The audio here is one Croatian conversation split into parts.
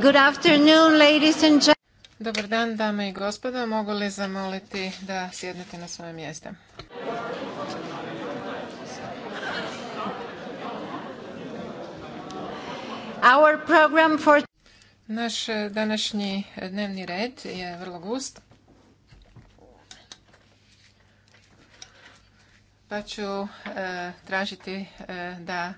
Good afternoon, ladies and Dobar dan, dame i gospodo. Mogu li zamoliti da sjednete na svoje mjesta? Our program Naš današnji dnevni red je vrlo gust. Pa ću e, tražiti e, da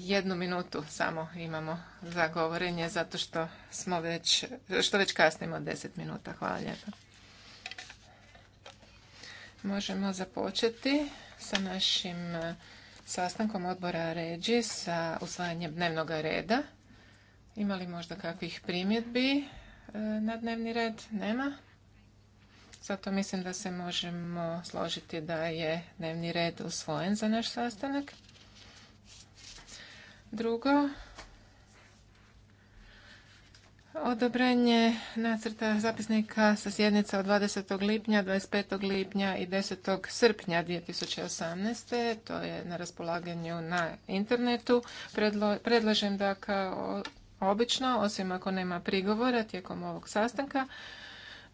jednu minutu samo imamo za govorenje zato što smo već, što već kasnimo 10 minuta. Hvala lijepa. Možemo započeti sa našim e, sastankom odbora Ređi sa usvajanjem dnevnog reda. Ima li možda kakvih primjedbi e, na dnevni red? Nema. Zato mislim da se možemo složiti da je dnevni red usvojen za naš sastanak. Drugo, Odobrenje nacrta zapisnika sa sjednica od 20. lipnja, 25. lipnja i 10. srpnja 2018. To je na raspolaganju na internetu. predlažem da kao obično, osim ako nema prigovora tijekom ovog sastanka,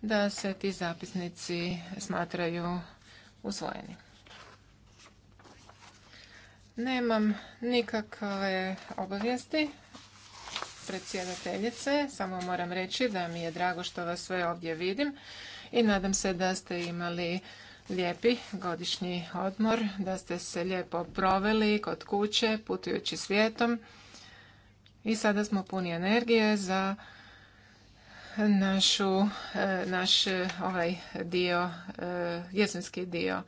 da se ti zapisnici smatraju usvojenim. Nemam nikakve obavijesti predsjedateljice, samo moram reći da mi je drago što vas sve ovdje vidim i nadam se da ste imali lijepi godišnji odmor, da ste se lijepo proveli kod kuće, putujući svijetom i sada smo puni energije za našu, eh, naš ovaj dio, eh, jesenski dio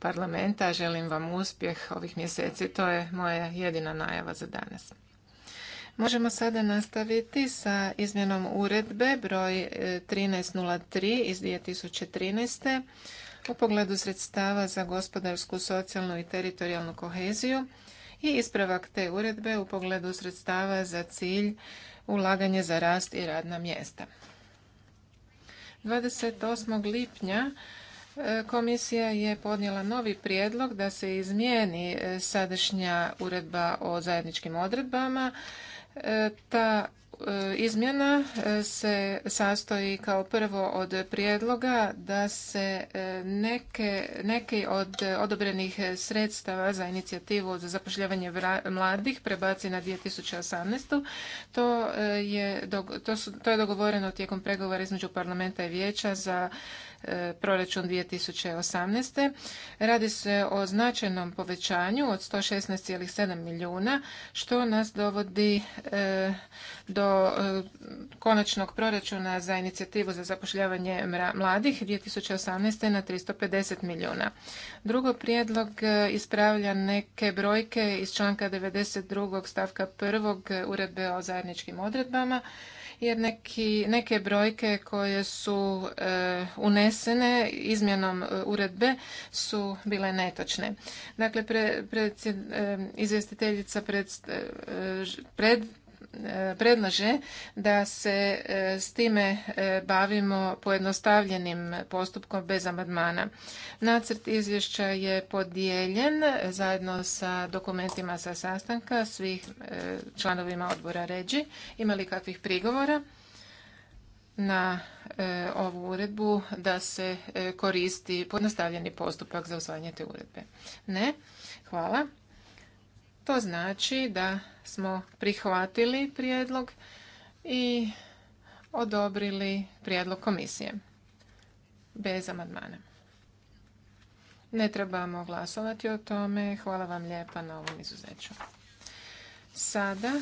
parlamenta. Želim vam uspjeh ovih mjeseci. To je moja jedina najava za danas. Možemo sada nastaviti sa izmjenom uredbe broj 1303 e, iz 2013. u pogledu sredstava za gospodarsku, socijalnu i teritorijalnu koheziju i ispravak te uredbe u pogledu sredstava za cilj ulaganje za rast i radna mjesta. 28. lipnja Komisija je podnijela novi prijedlog da se izmijeni e, sadašnja uredba o zajedničkim odredbama. E, ta e, izmjena se sastoji kao prvo od prijedloga da se neke, neki od odobrenih sredstava za inicijativu za zapošljavanje mladih prebaci na 2018. To je, to to je dogovoreno tijekom pregovora između parlamenta i vijeća za E, proračun 2018. Radi se o značajnom povećanju od 116,7 milijuna što nas dovodi e, do e, konačnog proračuna za inicijativu za zapošljavanje mladih 2018. na 350 milijuna. Drugo prijedlog ispravlja neke brojke iz članka 92. stavka 1. uredbe o zajedničkim odredbama jer neke brojke koje su e, unesene izmjenom e, uredbe su bile netočne. Dakle, e, pred, izvjestiteljica pred, pred predlaže da se e, s time e, bavimo pojednostavljenim postupkom bez amandmana. Nacrt izvješća je podijeljen zajedno sa dokumentima sa sastanka svih e, članovima odbora Ređi. Ima li kakvih prigovora? na ovu uredbu da se koristi pojednostavljeni postupak za usvajanje te uredbe. Ne, hvala. To znači da smo prihvatili prijedlog i odobrili prijedlog komisije bez amandmana. Ne trebamo glasovati o tome. Hvala vam lijepa na ovom izuzeću. Sada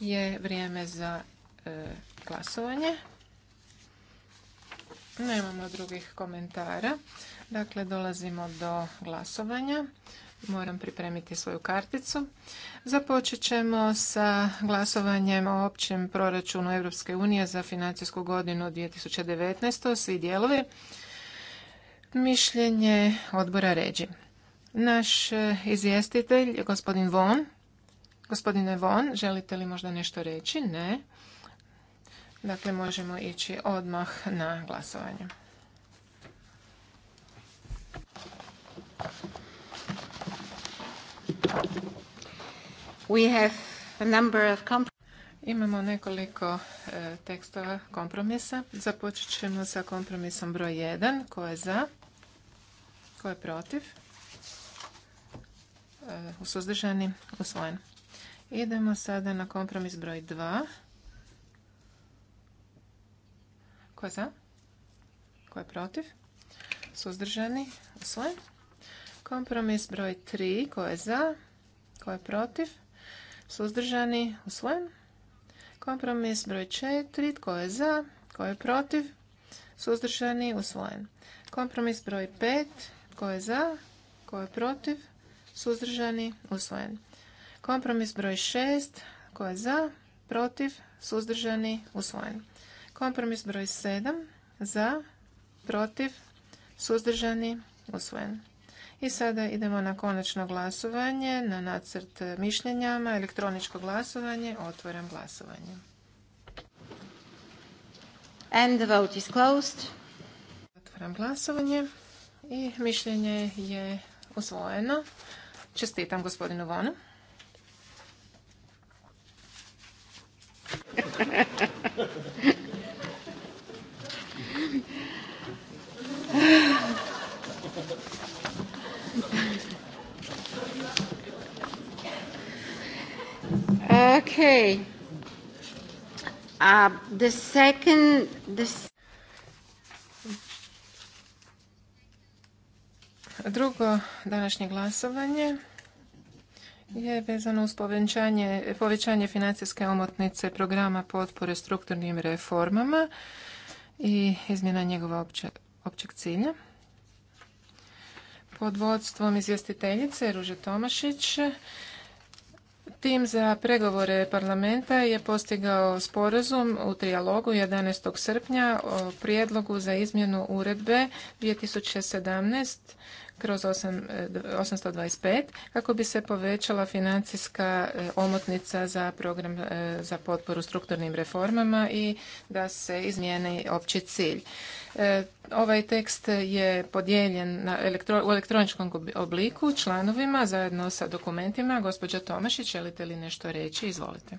je vrijeme za e, glasovanje. Nemamo drugih komentara. Dakle, dolazimo do glasovanja. Moram pripremiti svoju karticu. Započet ćemo sa glasovanjem o općem proračunu Europske unije za financijsku godinu 2019. Svi dijelovi. Mišljenje odbora ređi. Naš izvjestitelj je gospodin Von. Gospodine Von, želite li možda nešto reći? Ne. Dakle, možemo ići odmah na glasovanje. We have number Imamo nekoliko e, tekstova kompromisa. Započet ćemo sa kompromisom broj 1. Ko je za? Ko je protiv? E, Usuzdržani? Usvojen. Idemo sada na kompromis broj 2. Ko je za? Ko je protiv? Suzdržani? Usvojen. Kompromis broj 3. Ko je za? Ko je protiv? Suzdržani? Usvojen. Kompromis broj 4. Tko je za? ko je protiv? Suzdržani? Usvojen. Kompromis broj 5. Tko je za? ko je protiv? Suzdržani? Usvojen. Kompromis broj 6. ko je za? Protiv? Suzdržani? Usvojen. Kompromis broj 7. Za? Protiv? Suzdržani? Usvojen. I sada idemo na konačno glasovanje, na nacrt mišljenjama, elektroničko glasovanje, otvoram glasovanje. And the vote is closed. Otvaram glasovanje i mišljenje je usvojeno. Čestitam gospodinu Vonu. Okay. Uh, the second, Drugo današnje glasovanje je vezano uz povećanje, financijske omotnice programa potpore strukturnim reformama i izmjena njegova općeg cilja pod vodstvom izvjestiteljice Ruže Tomašić. Tim za pregovore parlamenta je postigao sporazum u trijalogu 11. srpnja o prijedlogu za izmjenu uredbe 2017 kroz 825 e, kako bi se povećala financijska e, omotnica za program e, za potporu strukturnim reformama i da se izmijeni opći cilj. Ovaj tekst je podijeljen na u elektroničkom obliku članovima zajedno sa dokumentima. Gospođa Tomašić, želite li nešto reći? Izvolite.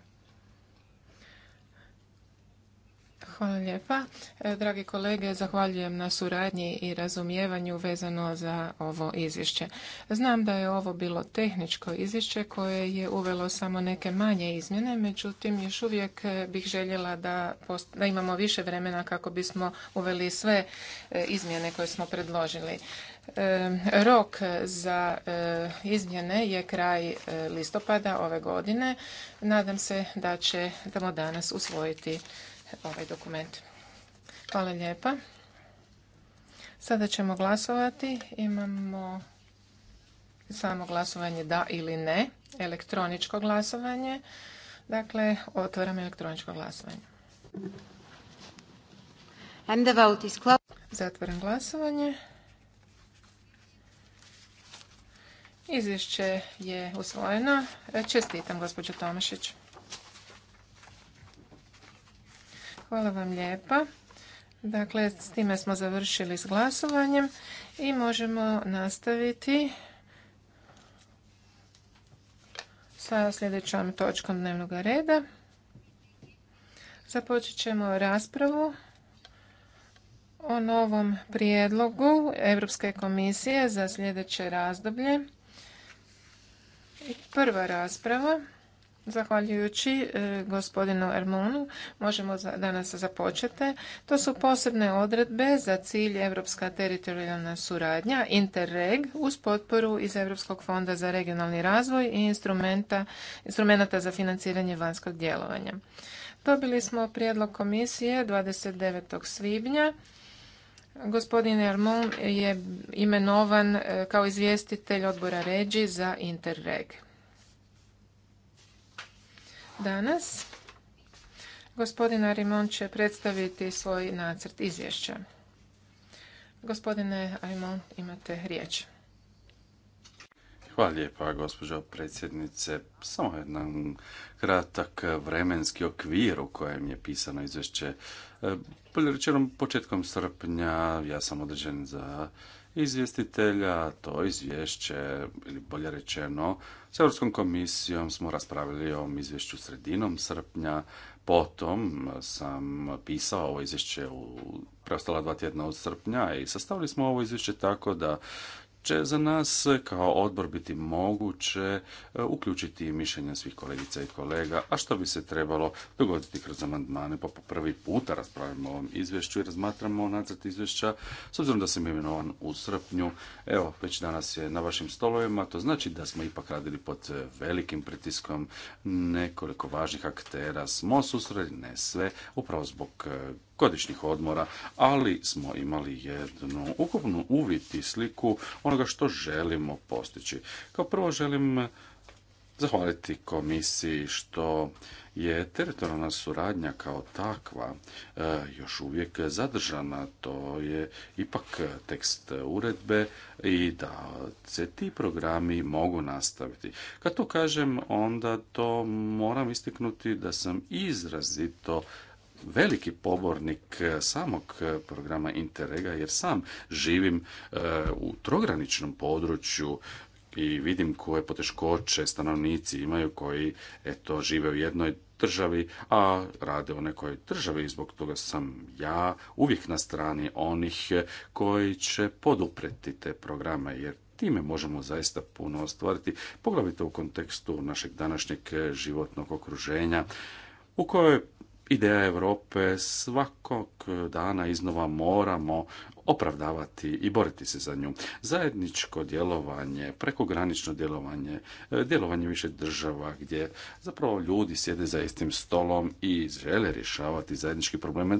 Hvala lijepa. E, dragi kolege, zahvaljujem na suradnji i razumijevanju vezano za ovo izvješće. Znam da je ovo bilo tehničko izvješće koje je uvelo samo neke manje izmjene, međutim još uvijek e, bih željela da, da imamo više vremena kako bismo uveli sve e, izmjene koje smo predložili. Rok za izmjene je kraj listopada ove godine. Nadam se da ćemo danas usvojiti ovaj dokument. Hvala lijepa. Sada ćemo glasovati. Imamo samo glasovanje da ili ne, elektroničko glasovanje. Dakle, otvaram elektroničko glasovanje. And Zatvaram glasovanje. Izvješće je usvojeno. Čestitam gospođo Tomašić. Hvala vam lijepa. Dakle, s time smo završili s glasovanjem i možemo nastaviti sa sljedećom točkom dnevnog reda. Započet ćemo raspravu o novom prijedlogu Europske komisije za sljedeće razdoblje. Prva rasprava Zahvaljujući e, gospodinu Ermonu možemo danas započete. To su posebne odredbe za cilj Europska teritorijalna suradnja, Interreg, uz potporu iz Europskog fonda za regionalni razvoj i instrumenta, za financiranje vanjskog djelovanja. Dobili smo prijedlog komisije 29. svibnja. Gospodin Ermon je imenovan e, kao izvjestitelj odbora Ređi za Interreg danas. gospodin Arimon će predstaviti svoj nacrt izvješća. Gospodine Arimon, imate riječ. Hvala lijepa, gospođo predsjednice. Samo jedan kratak vremenski okvir u kojem je pisano izvješće. E, bolje rečeno, početkom srpnja ja sam određen za izvjestitelja, to izvješće, ili bolje rečeno, s Europskom komisijom smo raspravili o ovom izvješću sredinom srpnja, potom sam pisao ovo izvješće u preostala dva tjedna od srpnja i sastavili smo ovo izvješće tako da će za nas kao odbor biti moguće e, uključiti mišljenja svih kolegica i kolega, a što bi se trebalo dogoditi kroz amandmane, pa po prvi puta raspravimo o ovom izvješću i razmatramo nacrt izvješća, s obzirom da sam imenovan u srpnju, evo, već danas je na vašim stolovima, to znači da smo ipak radili pod e, velikim pritiskom nekoliko važnih aktera, smo susreli, ne sve, upravo zbog e, godišnjih odmora, ali smo imali jednu ukupnu uvid i sliku onoga što želimo postići. Kao prvo želim zahvaliti komisiji što je teritorijalna suradnja kao takva e, još uvijek zadržana. To je ipak tekst uredbe i da se ti programi mogu nastaviti. Kad to kažem, onda to moram istiknuti da sam izrazito veliki pobornik e, samog e, programa Interrega jer sam živim e, u trograničnom području i vidim koje poteškoće stanovnici imaju koji eto žive u jednoj državi, a rade u nekoj državi i zbog toga sam ja uvijek na strani onih koji će podupreti te programe jer time možemo zaista puno ostvariti, poglavito u kontekstu našeg današnjeg životnog okruženja u kojoj ideja Europe svakog dana iznova moramo opravdavati i boriti se za nju. Zajedničko djelovanje, prekogranično djelovanje, e, djelovanje više država gdje zapravo ljudi sjede za istim stolom i žele rješavati zajednički probleme,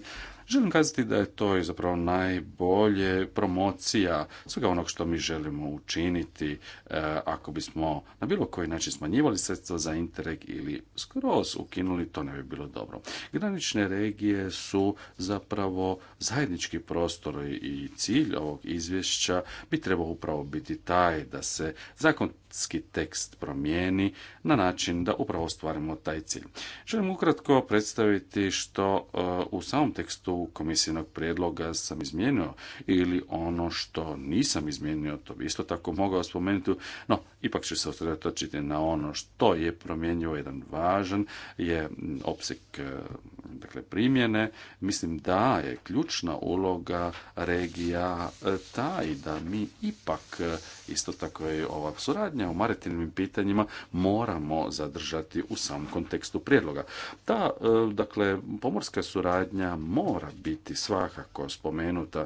Želim kazati da je to i zapravo najbolje promocija svega onog što mi želimo učiniti e, ako bismo na bilo koji način smanjivali sredstva za Interreg ili skroz ukinuli, to ne bi bilo dobro. Granične regije su zapravo zajednički prostor i cilj ovog izvješća bi trebao upravo biti taj da se zakon tekst promijeni na način da upravo stvarimo taj cilj. Želim ukratko predstaviti što e, u samom tekstu komisijenog prijedloga sam izmijenio ili ono što nisam izmijenio, to bi isto tako mogao spomenuti, no ipak ću se osredotočiti na ono što je promijenio, jedan važan je opsek e, dakle, primjene, mislim da je ključna uloga regija e, taj da mi ipak, e, isto tako je ova suradnja u maritimnim pitanjima, moramo zadržati u samom kontekstu prijedloga. Ta, e, dakle, pomorska suradnja mora biti svakako spomenuta.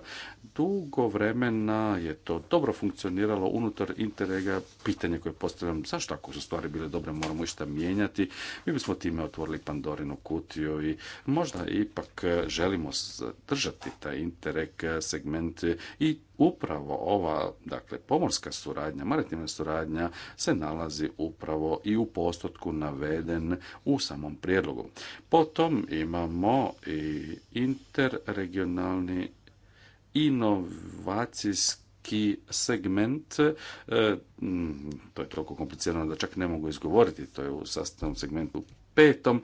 Dugo vremena je to dobro funkcioniralo unutar interega, Pitanje koje postavljam, zašto ako su stvari bile dobre, moramo išta mijenjati? Mi bismo time otvorili Pandorinu kutiju i Možda ipak e, želimo zadržati taj interreg e, segment i upravo ova dakle pomorska suradnja, maritimna suradnja se nalazi upravo i u postotku naveden u samom prijedlogu. Potom imamo i interregionalni inovacijski segment, e, mm, to je toliko komplicirano da čak ne mogu izgovoriti, to je u sastavnom segmentu petom,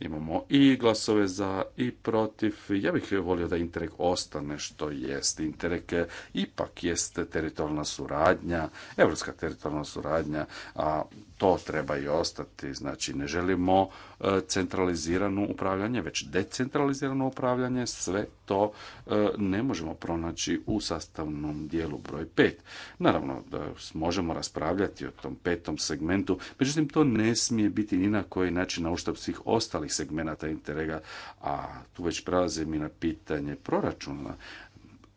Imamo i glasove za i protiv. Ja bih volio da Interreg ostane što jest. Interreg ipak jest teritorijalna suradnja, evropska teritorijalna suradnja, a to treba i ostati. Znači ne želimo E, centralizirano upravljanje, već decentralizirano upravljanje, sve to e, ne možemo pronaći u sastavnom dijelu broj 5. Naravno da možemo raspravljati o tom petom segmentu, međutim to ne smije biti ni na koji način na uštrb svih ostalih segmenata interega, a tu već prelazim i na pitanje proračuna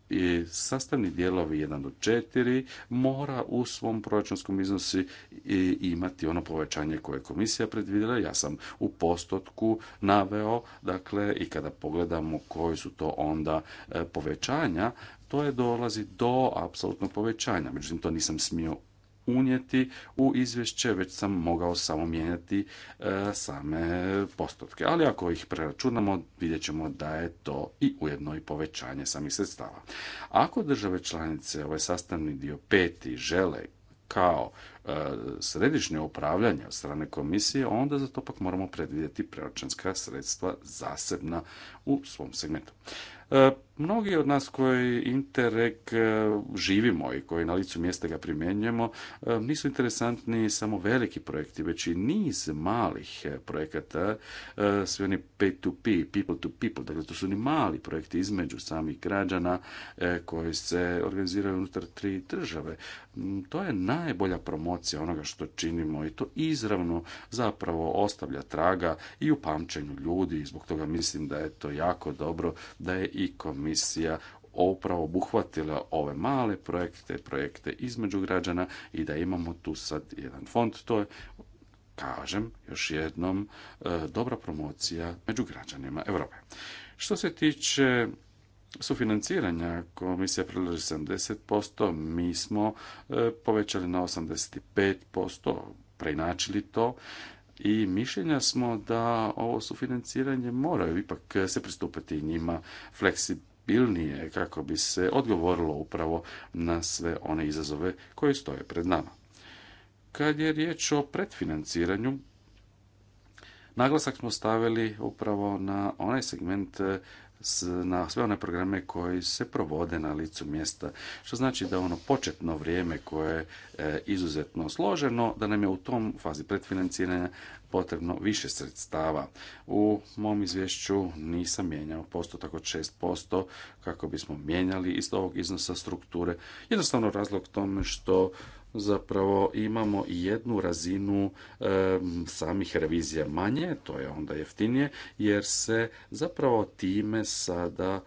i sastavni dijelovi 1 do 4 mora u svom proračunskom iznosi imati ono povećanje koje je komisija predvidjela. Ja sam u postotku naveo, dakle, i kada pogledamo koji su to onda e, povećanja, to je dolazi do apsolutnog povećanja. Međutim, to nisam smio unijeti u izvješće, već sam mogao samo mijenjati e, same postupke. Ali ako ih preračunamo, vidjet ćemo da je to i ujedno i povećanje samih sredstava. Ako države članice ovaj sastavni dio peti žele kao e, središnje upravljanje od strane komisije, onda za to pak moramo predvidjeti proračunska sredstva zasebna u svom segmentu. E, mnogi od nas koji Interreg e, živimo i koji na licu mjesta ga primjenjujemo e, nisu interesantni samo veliki projekti, već i niz malih projekata, svi oni pay-to-pay, people to people, dakle to su oni mali projekti između samih građana koji se organiziraju unutar tri države. Mm, to je najbolja promocija onoga što činimo i to izravno zapravo ostavlja traga i u pamćenju ljudi i zbog toga mislim da je to jako dobro da je i komisija upravo obuhvatila ove male projekte, projekte između građana i da imamo tu sad jedan fond. To je, kažem, još jednom e, dobra promocija među građanima Europe. Što se tiče sufinanciranja komisija predlaže 70%, mi smo e, povećali na 85%, preinačili to i mišljenja smo da ovo sufinanciranje moraju ipak se pristupiti njima fleksibilnije kako bi se odgovorilo upravo na sve one izazove koji stoje pred nama. Kad je riječ o predfinanciranju, naglasak smo stavili upravo na onaj segment e, na sve one programe koji se provode na licu mjesta, što znači da ono početno vrijeme koje je e, izuzetno složeno, da nam je u tom fazi predfinanciranja potrebno više sredstava. U mom izvješću nisam mijenjao postotak od 6% kako bismo mijenjali iz ovog iznosa strukture. Jednostavno razlog tome što zapravo imamo jednu razinu samih revizija manje, to je onda jeftinije, jer se zapravo time sada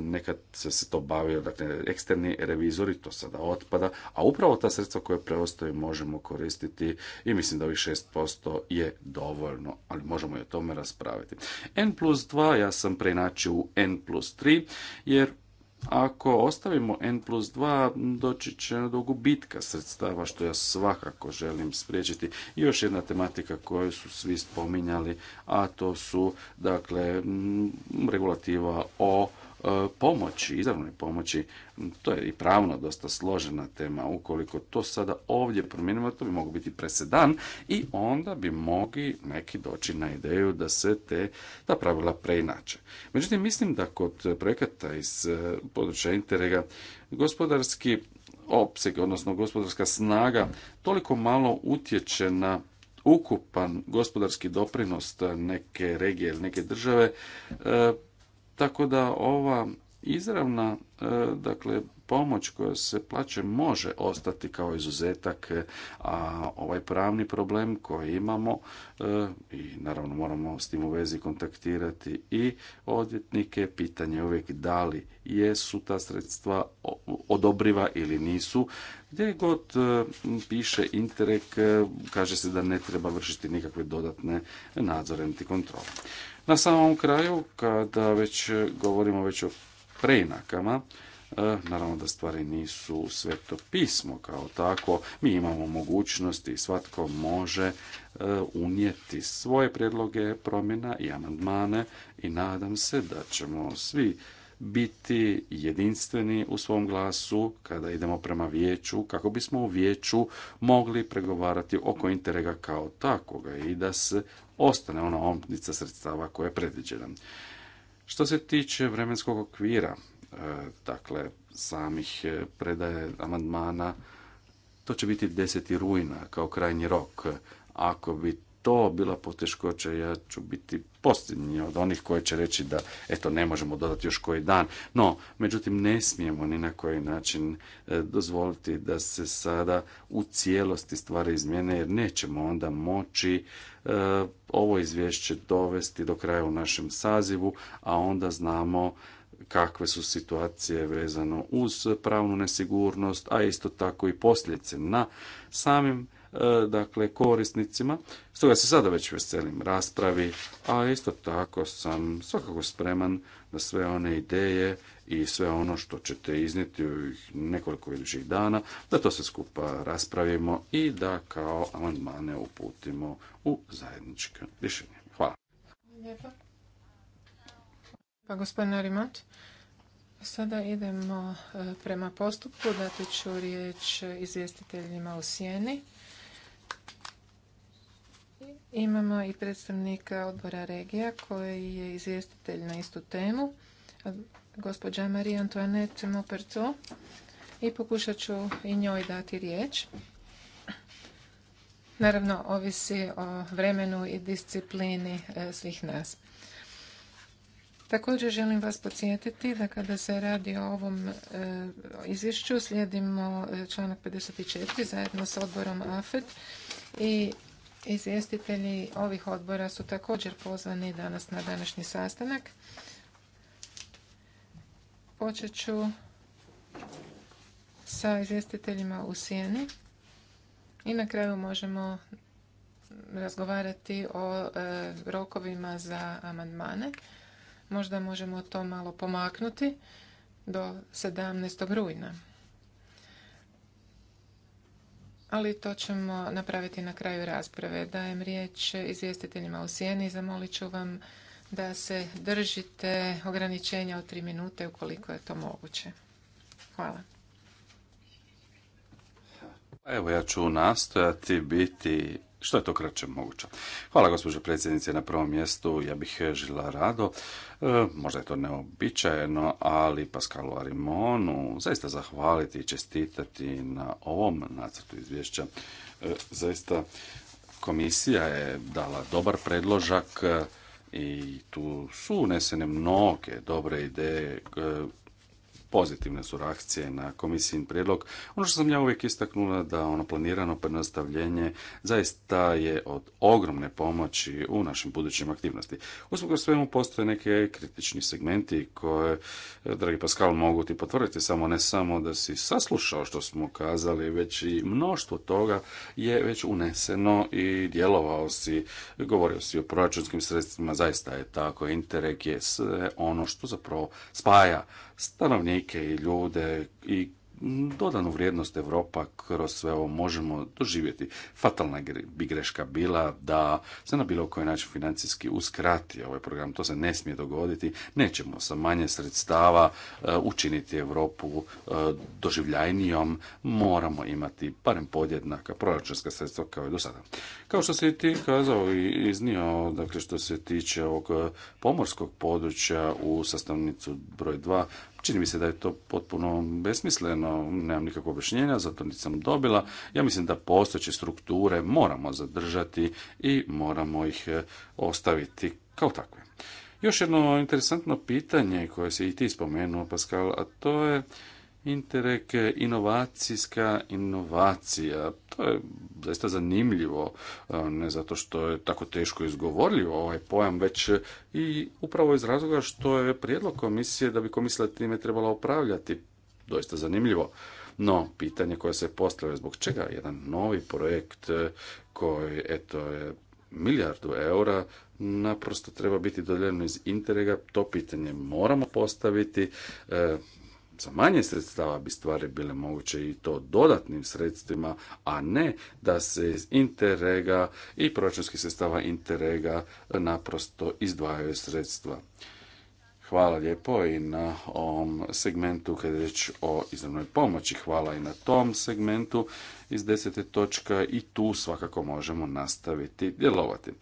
nekad se, se to bavio, dakle, eksterni revizori, to sada otpada, a upravo ta sredstva koje preostaju možemo koristiti i mislim da ovih 6% je dovoljno, ali možemo i o tome raspraviti. N plus 2 ja sam preinačio u N plus 3, jer ako ostavimo N plus 2, doći će do gubitka sredstava, što ja svakako želim spriječiti. I još jedna tematika koju su svi spominjali, a to su dakle, regulativa o E, pomoći, izravnoj pomoći, to je i pravno dosta složena tema. Ukoliko to sada ovdje promijenimo, to bi mogu biti presedan i onda bi mogli neki doći na ideju da se te, ta pravila preinače. Međutim, mislim da kod projekata iz e, područja Interega gospodarski opseg, odnosno gospodarska snaga, toliko malo utječe na ukupan gospodarski doprinos neke regije ili neke države, e, tako da ova izravna e, dakle, pomoć koja se plaće može ostati kao izuzetak, e, a ovaj pravni problem koji imamo e, i naravno moramo s tim u vezi kontaktirati i odvjetnike, pitanje je uvijek da li jesu ta sredstva odobriva ili nisu. Gdje god piše Interreg, kaže se da ne treba vršiti nikakve dodatne nadzore niti kontrole. Na samom kraju, kada već govorimo već o preinakama, e, Naravno da stvari nisu sveto pismo kao tako. Mi imamo mogućnosti i svatko može e, unijeti svoje predloge promjena i amandmane i nadam se da ćemo svi biti jedinstveni u svom glasu kada idemo prema vijeću, kako bismo u vijeću mogli pregovarati oko Interega kao takoga i da se ostane ona omnica sredstava koja je predviđena. Što se tiče vremenskog okvira, e, dakle samih e, predaje amandmana, to će biti 10. rujna kao krajnji rok. Ako bi to bila poteškoća, ja ću biti posljednji od onih koji će reći da eto ne možemo dodati još koji dan. No, međutim ne smijemo ni na koji način e, dozvoliti da se sada u cijelosti stvari izmjene, jer nećemo onda moći e, ovo izvješće dovesti do kraja u našem sazivu, a onda znamo kakve su situacije vezano uz pravnu nesigurnost, a isto tako i posljedice na samim E, dakle korisnicima. Stoga se sada već veselim raspravi, a isto tako sam svakako spreman na sve one ideje i sve ono što ćete iznijeti u nekoliko idućih dana, da to sve skupa raspravimo i da kao amandmane uputimo u zajedničke rješenje. Hvala. Pa gospodine sada idemo e, prema postupku. Dati ću riječ izvjestiteljima u sjeni. Imamo i predstavnika odbora regija koji je izvjestitelj na istu temu, gospođa Marija Antoinette Moperto i pokušat ću i njoj dati riječ. Naravno, ovisi o vremenu i disciplini e, svih nas. Također želim vas podsjetiti da kada se radi o ovom e, izvješću slijedimo e, članak 54 zajedno s odborom AFED i Izvjestitelji ovih odbora su također pozvani danas na današnji sastanak. Počet ću sa izvjestiteljima u sjeni i na kraju možemo razgovarati o e, rokovima za amandmane. Možda možemo to malo pomaknuti do 17. rujna ali to ćemo napraviti na kraju rasprave. Dajem riječ izvjestiteljima u sjeni i zamolit ću vam da se držite ograničenja od tri minute ukoliko je to moguće. Hvala. Pa evo ja ću nastojati biti što je to kraće moguće. Hvala gospođo predsjednice na prvom mjestu. Ja bih eh, žila rado, eh, možda je to neobičajeno, ali Paskalu Arimonu zaista zahvaliti i čestitati na ovom nacrtu izvješća. Eh, zaista komisija je dala dobar predložak i tu su unesene mnoge dobre ideje pozitivne su reakcije na komisijin prijedlog. Ono što sam ja uvijek istaknula da ono planirano prenastavljenje zaista je od ogromne pomoći u našim budućim aktivnosti. Usprkos svemu postoje neke kritični segmenti koje, dragi Pascal, mogu ti potvrditi samo ne samo da si saslušao što smo kazali, već i mnoštvo toga je već uneseno i djelovao si, govorio si o proračunskim sredstvima, zaista je tako, Interreg je sve ono što zapravo spaja stanovnike i ljude i dodanu vrijednost Europa kroz sve ovo možemo doživjeti. Fatalna bi greška bila da se na bilo koji način financijski uskrati ovaj program. To se ne smije dogoditi. Nećemo sa manje sredstava eh, učiniti Europu eh, doživljajnijom. Moramo imati barem podjednaka proračunska sredstva kao i do sada. Kao što se ti kazao i iznio, dakle što se tiče ovog eh, pomorskog područja u sastavnicu broj 2, Čini mi se da je to potpuno besmisleno, nemam nikakvo objašnjenja, zato nisam dobila. Ja mislim da postojeće strukture moramo zadržati i moramo ih e, ostaviti kao takve. Još jedno interesantno pitanje koje se i ti spomenuo, Pascal, a to je Interreg inovacijska inovacija. To je zaista zanimljivo, ne zato što je tako teško izgovorljivo ovaj pojam, već i upravo iz razloga što je prijedlog komisije da bi komisija time trebala upravljati. Doista zanimljivo. No, pitanje koje se postavlja zbog čega jedan novi projekt e, koji eto, je milijardu eura naprosto treba biti dodijeljen iz interega. To pitanje moramo postaviti. E, sa manje sredstava bi stvari bile moguće i to dodatnim sredstvima, a ne da se iz Interrega i proračunskih sredstava Interrega naprosto izdvajaju sredstva. Hvala lijepo i na ovom segmentu kada je reč o izravnoj pomoći. Hvala i na tom segmentu iz desete točka i tu svakako možemo nastaviti djelovati.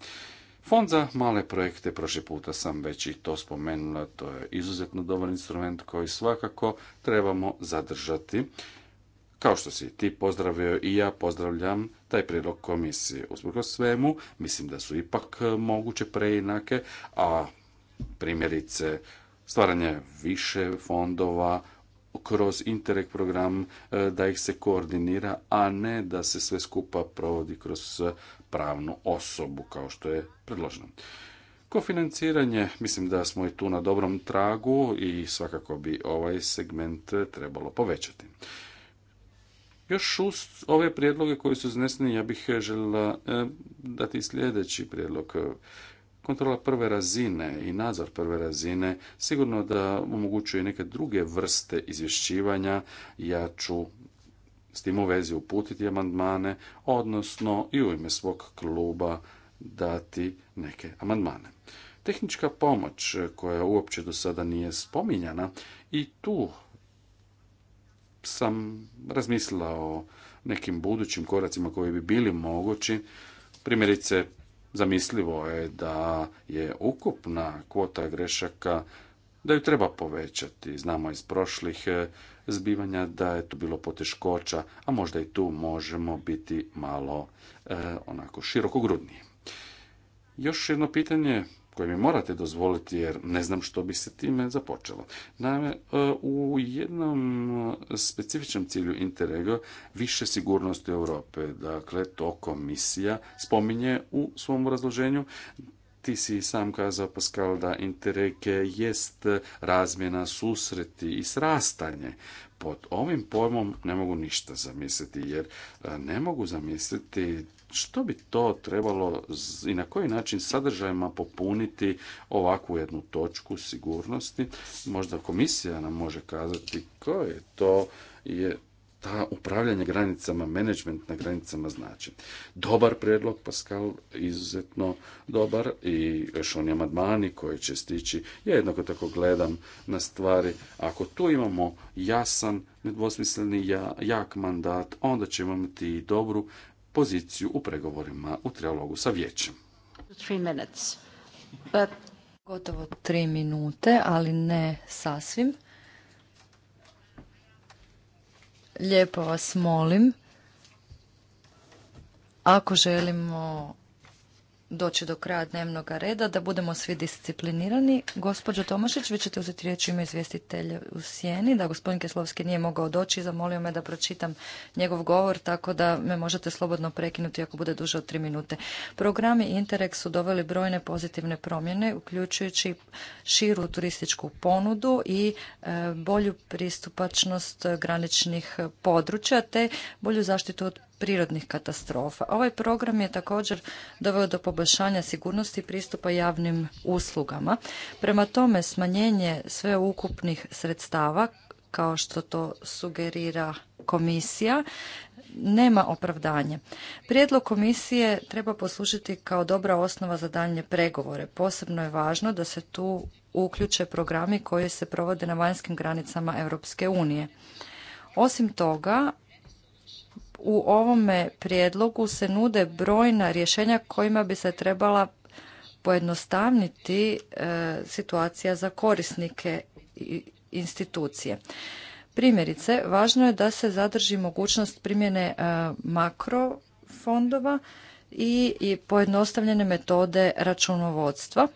Fond za male projekte, prošli puta sam već i to spomenula, to je izuzetno dobar instrument koji svakako trebamo zadržati. Kao što si ti pozdravio i ja pozdravljam taj prilog komisije. Usprkos svemu, mislim da su ipak moguće preinake, a primjerice stvaranje više fondova, kroz Interreg program e, da ih se koordinira, a ne da se sve skupa provodi kroz pravnu osobu kao što je predloženo. Kofinanciranje, mislim da smo i tu na dobrom tragu i svakako bi ovaj segment trebalo povećati. Još uz ove prijedloge koji su izneseni, ja bih željela e, dati sljedeći prijedlog. Kontrola prve razine i nadzor prve razine sigurno da omogućuje neke druge vrste izvješćivanja. Ja ću s tim u vezi uputiti amandmane, odnosno i u ime svog kluba dati neke amandmane. Tehnička pomoć koja uopće do sada nije spominjana i tu sam razmislila o nekim budućim koracima koji bi bili mogući. Primjerice, zamislivo je da je ukupna kvota grešaka da ju treba povećati. Znamo iz prošlih zbivanja da je to bilo poteškoća, a možda i tu možemo biti malo e, onako širokogrudniji. Još jedno pitanje koje mi morate dozvoliti jer ne znam što bi se time započelo. Naime, e, u jednom specifičnom cilju Interrega više sigurnosti Europe, dakle to komisija spominje u svom razloženju, ti si sam kazao, Pascal, da Interreg jest razmjena susreti i srastanje. Pod ovim pojmom ne mogu ništa zamisliti, jer e, ne mogu zamisliti što bi to trebalo i na koji način sadržajima popuniti ovakvu jednu točku sigurnosti. Možda komisija nam može kazati koje to je ta upravljanje granicama, management na granicama znači. Dobar predlog, Pascal, izuzetno dobar i još oni amadmani koji će stići. Ja jednako tako gledam na stvari. Ako tu imamo jasan, nedvosmisleni, jak mandat, onda ćemo imati i dobru poziciju u pregovorima u trialogu sa vijećem. Gotovo tri minute, ali ne sasvim. Lijepo vas molim, ako želimo doći do kraja dnevnog reda, da budemo svi disciplinirani. Gospođo Tomašić, vi ćete uzeti riječ u ime izvjestitelja u sjeni, da gospodin Keslovski nije mogao doći zamolio me da pročitam njegov govor, tako da me možete slobodno prekinuti ako bude duže od tri minute. Programi Interreg su doveli brojne pozitivne promjene, uključujući širu turističku ponudu i e, bolju pristupačnost graničnih područja, te bolju zaštitu od prirodnih katastrofa. Ovaj program je također doveo do poboljšanja sigurnosti pristupa javnim uslugama. Prema tome, smanjenje sveukupnih sredstava, kao što to sugerira komisija, nema opravdanje. Prijedlog komisije treba poslužiti kao dobra osnova za daljnje pregovore. Posebno je važno da se tu uključe programi koji se provode na vanjskim granicama Europske unije. Osim toga, u ovome prijedlogu se nude brojna rješenja kojima bi se trebala pojednostavniti e, situacija za korisnike institucije. Primjerice, važno je da se zadrži mogućnost primjene e, makrofondova i pojednostavljene metode računovodstva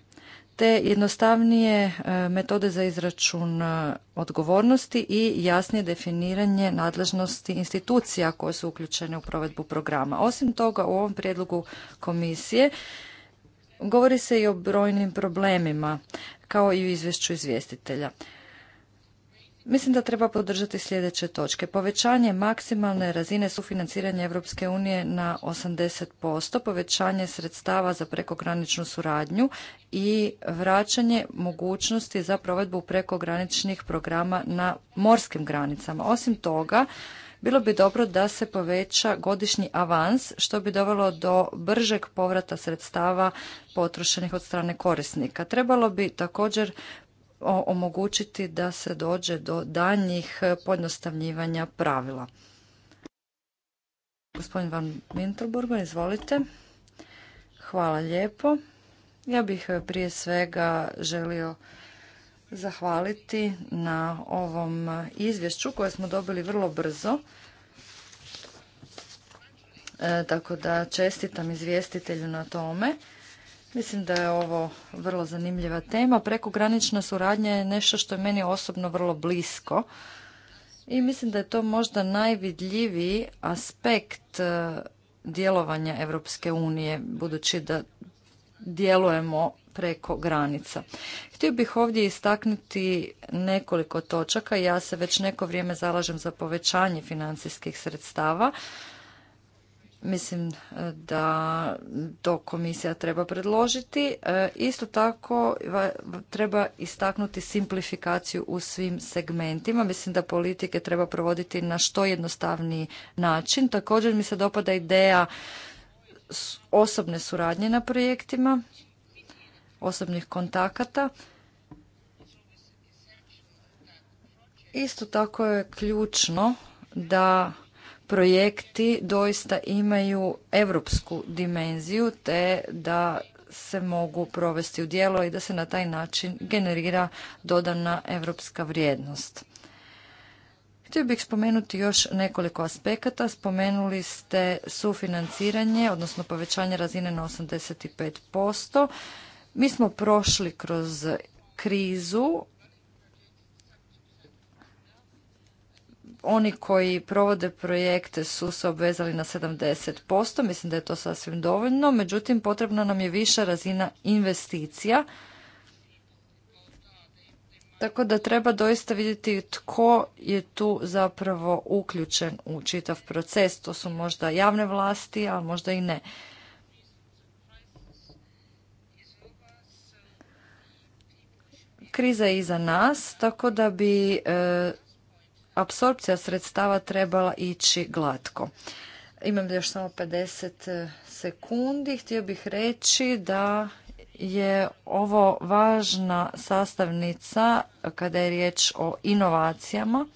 te jednostavnije e, metode za izračun e, odgovornosti i jasnije definiranje nadležnosti institucija koje su uključene u provedbu programa. Osim toga, u ovom prijedlogu komisije govori se i o brojnim problemima, kao i u izvješću izvjestitelja. Mislim da treba podržati sljedeće točke. Povećanje maksimalne razine sufinanciranja Europske unije na 80%, povećanje sredstava za prekograničnu suradnju i vraćanje mogućnosti za provedbu prekograničnih programa na morskim granicama. Osim toga, bilo bi dobro da se poveća godišnji avans, što bi dovelo do bržeg povrata sredstava potrošenih od strane korisnika. Trebalo bi također omogućiti da se dođe do daljnjih pojednostavljivanja pravila. Gospodin Van Winterburger, izvolite. Hvala lijepo. Ja bih e, prije svega želio zahvaliti na ovom e, izvješću koje smo dobili vrlo brzo. E, tako da čestitam izvjestitelju na tome. Mislim da je ovo vrlo zanimljiva tema. Prekogranična suradnja je nešto što je meni osobno vrlo blisko i mislim da je to možda najvidljiviji aspekt e, djelovanja Europske unije, budući da djelujemo preko granica. Htio bih ovdje istaknuti nekoliko točaka. Ja se već neko vrijeme zalažem za povećanje financijskih sredstava Mislim e, da to komisija treba predložiti. E, isto tako treba istaknuti simplifikaciju u svim segmentima. Mislim da politike treba provoditi na što jednostavniji način. Također mi se dopada ideja osobne suradnje na projektima, osobnih kontakata. Isto tako je ključno da projekti doista imaju europsku dimenziju te da se mogu provesti u djelo i da se na taj način generira dodana europska vrijednost. Htio bih spomenuti još nekoliko aspekata. Spomenuli ste sufinanciranje, odnosno povećanje razine na 85%. Mi smo prošli kroz krizu oni koji provode projekte su se obvezali na 70%, mislim da je to sasvim dovoljno, međutim potrebna nam je viša razina investicija. Tako da treba doista vidjeti tko je tu zapravo uključen u čitav proces. To su možda javne vlasti, ali možda i ne. Kriza je iza nas, tako da bi e, apsorpcija sredstava trebala ići glatko. Imam još samo 50 e, sekundi. Htio bih reći da je ovo važna sastavnica kada je riječ o inovacijama.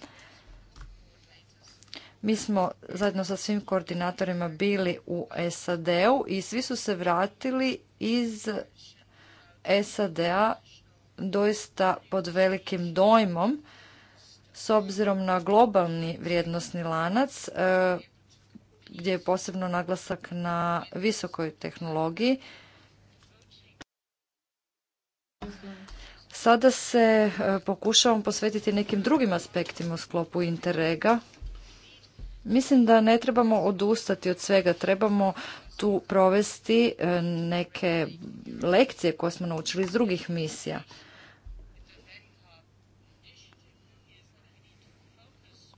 Mi smo zajedno sa svim koordinatorima bili u SAD-u i svi su se vratili iz SAD-a doista pod velikim dojmom s obzirom na globalni vrijednosni lanac e, gdje je posebno naglasak na visokoj tehnologiji. Sada se e, pokušavam posvetiti nekim drugim aspektima u sklopu Interrega. Mislim da ne trebamo odustati od svega, trebamo tu provesti e, neke lekcije koje smo naučili iz drugih misija.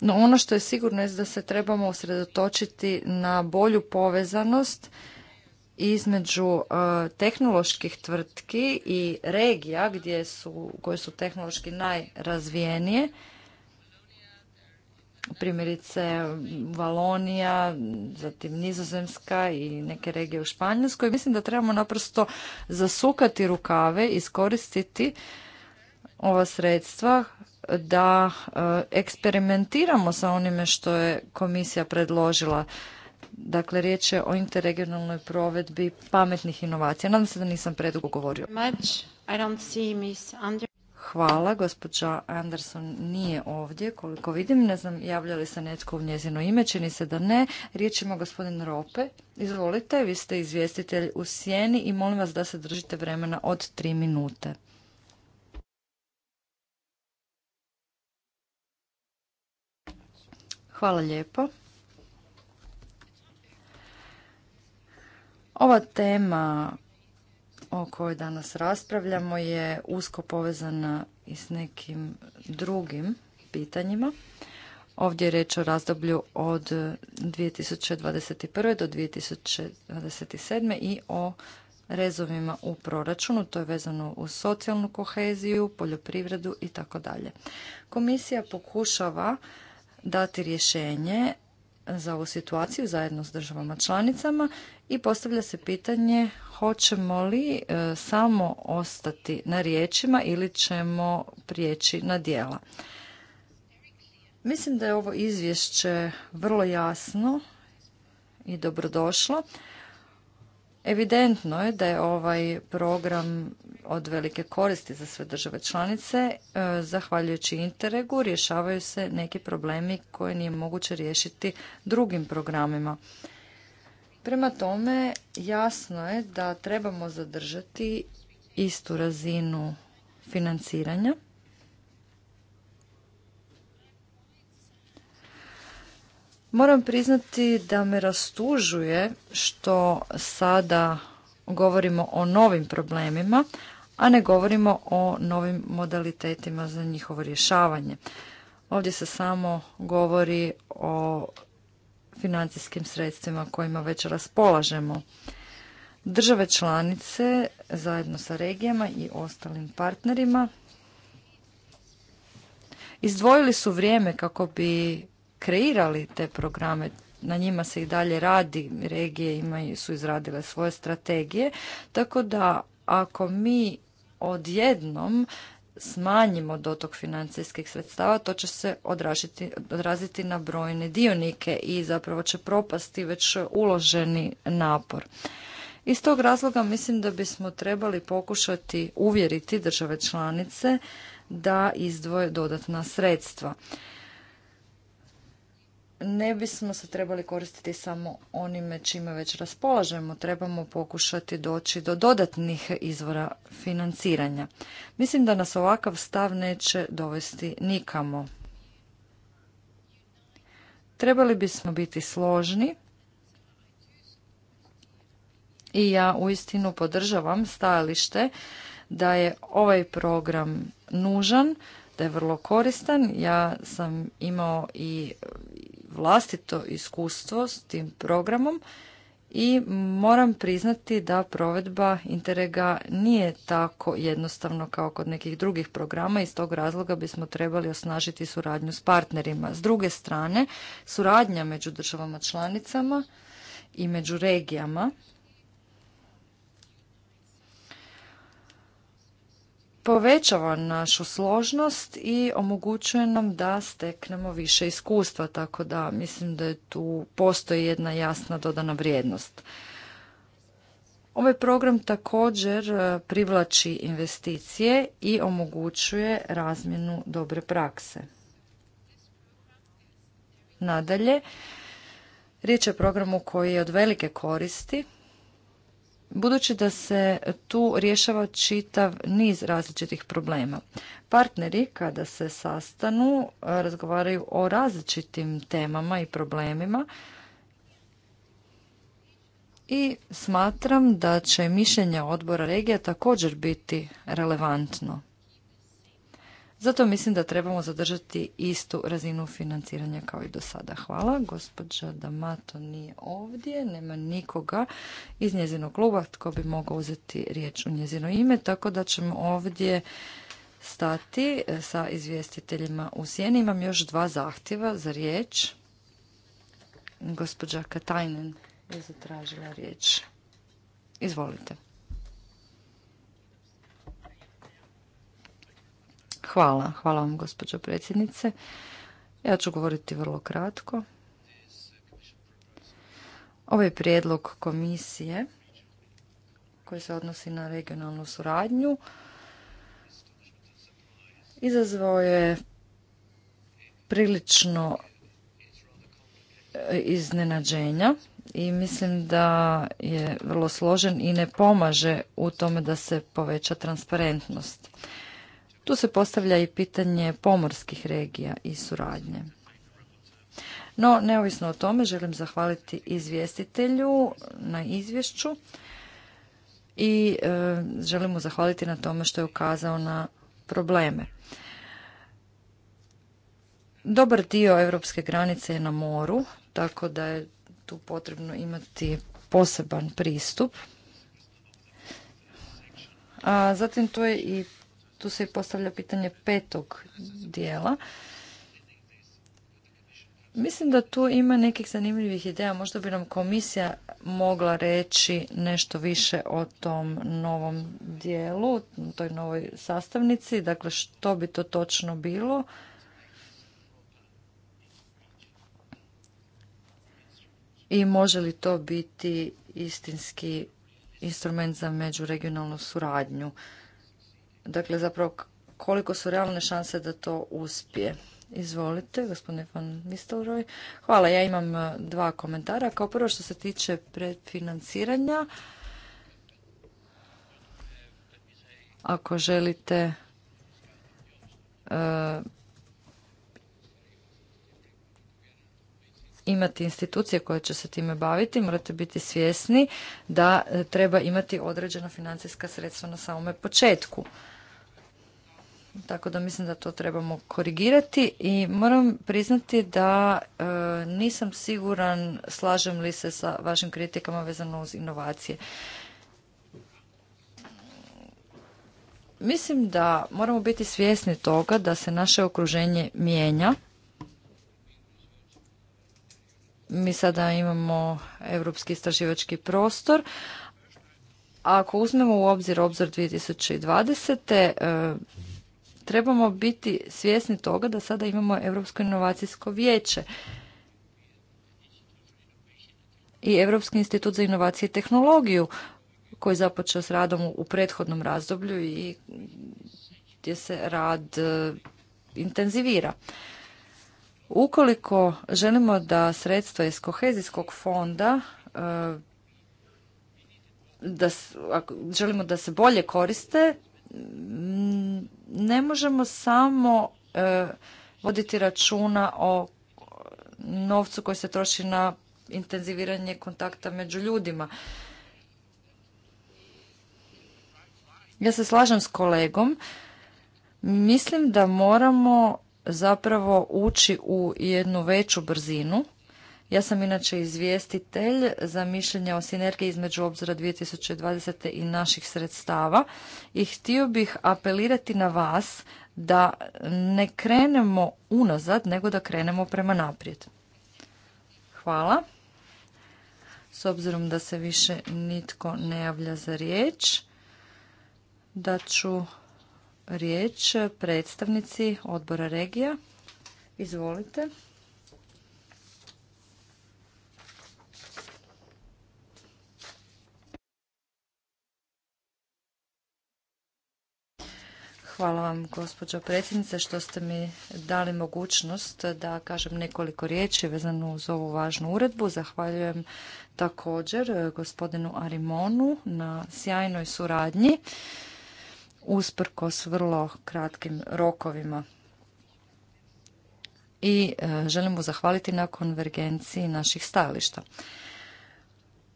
No ono što je sigurno je da se trebamo osredotočiti na bolju povezanost između e, tehnoloških tvrtki i regija gdje su, koje su tehnološki najrazvijenije. Primjerice Valonija, zatim Nizozemska i neke regije u Španjolskoj. Mislim da trebamo naprosto zasukati rukave, iskoristiti ova sredstva da e, eksperimentiramo sa onime što je komisija predložila. Dakle, riječ je o interregionalnoj provedbi pametnih inovacija. Nadam se da nisam predugo govorio. Hvala, gospođa Anderson nije ovdje, koliko vidim. Ne znam, javlja li se netko u njezino ime, čini se da ne. Riječ ima gospodin Rope. Izvolite, vi ste izvjestitelj u sjeni i molim vas da se držite vremena od tri minute. Hvala lijepo. Ova tema o kojoj danas raspravljamo je usko povezana i s nekim drugim pitanjima. Ovdje je reč o razdoblju od 2021. do 2027. i o rezovima u proračunu, to je vezano uz socijalnu koheziju, poljoprivredu i tako dalje. Komisija pokušava dati rješenje za ovu situaciju zajedno s državama članicama i postavlja se pitanje hoćemo li e, samo ostati na riječima ili ćemo prijeći na dijela. Mislim da je ovo izvješće vrlo jasno i dobrodošlo. Evidentno je da je ovaj program od velike koristi za sve države članice. E, zahvaljujući Interregu rješavaju se neki problemi koje nije moguće riješiti drugim programima. Prema tome, jasno je da trebamo zadržati istu razinu financiranja Moram priznati da me rastužuje što sada govorimo o novim problemima, a ne govorimo o novim modalitetima za njihovo rješavanje. Ovdje se samo govori o financijskim sredstvima kojima već raspolažemo. Države članice zajedno sa regijama i ostalim partnerima izdvojili su vrijeme kako bi kreirali te programe, na njima se i dalje radi, regije imaju, su izradile svoje strategije, tako da ako mi odjednom smanjimo dotok financijskih sredstava, to će se odražiti, odraziti na brojne dionike i zapravo će propasti već uloženi napor. Iz tog razloga mislim da bismo trebali pokušati uvjeriti države članice da izdvoje dodatna sredstva ne bismo se trebali koristiti samo onime čime već raspolažemo, trebamo pokušati doći do dodatnih izvora financiranja. Mislim da nas ovakav stav neće dovesti nikamo. Trebali bismo biti složni i ja uistinu podržavam stajalište da je ovaj program nužan, da je vrlo koristan. Ja sam imao i vlastito iskustvo s tim programom i moram priznati da provedba Interega nije tako jednostavno kao kod nekih drugih programa. Iz tog razloga bismo trebali osnažiti suradnju s partnerima. S druge strane, suradnja među državama članicama i među regijama povećava našu složnost i omogućuje nam da steknemo više iskustva, tako da mislim da je tu postoji jedna jasna dodana vrijednost. Ovaj program također e, privlači investicije i omogućuje razmjenu dobre prakse. Nadalje, riječ je o programu koji je od velike koristi budući da se tu rješava čitav niz različitih problema. Partneri kada se sastanu e, razgovaraju o različitim temama i problemima i smatram da će mišljenje odbora regija također biti relevantno. Zato mislim da trebamo zadržati istu razinu financiranja kao i do sada. Hvala. Gospođa Damato nije ovdje, nema nikoga iz njezinog kluba tko bi mogao uzeti riječ u njezino ime, tako da ćemo ovdje stati e, sa izvjestiteljima u sjeni. Imam još dva zahtjeva za riječ. Gospođa Katajnen je zatražila riječ. Izvolite. Hvala. Hvala vam, gospođo predsjednice. Ja ću govoriti vrlo kratko. Ovaj prijedlog komisije koji se odnosi na regionalnu suradnju izazvao je prilično e, iznenađenja i mislim da je vrlo složen i ne pomaže u tome da se poveća transparentnost. Tu se postavlja i pitanje pomorskih regija i suradnje. No, neovisno o tome, želim zahvaliti izvjestitelju na izvješću i e, želim mu zahvaliti na tome što je ukazao na probleme. Dobar dio europske granice je na moru, tako da je tu potrebno imati poseban pristup. A zatim tu je i tu se i postavlja pitanje petog dijela. Mislim da tu ima nekih zanimljivih ideja. Možda bi nam komisija mogla reći nešto više o tom novom dijelu, toj novoj sastavnici, dakle što bi to točno bilo. I može li to biti istinski instrument za međuregionalnu suradnju? dakle zapravo koliko su realne šanse da to uspije. Izvolite, gospodine Van Nistelrooy. Hvala, ja imam e, dva komentara. Kao prvo što se tiče predfinanciranja, ako želite e, imati institucije koje će se time baviti, morate biti svjesni da e, treba imati određena financijska sredstva na samome početku tako da mislim da to trebamo korigirati i moram priznati da e, nisam siguran slažem li se sa vašim kritikama vezano uz inovacije. Mislim da moramo biti svjesni toga da se naše okruženje mijenja. Mi sada imamo europski istraživački prostor, ako uzmemo u obzir obzor 2020. E, trebamo biti svjesni toga da sada imamo Europsko inovacijsko vijeće i Europski institut za inovacije i tehnologiju koji je započeo s radom u prethodnom razdoblju i gdje se rad e, intenzivira. Ukoliko želimo da sredstva iz kohezijskog fonda e, da želimo da se bolje koriste, Mm, ne možemo samo e, voditi računa o novcu koji se troši na intenziviranje kontakta među ljudima. Ja se slažem s kolegom. Mislim da moramo zapravo ući u jednu veću brzinu ja sam inače izvjestitelj za mišljenja o sinergiji između obzora 2020. i naših sredstava i htio bih apelirati na vas da ne krenemo unazad, nego da krenemo prema naprijed. Hvala. S obzirom da se više nitko ne javlja za riječ, da ću riječ predstavnici odbora regija. Izvolite. Hvala vam, gospođo predsjednice, što ste mi dali mogućnost da kažem nekoliko riječi vezano uz ovu važnu uredbu. Zahvaljujem također e, gospodinu Arimonu na sjajnoj suradnji s vrlo kratkim rokovima. I e, želim mu zahvaliti na konvergenciji naših stajališta.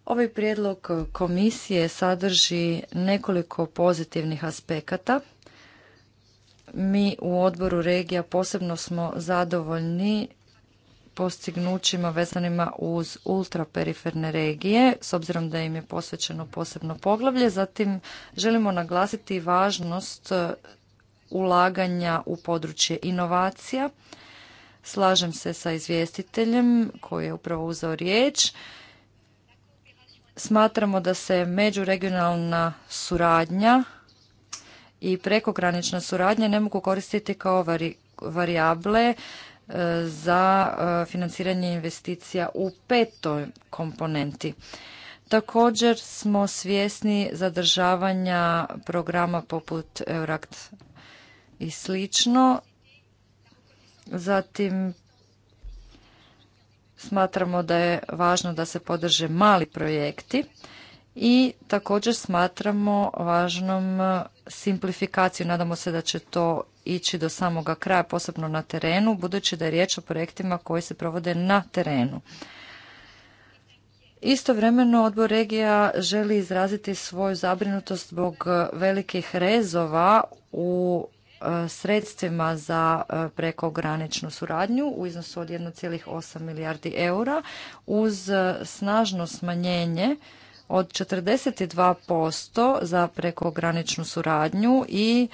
Ovaj prijedlog komisije sadrži nekoliko pozitivnih aspekata – mi u odboru regija posebno smo zadovoljni postignućima vezanima uz ultraperiferne regije, s obzirom da im je posvećeno posebno poglavlje. Zatim želimo naglasiti važnost e, ulaganja u područje inovacija. Slažem se sa izvjestiteljem koji je upravo uzeo riječ. Smatramo da se međuregionalna suradnja i prekogranična suradnja ne mogu koristiti kao varijable e, za e, financiranje investicija u petoj komponenti. Također smo svjesni zadržavanja programa poput EURACT i slično. Zatim smatramo da je važno da se podrže mali projekti i također smatramo važnom simplifikaciju. Nadamo se da će to ići do samoga kraja, posebno na terenu, budući da je riječ o projektima koji se provode na terenu. Istovremeno odbor regija želi izraziti svoju zabrinutost zbog e, velikih rezova u e, sredstvima za e, prekograničnu suradnju u iznosu od 1,8 milijardi eura uz snažno smanjenje od 42% za prekograničnu suradnju i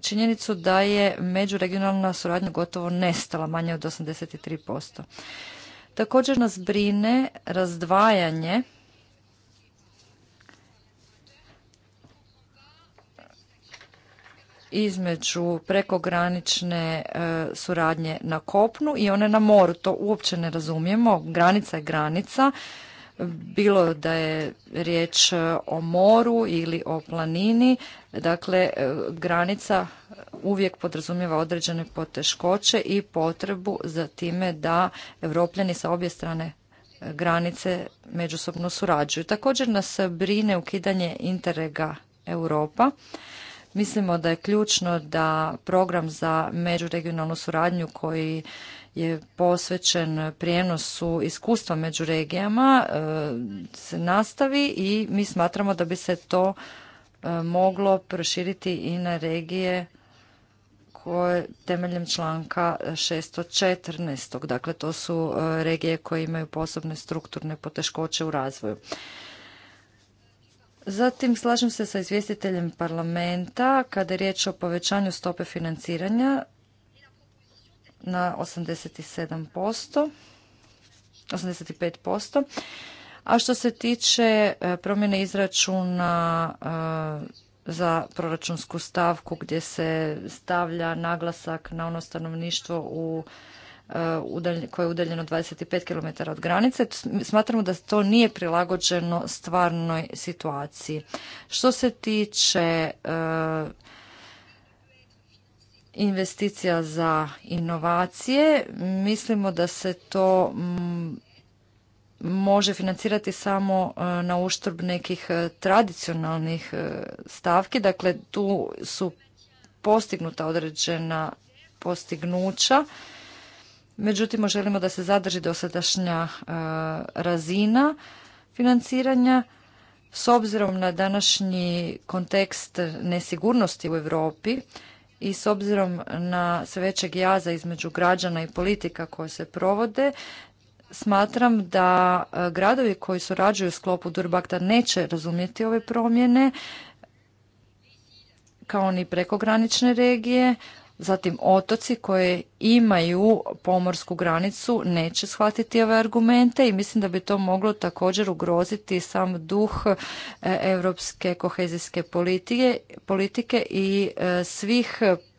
činjenicu da je međuregionalna suradnja gotovo nestala, manje od 83%. Također nas brine razdvajanje između prekogranične e, suradnje na kopnu i one na moru. To uopće ne razumijemo. Granica je granica bilo da je riječ o moru ili o planini, dakle e, granica uvijek podrazumijeva određene poteškoće i potrebu za time da Evropljani sa obje strane e, granice međusobno surađuju. Također nas brine ukidanje interega Europa. Mislimo da je ključno da program za međuregionalnu suradnju koji je posvećen prijenosu iskustva među regijama e, se nastavi i mi smatramo da bi se to e, moglo proširiti i na regije koje temeljem članka 614. Dakle, to su e, regije koje imaju posebne strukturne poteškoće u razvoju. Zatim slažem se sa izvjestiteljem parlamenta kada je riječ o povećanju stope financiranja na 87%, 85%. A što se tiče e, promjene izračuna e, za proračunsku stavku gdje se stavlja naglasak na ono stanovništvo u e, koje je udaljeno 25 km od granice. Smatramo da to nije prilagođeno stvarnoj situaciji. Što se tiče investicija za inovacije. Mislimo da se to mm, može financirati samo e, na uštrb nekih e, tradicionalnih e, stavki. Dakle, tu su postignuta određena postignuća. Međutim, želimo da se zadrži dosadašnja razina financiranja. S obzirom na današnji kontekst nesigurnosti u Europi, i s obzirom na sve većeg jaza između građana i politika koje se provode, smatram da e, gradovi koji surađuju u sklopu Durbakta neće razumjeti ove promjene, kao ni prekogranične regije. Zatim otoci koje imaju pomorsku granicu neće shvatiti ove argumente i mislim da bi to moglo također ugroziti sam duh europske kohezijske politike i e, svih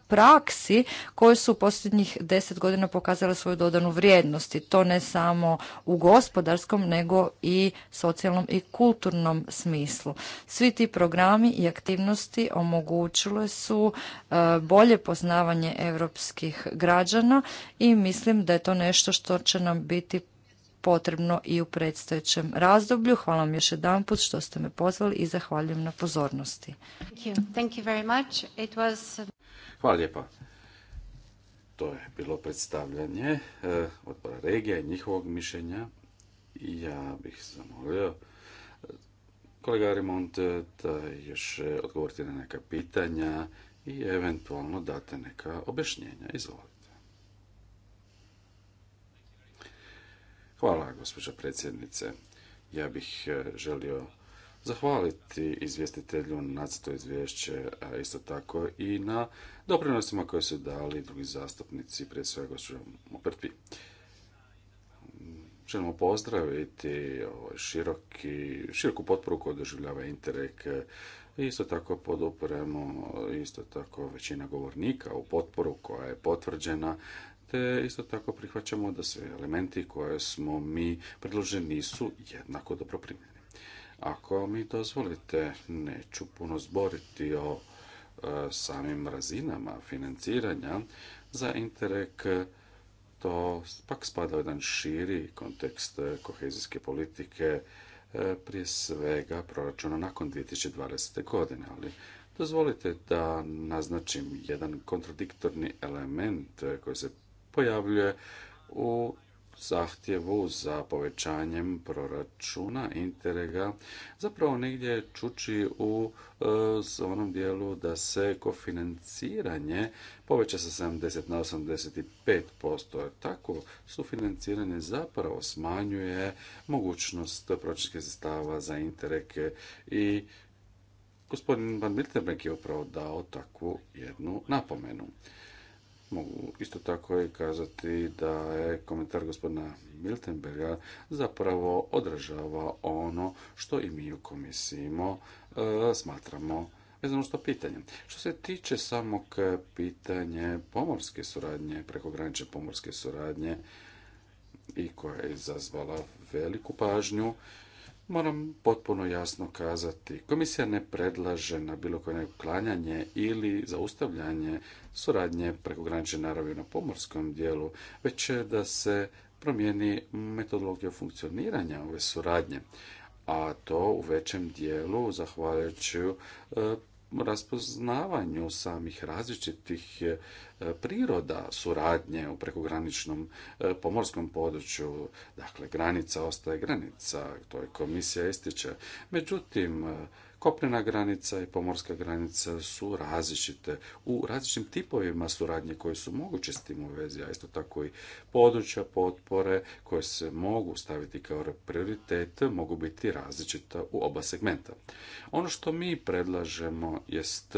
praksi koje su u posljednjih deset godina pokazale svoju dodanu vrijednost i to ne samo u gospodarskom nego i socijalnom i kulturnom smislu. Svi ti programi i aktivnosti omogućile su e, bolje poznavanje europskih građana i mislim da je to nešto što će nam biti potrebno i u predstojećem razdoblju. Hvala vam još jedanput što ste me pozvali i zahvaljujem na pozornosti. Hvala lijepa. To je bilo predstavljanje e, odbora regija i njihovog mišljenja. Ja bih zamolio e, kolega Remont e, da još odgovorite na neka pitanja i eventualno date neka objašnjenja. Izvolite. Hvala, gospođo predsjednice. Ja bih želio zahvaliti izvjestitelju na nacrtu izvješće, a isto tako i na doprinosima koje su dali drugi zastupnici, prije svega gospođa Mopertvi. Želimo pozdraviti ovaj široki, široku potporu koju doživljava Interreg Isto tako podupremo, isto tako većina govornika u potporu koja je potvrđena, te isto tako prihvaćamo da svi elementi koje smo mi predloženi nisu jednako dobro primljeni. Ako mi dozvolite, neću puno zboriti o e, samim razinama financiranja za Interreg e, to pak spada u jedan širi kontekst e, kohezijske politike, prije svega proračuna nakon 2020. godine, ali dozvolite da naznačim jedan kontradiktorni element koji se pojavljuje u zahtjevu za povećanjem proračuna Interega zapravo negdje čuči u e, s onom dijelu da se kofinanciranje poveća sa 70 na 85%. Tako sufinanciranje zapravo smanjuje mogućnost proračunskih sredstava za Intereke i gospodin Van Miltenberg je upravo dao takvu jednu napomenu. Mogu isto tako i kazati da je komentar gospodina Miltenberga zapravo odražava ono što i mi u komisiji e, smatramo vezano to pitanje. Što se tiče samog pitanja pomorske suradnje, prekogranične pomorske suradnje i koja je izazvala veliku pažnju, Moram potpuno jasno kazati, komisija ne predlaže na bilo koje uklanjanje ili zaustavljanje suradnje prekogranične naravi na pomorskom dijelu, već da se promijeni metodologija funkcioniranja ove suradnje, a to u većem dijelu zahvaljujući e, raspoznavanju samih različitih e, priroda suradnje u prekograničnom e, pomorskom području. Dakle, granica ostaje granica, to je komisija ističe. Međutim, e, Kopnena granica i pomorska granica su različite u različitim tipovima suradnje koje su moguće s tim u vezi, a isto tako i područja potpore koje se mogu staviti kao prioritet mogu biti različita u oba segmenta. Ono što mi predlažemo jest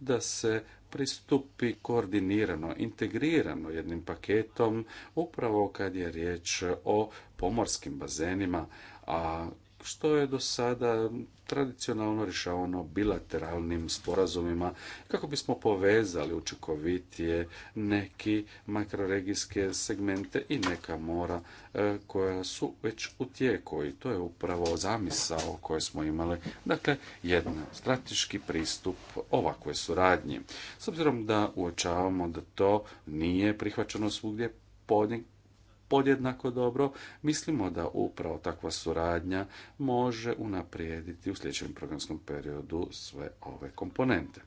da se pristupi koordinirano, integrirano jednim paketom upravo kad je riječ o pomorskim bazenima, a što je do sada tradicionalno rješavano bilateralnim sporazumima kako bismo povezali učinkovitije neki makroregijske segmente i neka mora e, koja su već u tijeku i to je upravo zamisao koje smo imali. Dakle, jedan strateški pristup ovakvoj suradnji. S obzirom da uočavamo da to nije prihvaćeno svugdje, podjednako dobro, mislimo da upravo takva suradnja može unaprijediti u sljedećem programskom periodu sve ove komponente.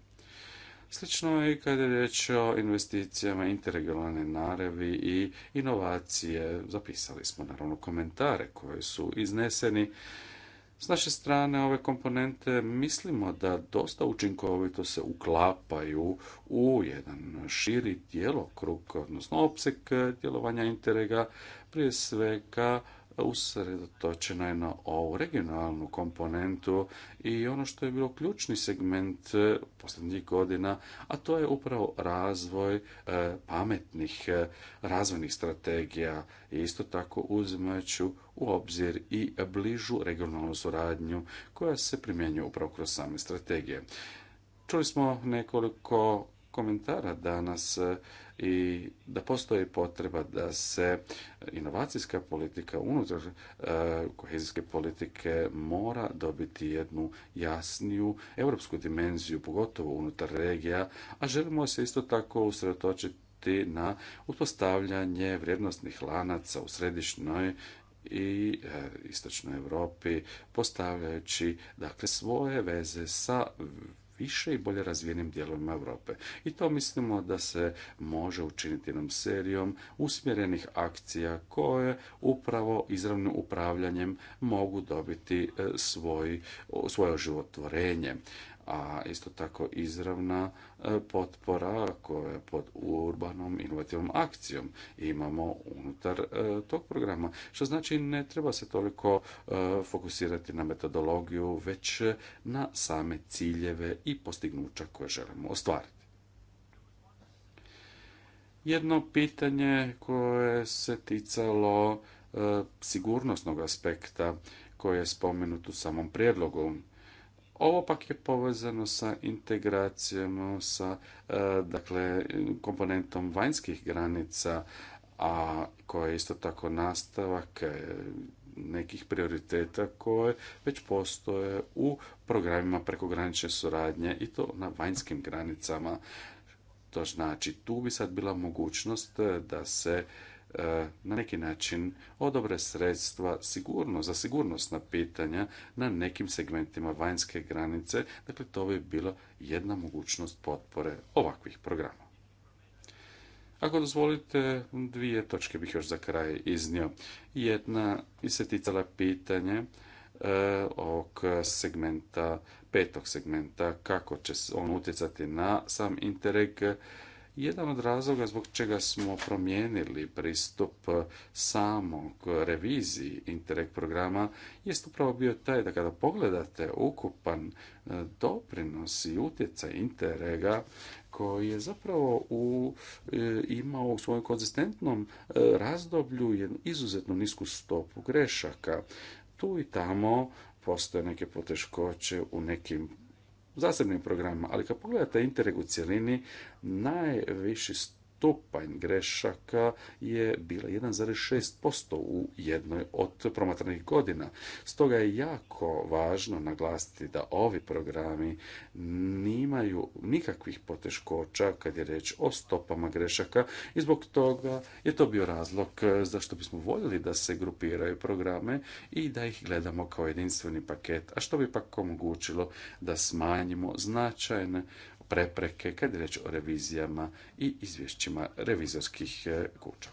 Slično je i kada je riječ o investicijama interregionalne naravi i inovacije. Zapisali smo naravno komentare koji su izneseni s naše strane ove komponente mislimo da dosta učinkovito se uklapaju u jedan širi djelokrug, odnosno opsek djelovanja Interega, prije svega usredotočena je na ovu regionalnu komponentu i ono što je bilo ključni segment e, posljednjih godina, a to je upravo razvoj e, pametnih e, razvojnih strategija i isto tako uzimajući u obzir i bližu regionalnu suradnju koja se primjenjuje upravo kroz same strategije. Čuli smo nekoliko komentara danas i da postoji potreba da se inovacijska politika unutar e, kohezijske politike mora dobiti jednu jasniju europsku dimenziju, pogotovo unutar regija, a želimo se isto tako usredotočiti na uspostavljanje vrijednostnih lanaca u središnjoj i e, istočnoj Europi postavljajući dakle svoje veze sa više i bolje razvijenim dijelovima Europe. I to mislimo da se može učiniti jednom serijom usmjerenih akcija koje upravo izravnim upravljanjem mogu dobiti e, svoj, svoje oživotvorenje a isto tako izravna e, potpora koja je pod urbanom inovativnom akcijom imamo unutar e, tog programa. Što znači ne treba se toliko e, fokusirati na metodologiju, već na same ciljeve i postignuća koje želimo ostvariti. Jedno pitanje koje se ticalo sigurnosnog aspekta koje je spomenuto u samom prijedlogu ovo pak je povezano sa integracijom, sa e, dakle, komponentom vanjskih granica, a koja je isto tako nastavak e, nekih prioriteta koje već postoje u programima prekogranične suradnje i to na vanjskim granicama. To znači tu bi sad bila mogućnost e, da se E, na neki način odobre sredstva sigurno, za sigurnosna pitanja na nekim segmentima vanjske granice. Dakle, to bi bila jedna mogućnost potpore ovakvih programa. Ako dozvolite, dvije točke bih još za kraj iznio. Jedna se ticala pitanje ovog segmenta, petog segmenta, kako će on utjecati na sam Interreg jedan od razloga zbog čega smo promijenili pristup samog reviziji Interreg programa jest upravo bio taj da kada pogledate ukupan e, doprinos i utjecaj Interrega koji je zapravo u, e, imao u svojom konzistentnom e, razdoblju jednu izuzetno nisku stopu grešaka. Tu i tamo postoje neke poteškoće u nekim zasebnim programima, ali kad pogledate Interreg u cjelini, najviši stupanj grešaka je bila 1,6% u jednoj od promatranih godina. Stoga je jako važno naglasiti da ovi programi nimaju nikakvih poteškoća kad je reč o stopama grešaka i zbog toga je to bio razlog e, zašto bismo voljeli da se grupiraju programe i da ih gledamo kao jedinstveni paket, a što bi pak omogućilo da smanjimo značajne prepreke kad je reč o revizijama i izvješćima revizorskih e, kuća.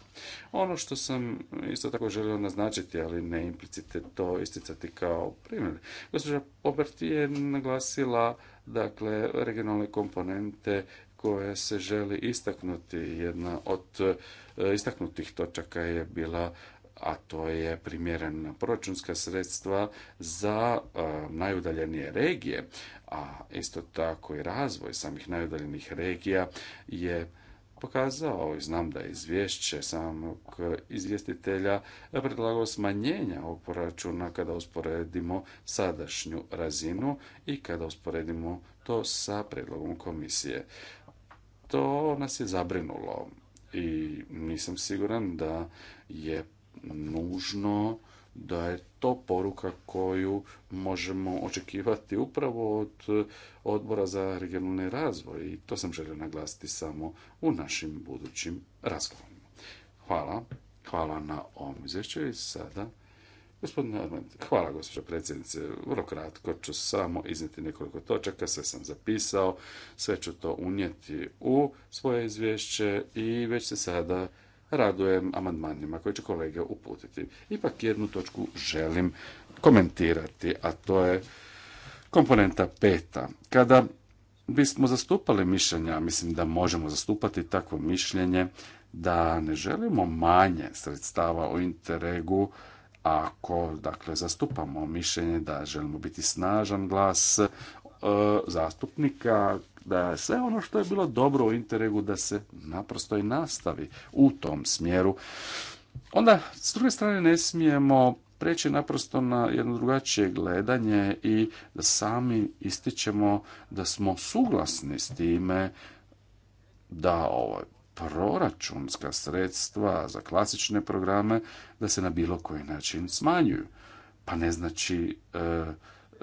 Ono što sam isto tako želio naznačiti, ali ne implicite to isticati kao primjer, gospođa Obert je naglasila dakle, regionalne komponente koje se želi istaknuti. Jedna od e, istaknutih točaka je bila a to je primjerena proračunska sredstva za e, najudaljenije regije a isto tako i razvoj samih najudaljenih regija je pokazao i znam da je izvješće samog izvjestitelja predlagao smanjenja ovog proračuna kada usporedimo sadašnju razinu i kada usporedimo to sa predlogom komisije. To nas je zabrinulo i nisam siguran da je nužno da je to poruka koju možemo očekivati upravo od odbora za regionalni razvoj i to sam želio naglasiti samo u našim budućim razgovorima. Hvala. Hvala na ovom izvješću i sada Gospodine hvala gospođo predsjednice. Vrlo kratko ću samo iznijeti nekoliko točaka, sve sam zapisao, sve ću to unijeti u svoje izvješće i već se sada radujem amandmanima koje će kolege uputiti. Ipak jednu točku želim komentirati, a to je komponenta peta. Kada bismo zastupali mišljenja, mislim da možemo zastupati takvo mišljenje, da ne želimo manje sredstava u Interregu, ako dakle zastupamo mišljenje da želimo biti snažan glas e, zastupnika da sve ono što je bilo dobro u Interregu da se naprosto i nastavi u tom smjeru. Onda, s druge strane, ne smijemo preći naprosto na jedno drugačije gledanje i da sami ističemo da smo suglasni s time da ovaj proračunska sredstva za klasične programe da se na bilo koji način smanjuju. Pa ne znači e,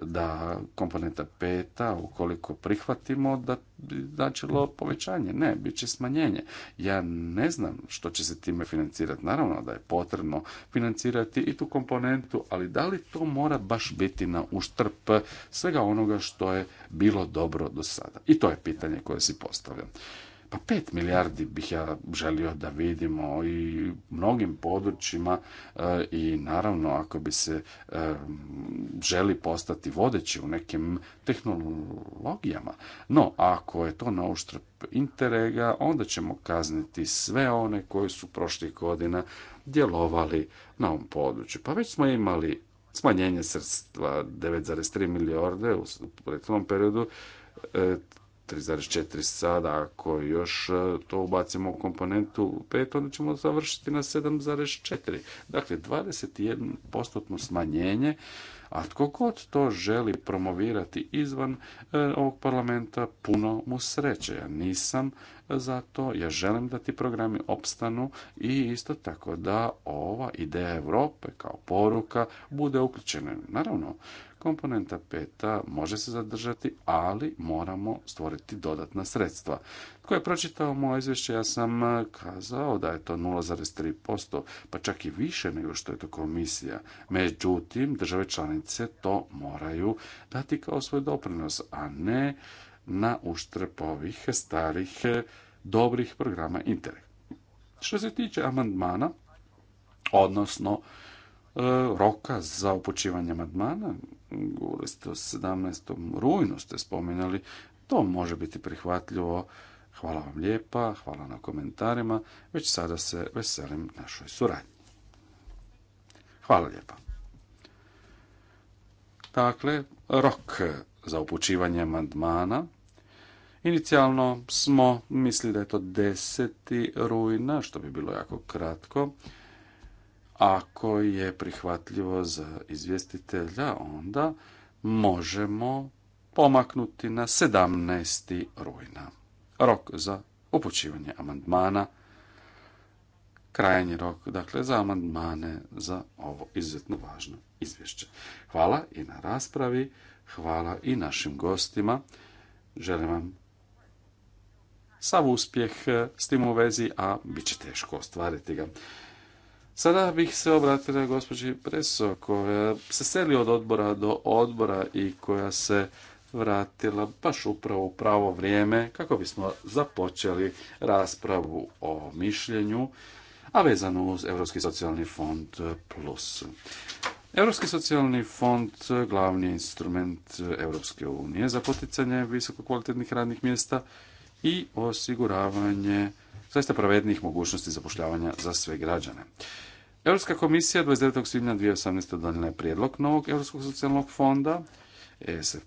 da komponenta peta, ukoliko prihvatimo, da bi značilo povećanje. Ne, bit će smanjenje. Ja ne znam što će se time financirati. Naravno da je potrebno financirati i tu komponentu, ali da li to mora baš biti na uštrp svega onoga što je bilo dobro do sada? I to je pitanje koje si postavljam. Pa pet milijardi bih ja želio da vidimo i mnogim područjima e, i naravno ako bi se e, želi postati vodeći u nekim tehnologijama. No, ako je to na uštrb interega, onda ćemo kazniti sve one koji su prošlih godina djelovali na ovom području. Pa već smo imali smanjenje sredstva 9,3 milijarde u prethodnom periodu, e, 3,4 sada, ako još e, to ubacimo u komponentu 5, onda ćemo završiti na 7,4. Dakle, 21% smanjenje, a tko god to želi promovirati izvan e, ovog parlamenta, puno mu sreće. Ja nisam za to, ja želim da ti programi opstanu i isto tako da ova ideja Europe kao poruka bude uključena. Naravno, Komponenta peta može se zadržati, ali moramo stvoriti dodatna sredstva. Tko je pročitao moje izvješće, ja sam e, kazao da je to 0,3%, pa čak i više nego što je to komisija. Međutim, države članice to moraju dati kao svoj doprinos, a ne na uštrb ovih starih e, dobrih programa Interreg. Što se tiče amandmana, odnosno E, roka za upućivanje Madmana. govorili ste o 17. rujnu, ste spominjali, to može biti prihvatljivo. Hvala vam lijepa, hvala na komentarima, već sada se veselim našoj suradnji. Hvala lijepa. Dakle, rok za upućivanje Madmana. Inicijalno smo mislili da je to 10. rujna, što bi bilo jako kratko. Ako je prihvatljivo za izvjestitelja, onda možemo pomaknuti na 17. rujna. Rok za upućivanje amandmana, krajanji rok, dakle, za amandmane za ovo izuzetno važno izvješće. Hvala i na raspravi, hvala i našim gostima. Želim vam sav uspjeh s tim u vezi, a bit će teško ostvariti ga. Sada bih se obratila gospođi Preso, koja se seli od odbora do odbora i koja se vratila baš upravo u pravo vrijeme kako bismo započeli raspravu o mišljenju, a vezano uz Europski socijalni fond plus. Europski socijalni fond glavni je instrument Europske unije za poticanje visokokvalitetnih radnih mjesta i osiguravanje zaista pravednijih mogućnosti zapošljavanja za sve građane. Europska komisija 29. svibnja 2018. donijela je prijedlog novog Europskog socijalnog fonda ESF+,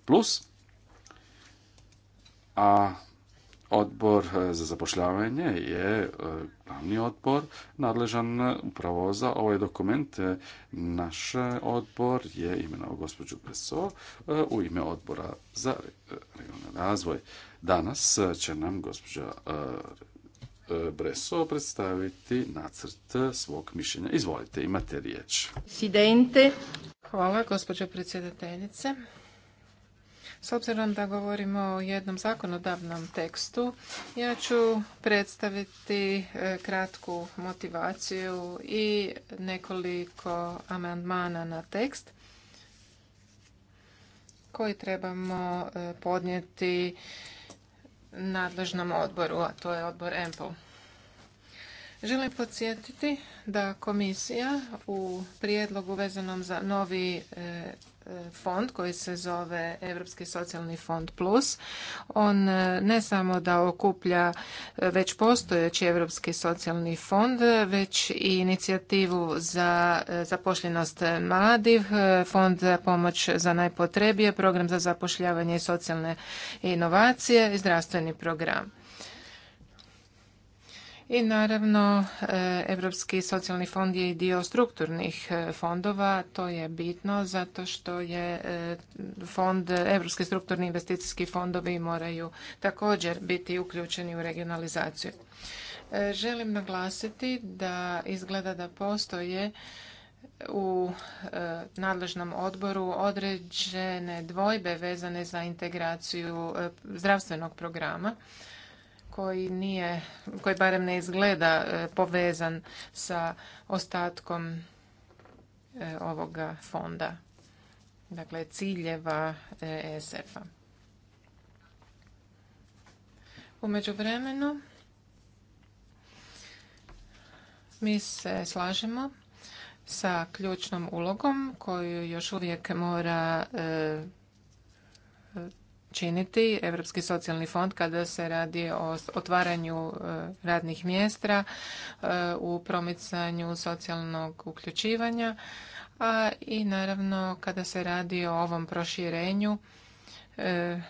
a Odbor e, za zapošljavanje je e, glavni odbor nadležan upravo za ovaj dokument. E, naš odbor je imenovao gospođu Preso u ime odbora za regionalni razvoj. Danas će nam gospođa Breso predstaviti nacrt svog mišljenja. Izvolite, imate riječ. Sidente. Hvala, gospođo predsjedateljice. S obzirom da govorimo o jednom zakonodavnom tekstu, ja ću predstaviti e, kratku motivaciju i nekoliko amandmana na tekst koji trebamo e, podnijeti nadležnom odboru, a to je odbor empol Želim podsjetiti da komisija u prijedlogu vezanom za novi e, fond koji se zove Europski socijalni fond plus. On e, ne samo da okuplja e, već postojeći Europski socijalni fond, već i inicijativu za e, zapošljenost mladih, fond za pomoć za najpotrebije, program za zapošljavanje i socijalne inovacije i zdravstveni program. I naravno, Europski socijalni fond je i dio strukturnih e, fondova. To je bitno zato što je e, fond, Europski strukturni investicijski fondovi moraju također biti uključeni u regionalizaciju. E, želim naglasiti da izgleda da postoje u nadležnom odboru određene dvojbe vezane za integraciju zdravstvenog programa koji nije, koji barem ne izgleda e, povezan sa ostatkom e, ovoga fonda, dakle ciljeva e, ESF-a. U međuvremenu mi se slažemo sa ključnom ulogom koju još uvijek mora činiti Europski socijalni fond kada se radi o otvaranju e, radnih mjesta, e, u promicanju socijalnog uključivanja, a i naravno kada se radi o ovom proširenju e,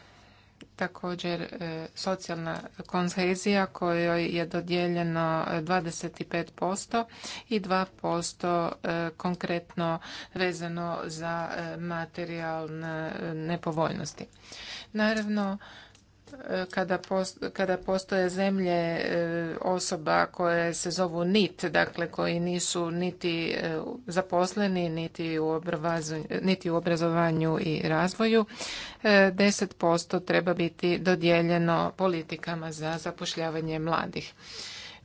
također e, socijalna konhezija kojoj je dodijeljeno 25% e, i 2% e, konkretno vezano za materijalne nepovoljnosti. Naravno, E, kada postoje zemlje e, osoba koje se zovu NIT, dakle koji nisu niti e, zaposleni, niti u, niti u obrazovanju i razvoju, 10% treba biti dodijeljeno politikama za zapošljavanje mladih.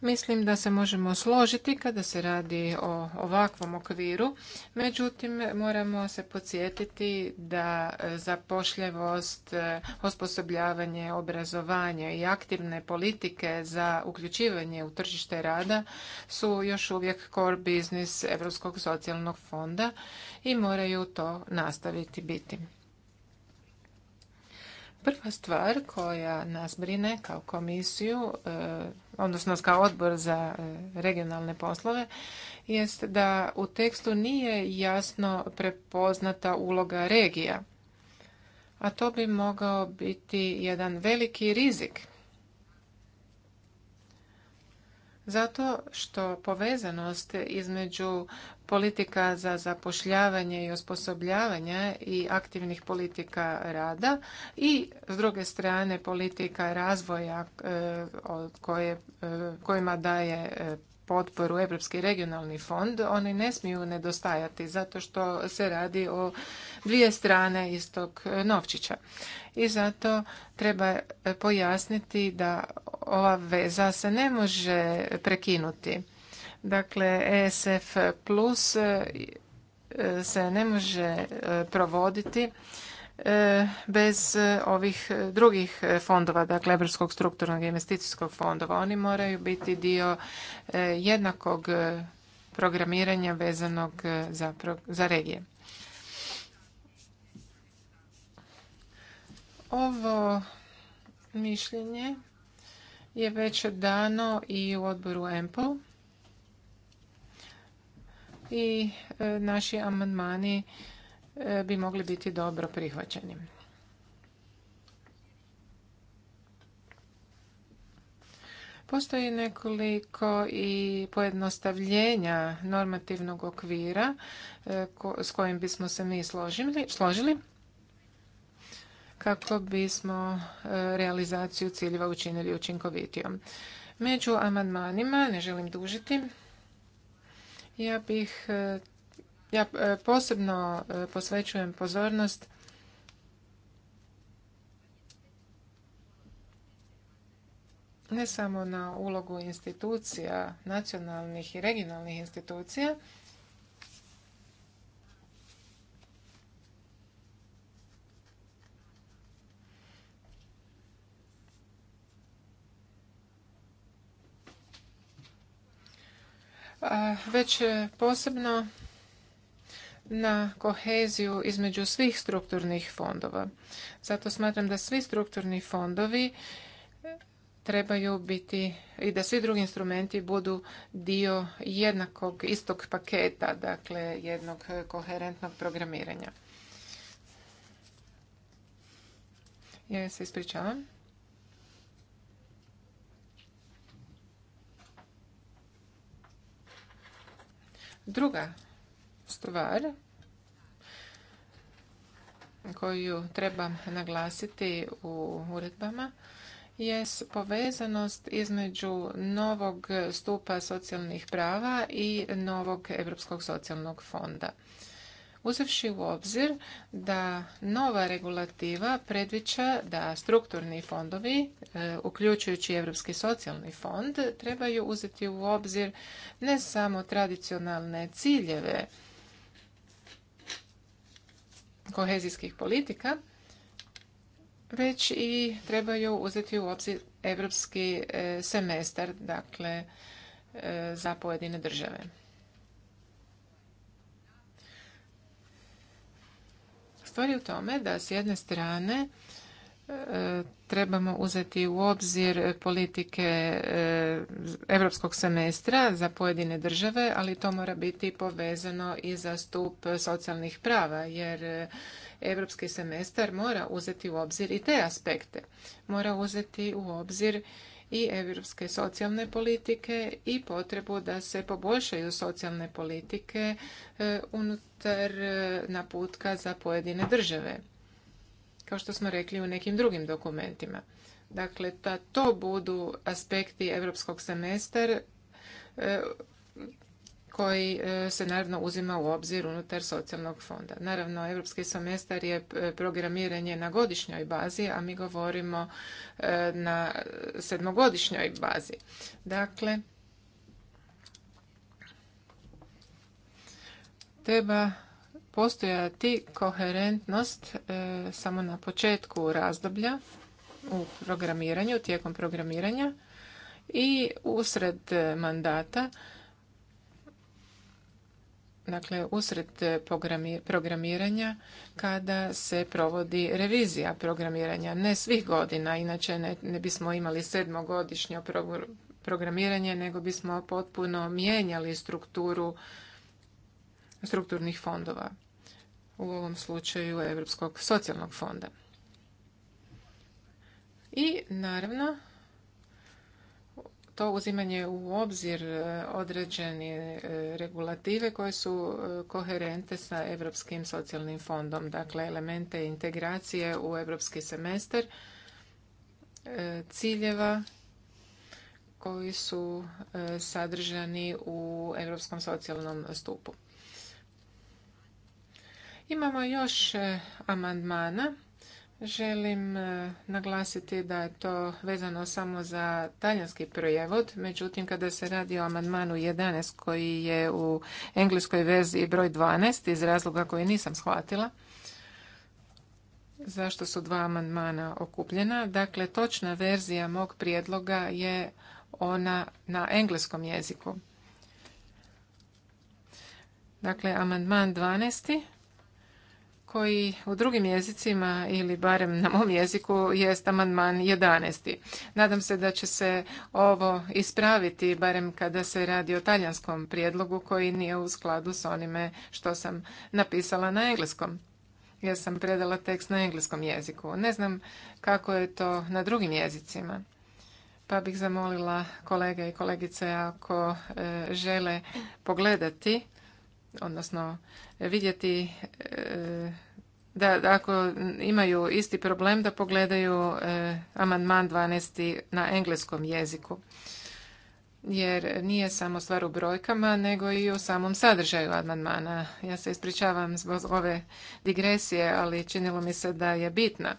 Mislim da se možemo složiti kada se radi o ovakvom okviru, međutim moramo se podsjetiti da zapošljivost, osposobljavanje, obrazovanje i aktivne politike za uključivanje u tržište rada su još uvijek core business Europskog socijalnog fonda i moraju to nastaviti biti. Prva stvar koja nas brine kao komisiju e, odnosno kao odbor za e, regionalne poslove, jest da u tekstu nije jasno prepoznata uloga regija. A to bi mogao biti jedan veliki rizik. Zato što povezanost između politika za zapošljavanje i osposobljavanje i aktivnih politika rada i s druge strane politika razvoja e, e, kojima daje e, potporu Europski regionalni fond, oni ne smiju nedostajati zato što se radi o dvije strane istog novčića. I zato treba pojasniti da ova veza se ne može prekinuti Dakle, ESF plus e, se ne može e, provoditi e, bez ovih drugih fondova, dakle Europskog strukturnog investicijskog fondova. Oni moraju biti dio jednakog programiranja vezanog za, regije. Ovo mišljenje je već dano i u odboru EMPL i e, naši amandmani e, bi mogli biti dobro prihvaćeni. Postoji nekoliko i pojednostavljenja normativnog okvira e, s kojim bismo se mi složili kako bismo realizaciju ciljeva učinili učinkovitijom. Među amandmanima, ne želim dužiti, ja bih, e, ja e, posebno e, posvećujem pozornost ne samo na ulogu institucija, nacionalnih i regionalnih institucija, već e, posebno na koheziju između svih strukturnih fondova. Zato smatram da svi strukturni fondovi e, trebaju biti i da svi drugi instrumenti budu dio jednakog istog paketa, dakle jednog koherentnog programiranja. Ja se ispričavam. Druga stvar koju trebam naglasiti u uredbama je povezanost između novog stupa socijalnih prava i novog Europskog socijalnog fonda. Uzevši u obzir da nova regulativa predviđa da strukturni fondovi, e, uključujući Europski socijalni fond, trebaju uzeti u obzir ne samo tradicionalne ciljeve kohezijskih politika, već i trebaju uzeti u obzir europski e, semestar, dakle e, za pojedine države. Stvar je u tome da s jedne strane e, trebamo uzeti u obzir politike europskog semestra za pojedine države, ali to mora biti povezano i za stup socijalnih prava, jer europski semestar mora uzeti u obzir i te aspekte. Mora uzeti u obzir i europske socijalne politike i potrebu da se poboljšaju socijalne politike e, unutar e, naputka za pojedine države kao što smo rekli u nekim drugim dokumentima. Dakle, da to budu aspekti europskog semestra e, koji e, se naravno uzima u obzir unutar socijalnog fonda. Naravno, europski semestar je e, programiranje na godišnjoj bazi, a mi govorimo e, na sedmogodišnjoj bazi. Dakle, treba postojati koherentnost samo na početku razdoblja u programiranju, tijekom programiranja i usred mandata dakle usred e, programiranja kada se provodi revizija programiranja. Ne svih godina, inače ne, bismo imali sedmogodišnje programiranje, nego bismo potpuno mijenjali strukturu strukturnih fondova, u ovom slučaju Europskog socijalnog fonda. I naravno, to uzimanje u obzir e, određene regulative koje su e, koherente sa Europskim socijalnim fondom, dakle elemente integracije u europski semester, e, ciljeva koji su sadržani u Europskom socijalnom stupu. Imamo još amandmana Želim e, naglasiti da je to vezano samo za talijanski prijevod, međutim kada se radi o amandmanu 11 koji je u engleskoj verziji broj 12 iz razloga koji nisam shvatila, zašto su dva amandmana okupljena. Dakle, točna verzija mog prijedloga je ona na engleskom jeziku. Dakle, amandman 12 koji u drugim jezicima ili barem na mom jeziku jest amandman 11. Nadam se da će se ovo ispraviti barem kada se radi o talijanskom prijedlogu koji nije u skladu s onime što sam napisala na engleskom. Ja sam predala tekst na engleskom jeziku. Ne znam kako je to na drugim jezicima. Pa bih zamolila kolege i kolegice ako e, žele pogledati odnosno vidjeti e, da, da ako imaju isti problem da pogledaju e, amandman 12. na engleskom jeziku. Jer nije samo stvar u brojkama, nego i u samom sadržaju amandmana. Ja se ispričavam zbog ove digresije, ali činilo mi se da je bitna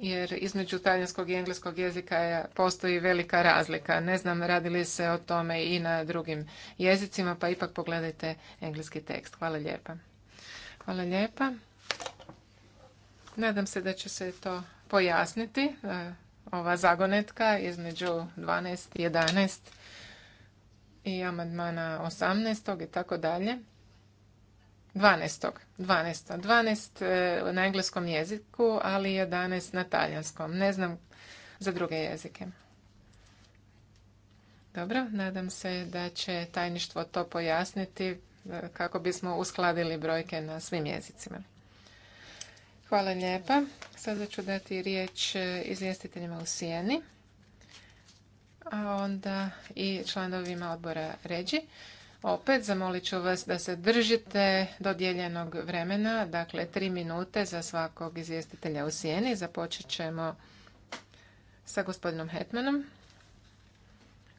jer između talijanskog i engleskog jezika postoji velika razlika. Ne znam radi li se o tome i na drugim jezicima, pa ipak pogledajte engleski tekst. Hvala lijepa. Hvala lijepa. Nadam se da će se to pojasniti, e, ova zagonetka između 12 i 11 i amandmana 18. i tako dalje. 12. E, na engleskom jeziku, ali 11 na talijanskom. Ne znam za druge jezike. Dobro, nadam se da će tajništvo to pojasniti e, kako bismo uskladili brojke na svim jezicima. Hvala lijepa. Sada ću dati riječ e, izvjestiteljima u Sijeni, a onda i članovima odbora Ređi. Opet zamolit ću vas da se držite dodijeljenog vremena, dakle tri minute za svakog izvjestitelja u sjeni. Započet ćemo sa gospodinom Hetmanom,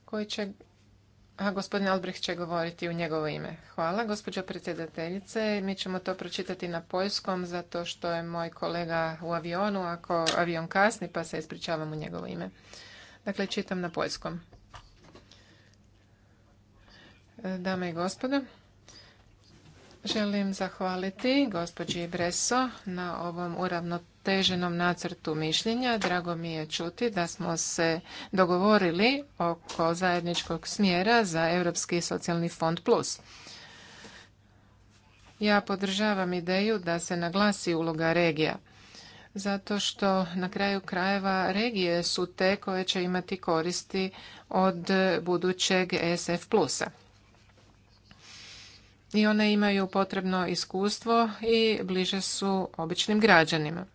koji će a gospodin Albrecht će govoriti u njegovo ime. Hvala, gospođo predsjedateljice. Mi ćemo to pročitati na poljskom, zato što je moj kolega u avionu, ako avion kasni, pa se ispričavam u njegovo ime. Dakle, čitam na poljskom dame i gospodo. Želim zahvaliti gospođi Breso na ovom uravnoteženom nacrtu mišljenja. Drago mi je čuti da smo se dogovorili oko zajedničkog smjera za Europski socijalni fond plus. Ja podržavam ideju da se naglasi uloga regija zato što na kraju krajeva regije su te koje će imati koristi od budućeg ESF plusa i one imaju potrebno iskustvo i bliže su običnim građanima.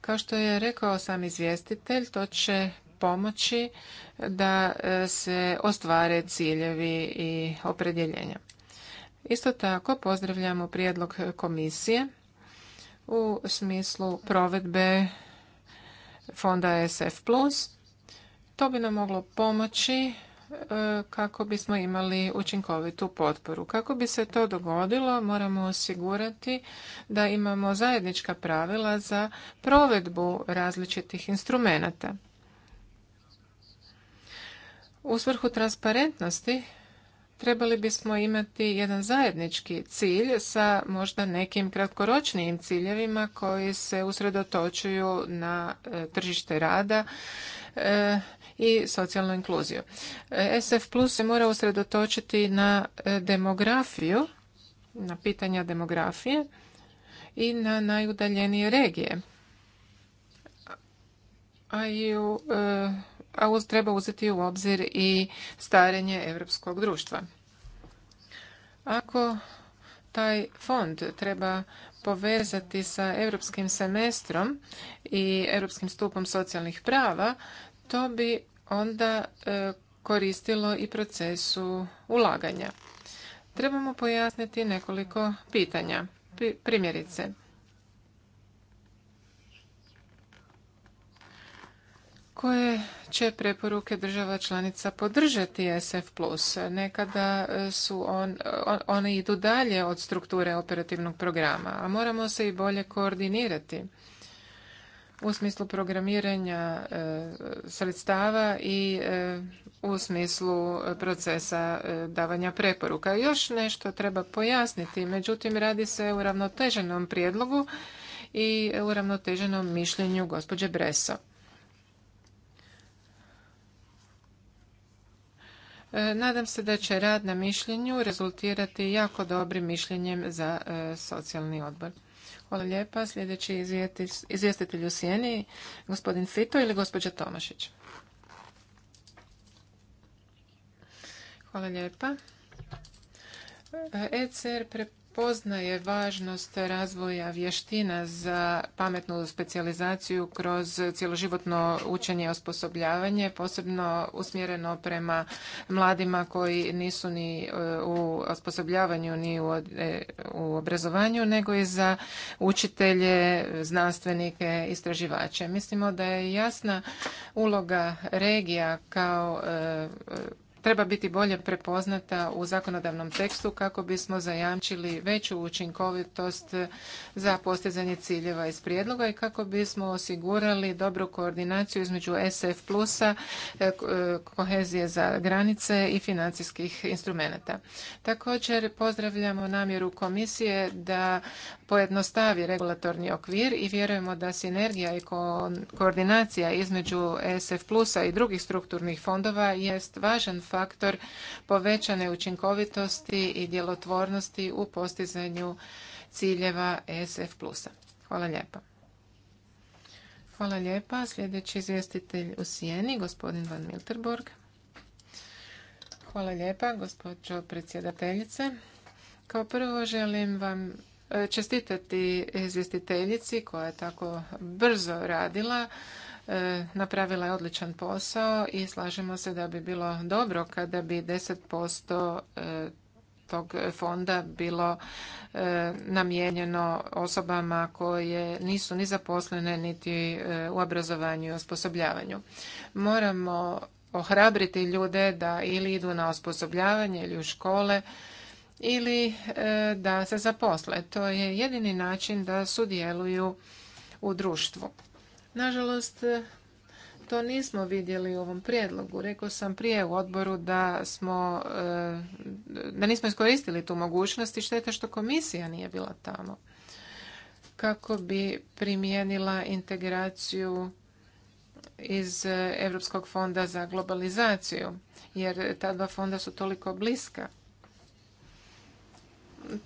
Kao što je rekao sam izvjestitelj, to će pomoći da e, se ostvare ciljevi i opredjeljenja. Isto tako pozdravljamo prijedlog komisije u smislu provedbe fonda SF+. To bi nam moglo pomoći kako bismo imali učinkovitu potporu. Kako bi se to dogodilo, moramo osigurati da imamo zajednička pravila za provedbu različitih instrumenata. U svrhu transparentnosti trebali bismo imati jedan zajednički cilj sa možda nekim kratkoročnijim ciljevima koji se usredotočuju na e, tržište rada e, i socijalnu inkluziju. E, SF Plus se mora usredotočiti na e, demografiju, na pitanja demografije i na najudaljenije regije. A e, a uz treba uzeti u obzir i starenje europskog društva. Ako taj fond treba povezati sa europskim semestrom i europskim stupom socijalnih prava, to bi onda e, koristilo i procesu ulaganja. Trebamo pojasniti nekoliko pitanja. Primjerice, koje će preporuke država članica podržati SF+. Nekada e, su e, on, one idu dalje od strukture operativnog programa, a moramo se i bolje koordinirati u smislu programiranja e, sredstava i e, u smislu procesa e, davanja preporuka. Još nešto treba pojasniti, međutim radi se o ravnoteženom prijedlogu i uravnoteženom mišljenju gospođe Breso. Nadam se da će rad na mišljenju rezultirati jako dobrim mišljenjem za socijalni odbor. Hvala lijepa. Sljedeći izvjestitelj u sjeni, gospodin Fito ili gospođa Tomašić. Hvala lijepa. E, ECR poznaje važnost razvoja vještina za pametnu specijalizaciju kroz cjeloživotno učenje i osposobljavanje, posebno usmjereno prema mladima koji nisu ni e, u osposobljavanju ni e, u obrazovanju, nego i za učitelje, znanstvenike, istraživače. Mislimo da je jasna uloga regija kao e, treba biti bolje prepoznata u zakonodavnom tekstu kako bismo zajamčili veću učinkovitost za postizanje ciljeva iz prijedloga i kako bismo osigurali dobru koordinaciju između SF plusa, e, kohezije za granice i financijskih instrumenata. Također pozdravljamo namjeru komisije da pojednostavi regulatorni okvir i vjerujemo da sinergija i koordinacija između SF plusa i drugih strukturnih fondova jest važan faktor povećane učinkovitosti i djelotvornosti u postizanju ciljeva e SF+. Hvala lijepa. Hvala lijepa. Sljedeći izvjestitelj u Sijeni, gospodin Van Milterborg. Hvala lijepa, gospođo predsjedateljice. Kao prvo želim vam e, čestitati izvjestiteljici koja je tako brzo radila E, napravila je odličan posao i slažemo se da bi bilo dobro kada bi 10% e, tog fonda bilo e, namijenjeno osobama koje nisu ni zaposlene niti u obrazovanju i osposobljavanju. Moramo ohrabriti ljude da ili idu na osposobljavanje ili u škole ili da se zaposle. To je jedini način da sudjeluju u društvu. Nažalost, e, to nismo vidjeli u ovom prijedlogu. Rekao sam prije u odboru da smo, e, da nismo iskoristili tu mogućnost i šteta što komisija nije bila tamo kako bi primijenila integraciju iz Europskog fonda za globalizaciju, jer ta dva fonda su toliko bliska.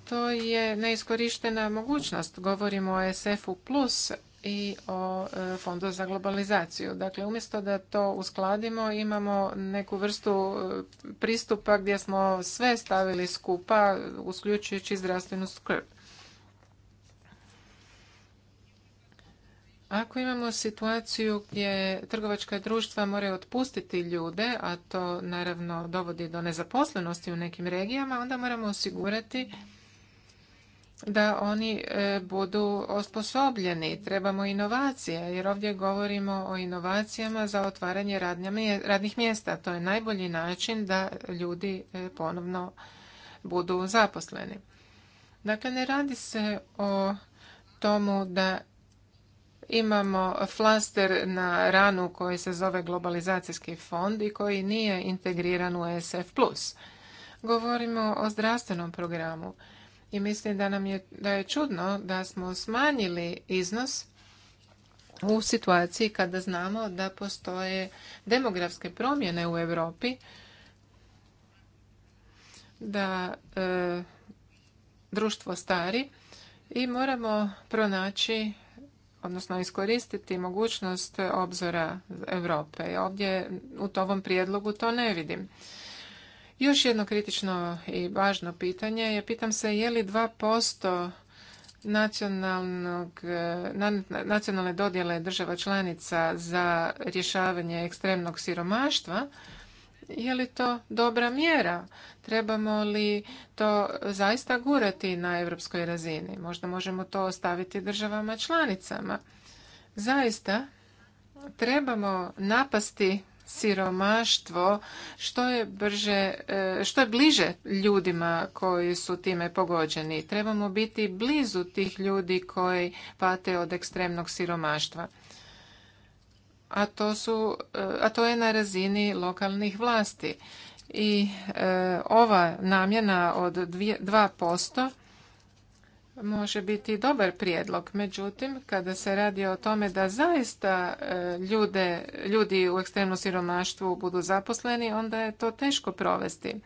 To je neiskorištena mogućnost. Govorimo o SF-u plus, i o e, fondu za globalizaciju. Dakle, umjesto da to uskladimo, imamo neku vrstu e, pristupa gdje smo sve stavili skupa, uključujući zdravstvenu skrb. Ako imamo situaciju gdje trgovačka društva moraju otpustiti ljude, a to naravno dovodi do nezaposlenosti u nekim regijama, onda moramo osigurati da oni e, budu osposobljeni. Trebamo inovacije, jer ovdje govorimo o inovacijama za otvaranje radnih mjesta. To je najbolji način da ljudi e, ponovno budu zaposleni. Dakle, ne radi se o tomu da imamo flaster na ranu koji se zove globalizacijski fond i koji nije integriran u e SF+. Govorimo o zdravstvenom programu i mislim da nam je, da je čudno da smo smanjili iznos u situaciji kada znamo da postoje demografske promjene u Europi da e, društvo stari i moramo pronaći odnosno iskoristiti mogućnost obzora Europe. Ovdje u tom prijedlogu to ne vidim. Još jedno kritično i važno pitanje je pitam se je li 2% nacionalnog, e, nacionalne dodjele država članica za rješavanje ekstremnog siromaštva, je li to dobra mjera? Trebamo li to zaista gurati na europskoj razini? Možda možemo to ostaviti državama članicama. Zaista trebamo napasti siromaštvo što je brže, e, što je bliže ljudima koji su time pogođeni. Trebamo biti blizu tih ljudi koji pate od ekstremnog siromaštva. A to, su, e, a to je na razini lokalnih vlasti. I e, ova namjena od 2% može biti dobar prijedlog. Međutim, kada se radi o tome da zaista e, ljude, ljudi u ekstremnom siromaštvu budu zaposleni, onda je to teško provesti.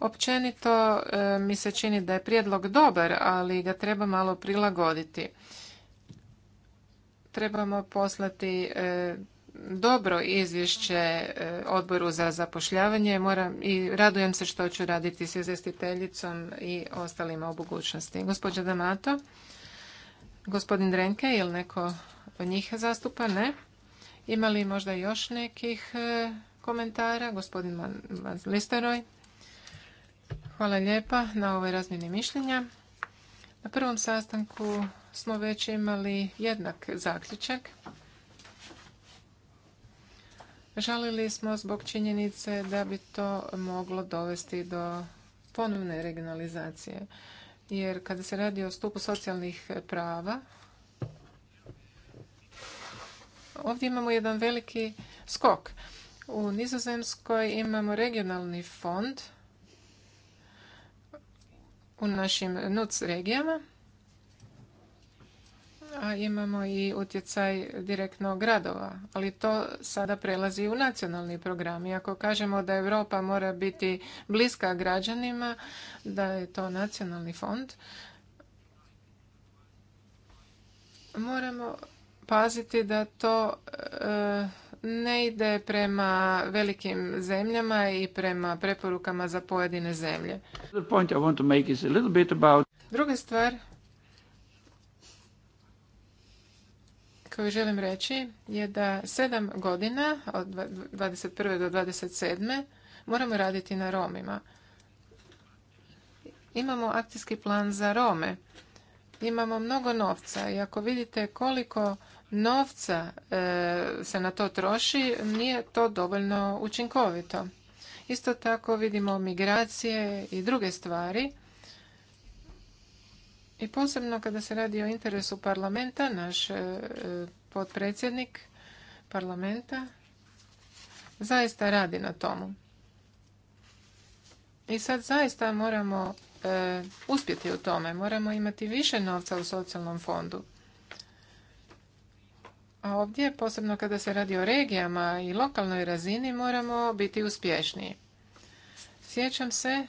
Općenito e, mi se čini da je prijedlog dobar, ali ga treba malo prilagoditi. Trebamo poslati e, dobro izvješće e, odboru za zapošljavanje i radujem se što ću raditi s izvjestiteljicom i ostalima u budućnosti. Gospođa Damato, gospodin Drenke ili neko od njih zastupa? Ne. Ima li možda još nekih e, komentara? Gospodin Van Listeroj. Hvala lijepa na ovoj razmjeni mišljenja. Na prvom sastanku smo već imali jednak zaključak Žalili smo zbog činjenice da bi to moglo dovesti do ponovne regionalizacije. Jer kada se radi o stupu socijalnih prava, ovdje imamo jedan veliki skok. U Nizozemskoj imamo regionalni fond u našim NUC regijama a imamo i utjecaj direktno gradova, ali to sada prelazi u nacionalni program. I ako kažemo da Europa mora biti bliska građanima, da je to nacionalni fond, moramo paziti da to e, ne ide prema velikim zemljama i prema preporukama za pojedine zemlje. Druga stvar koju želim reći je da sedam godina od 21. do 27. moramo raditi na Romima. Imamo akcijski plan za Rome. Imamo mnogo novca i ako vidite koliko novca e, se na to troši, nije to dovoljno učinkovito. Isto tako vidimo migracije i druge stvari i posebno kada se radi o interesu parlamenta, naš e, potpredsjednik parlamenta zaista radi na tomu. I sad zaista moramo e, uspjeti u tome. Moramo imati više novca u socijalnom fondu. A ovdje, posebno kada se radi o regijama i lokalnoj razini, moramo biti uspješniji. Sjećam se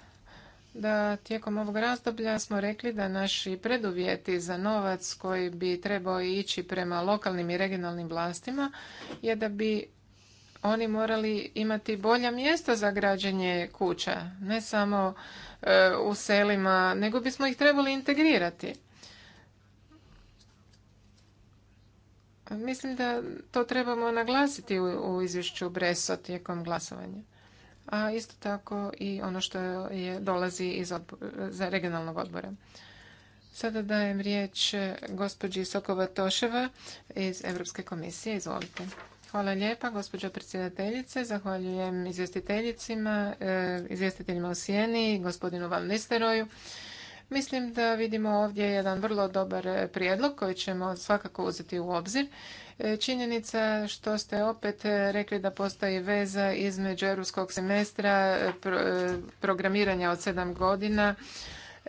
da tijekom ovog razdoblja smo rekli da naši preduvjeti za novac koji bi trebao ići prema lokalnim i regionalnim vlastima je da bi oni morali imati bolja mjesta za građenje kuća, ne samo e, u selima, nego bismo ih trebali integrirati. Mislim da to trebamo naglasiti u, u izvješću Breso tijekom glasovanja a isto tako i ono što je, dolazi iz za regionalnog odbora. Sada dajem riječ gospođi Sokova Toševa iz Europske komisije. Izvolite. Hvala lijepa, gospođo predsjedateljice. Zahvaljujem izvjestiteljicima, e, izvjestiteljima u Sijeni, gospodinu Van Listeroju. Mislim da vidimo ovdje jedan vrlo dobar e, prijedlog koji ćemo svakako uzeti u obzir. E, činjenica što ste opet e, rekli da postoji veza između europskog semestra, programiranja od sedam godina,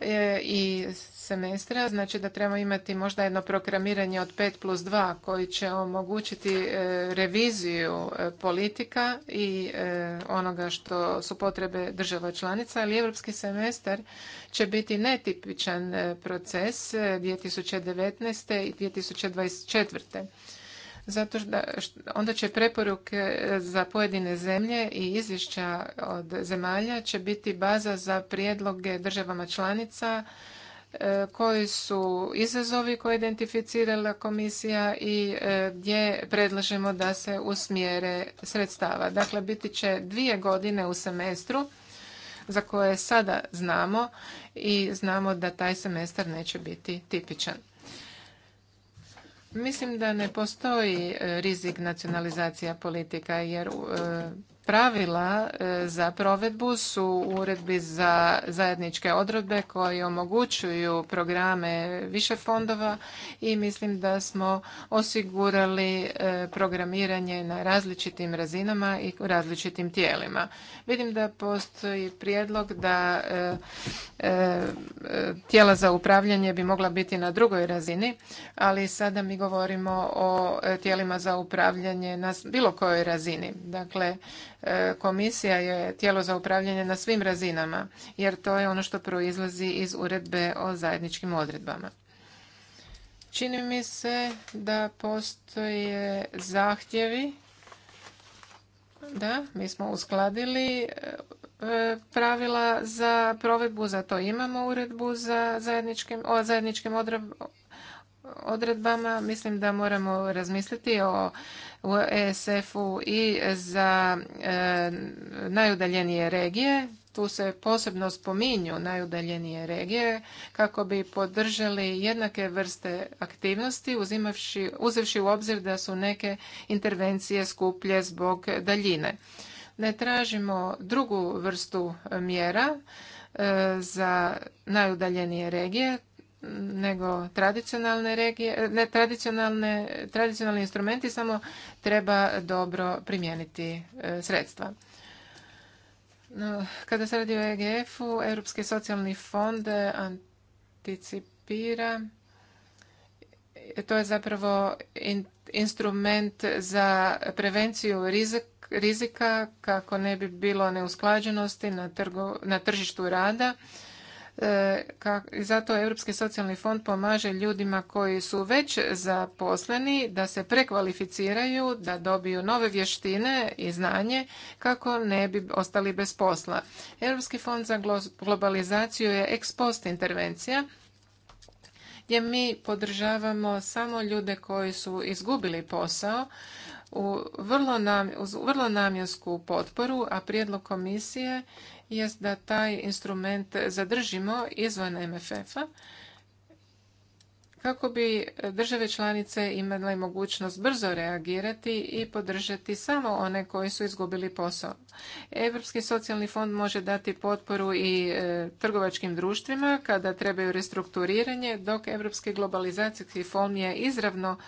E, i semestra, znači da trebamo imati možda jedno programiranje od 5 plus 2 koji će omogućiti e, reviziju e, politika i onoga što su potrebe država članica, ali europski semestar će biti netipičan proces 2019. i 2024 zato da onda će preporuke za pojedine zemlje i izvješća od zemalja će biti baza za prijedloge državama članica e, koji su izazovi koje je identificirala komisija i e, gdje predlažemo da se usmjere sredstava. Dakle, biti će dvije godine u semestru za koje sada znamo i znamo da taj semestar neće biti tipičan. Mislim da ne postoji e, rizik nacionalizacija politika jer e, pravila e, za provedbu su u uredbi za zajedničke odredbe koje omogućuju programe više fondova i mislim da smo osigurali e, programiranje na različitim razinama i različitim tijelima. Vidim da postoji prijedlog da e, tijela za upravljanje bi mogla biti na drugoj razini, ali sada mi govorimo o tijelima za upravljanje na bilo kojoj razini. Dakle, E, komisija je tijelo za upravljanje na svim razinama, jer to je ono što proizlazi iz uredbe o zajedničkim odredbama. Čini mi se da postoje zahtjevi. Da, mi smo uskladili e, pravila za provedbu, za to imamo uredbu za zajedničkim, o zajedničkim odredbama. Mislim da moramo razmisliti o u ESF-u i za e, najudaljenije regije. Tu se posebno spominju najudaljenije regije kako bi podržali jednake vrste aktivnosti uzimavši, uzevši u obzir da su neke intervencije skuplje zbog daljine. Ne tražimo drugu vrstu mjera e, za najudaljenije regije nego tradicionalne regije, ne, tradicionalne, tradicionalni instrumenti samo treba dobro primijeniti e, sredstva. kada se radi o EGF-u, Europski socijalni fond anticipira to je zapravo instrument za prevenciju rizik, rizika kako ne bi bilo neusklađenosti na, na tržištu rada E, i zato Europski socijalni fond pomaže ljudima koji su već zaposleni da se prekvalificiraju, da dobiju nove vještine i znanje kako ne bi ostali bez posla. Europski fond za globalizaciju je ex post intervencija gdje mi podržavamo samo ljude koji su izgubili posao u vrlo, nam, uz vrlo namjensku potporu, a prijedlog komisije jest da taj instrument zadržimo izvan MFF-a kako bi države članice imale mogućnost brzo reagirati i podržati samo one koji su izgubili posao. Europski socijalni fond može dati potporu i e, trgovačkim društvima kada trebaju restrukturiranje, dok Evropski globalizacijski fond je izravno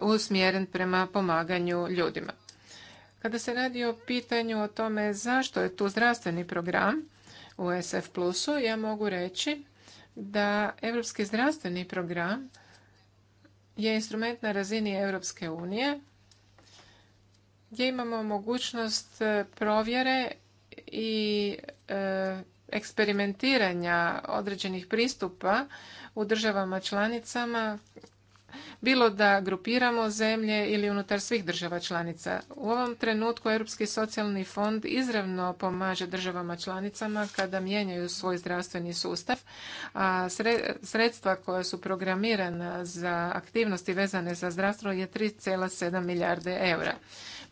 usmjeren prema pomaganju ljudima. Kada se radi o pitanju o tome zašto je tu zdravstveni program u SF Plusu, ja mogu reći da Europski zdravstveni program je instrument na razini Evropske unije gdje imamo mogućnost e, provjere i e, eksperimentiranja određenih pristupa u državama članicama bilo da grupiramo zemlje ili unutar svih država članica. U ovom trenutku Europski socijalni fond izravno pomaže državama članicama kada mijenjaju svoj zdravstveni sustav, a sredstva koja su programirana za aktivnosti vezane za zdravstvo je 3,7 milijarde eura.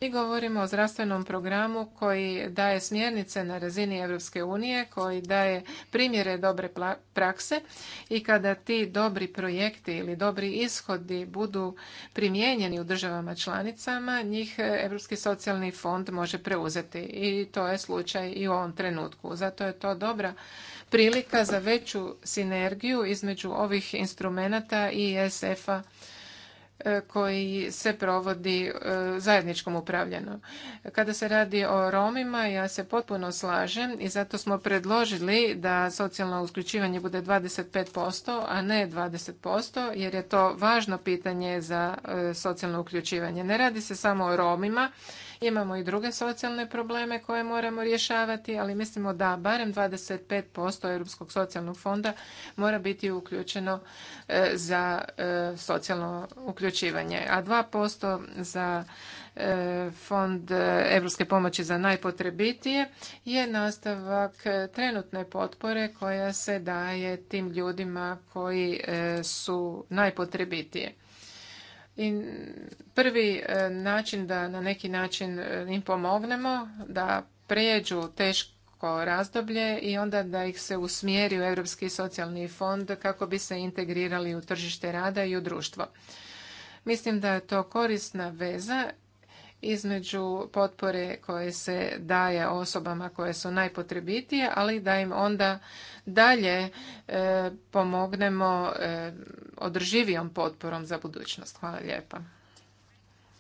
I govorimo o zdravstvenom programu koji daje smjernice na razini Europske unije, koji daje primjere dobre prakse i kada ti dobri projekti ili dobri ishodi budu primijenjeni u državama članicama, njih Europski socijalni fond može preuzeti i to je slučaj i u ovom trenutku. Zato je to dobra prilika za veću sinergiju između ovih instrumenata i ESF-a E, koji se provodi e, zajedničkom upravljanju. Kada se radi o Romima, ja se potpuno slažem i zato smo predložili da socijalno usključivanje bude 25%, a ne 20%, jer je to važno pitanje za e, socijalno uključivanje. Ne radi se samo o Romima, Imamo i druge socijalne probleme koje moramo rješavati, ali mislimo da barem 25% Europskog socijalnog fonda mora biti uključeno e, za e, socijalno uključivanje, a 2% za e, fond Europske pomoći za najpotrebitije je nastavak trenutne potpore koja se daje tim ljudima koji su najpotrebitije. I prvi e, način da na neki način e, im pomognemo da prijeđu teško razdoblje i onda da ih se usmjeri u Europski socijalni fond kako bi se integrirali u tržište rada i u društvo. Mislim da je to korisna veza između potpore koje se daje osobama koje su najpotrebitije, ali da im onda dalje e, pomognemo e, održivijom potporom za budućnost. Hvala lijepa.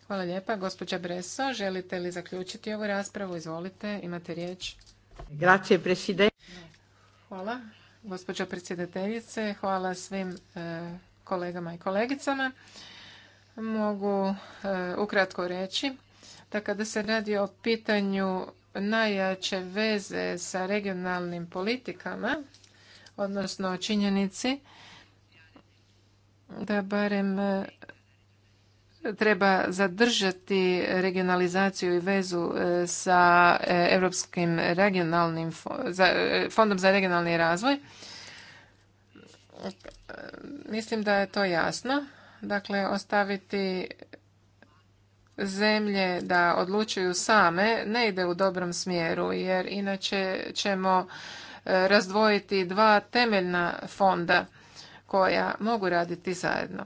Hvala lijepa. Gospođa Breso, želite li zaključiti ovu raspravu? Izvolite, imate riječ. Grazie, Hvala, gospođo predsjedateljice. Hvala svim e, kolegama i kolegicama. Mogu ukratko reći da kada se radi o pitanju najjače veze sa regionalnim politikama, odnosno činjenici da barem e, treba zadržati regionalizaciju i vezu e, sa e, Europskim regionalnim fondom za regionalni razvoj. Mislim da je to jasno. Dakle, ostaviti zemlje da odlučuju same ne ide u dobrom smjeru jer inače ćemo e, razdvojiti dva temeljna fonda koja mogu raditi zajedno.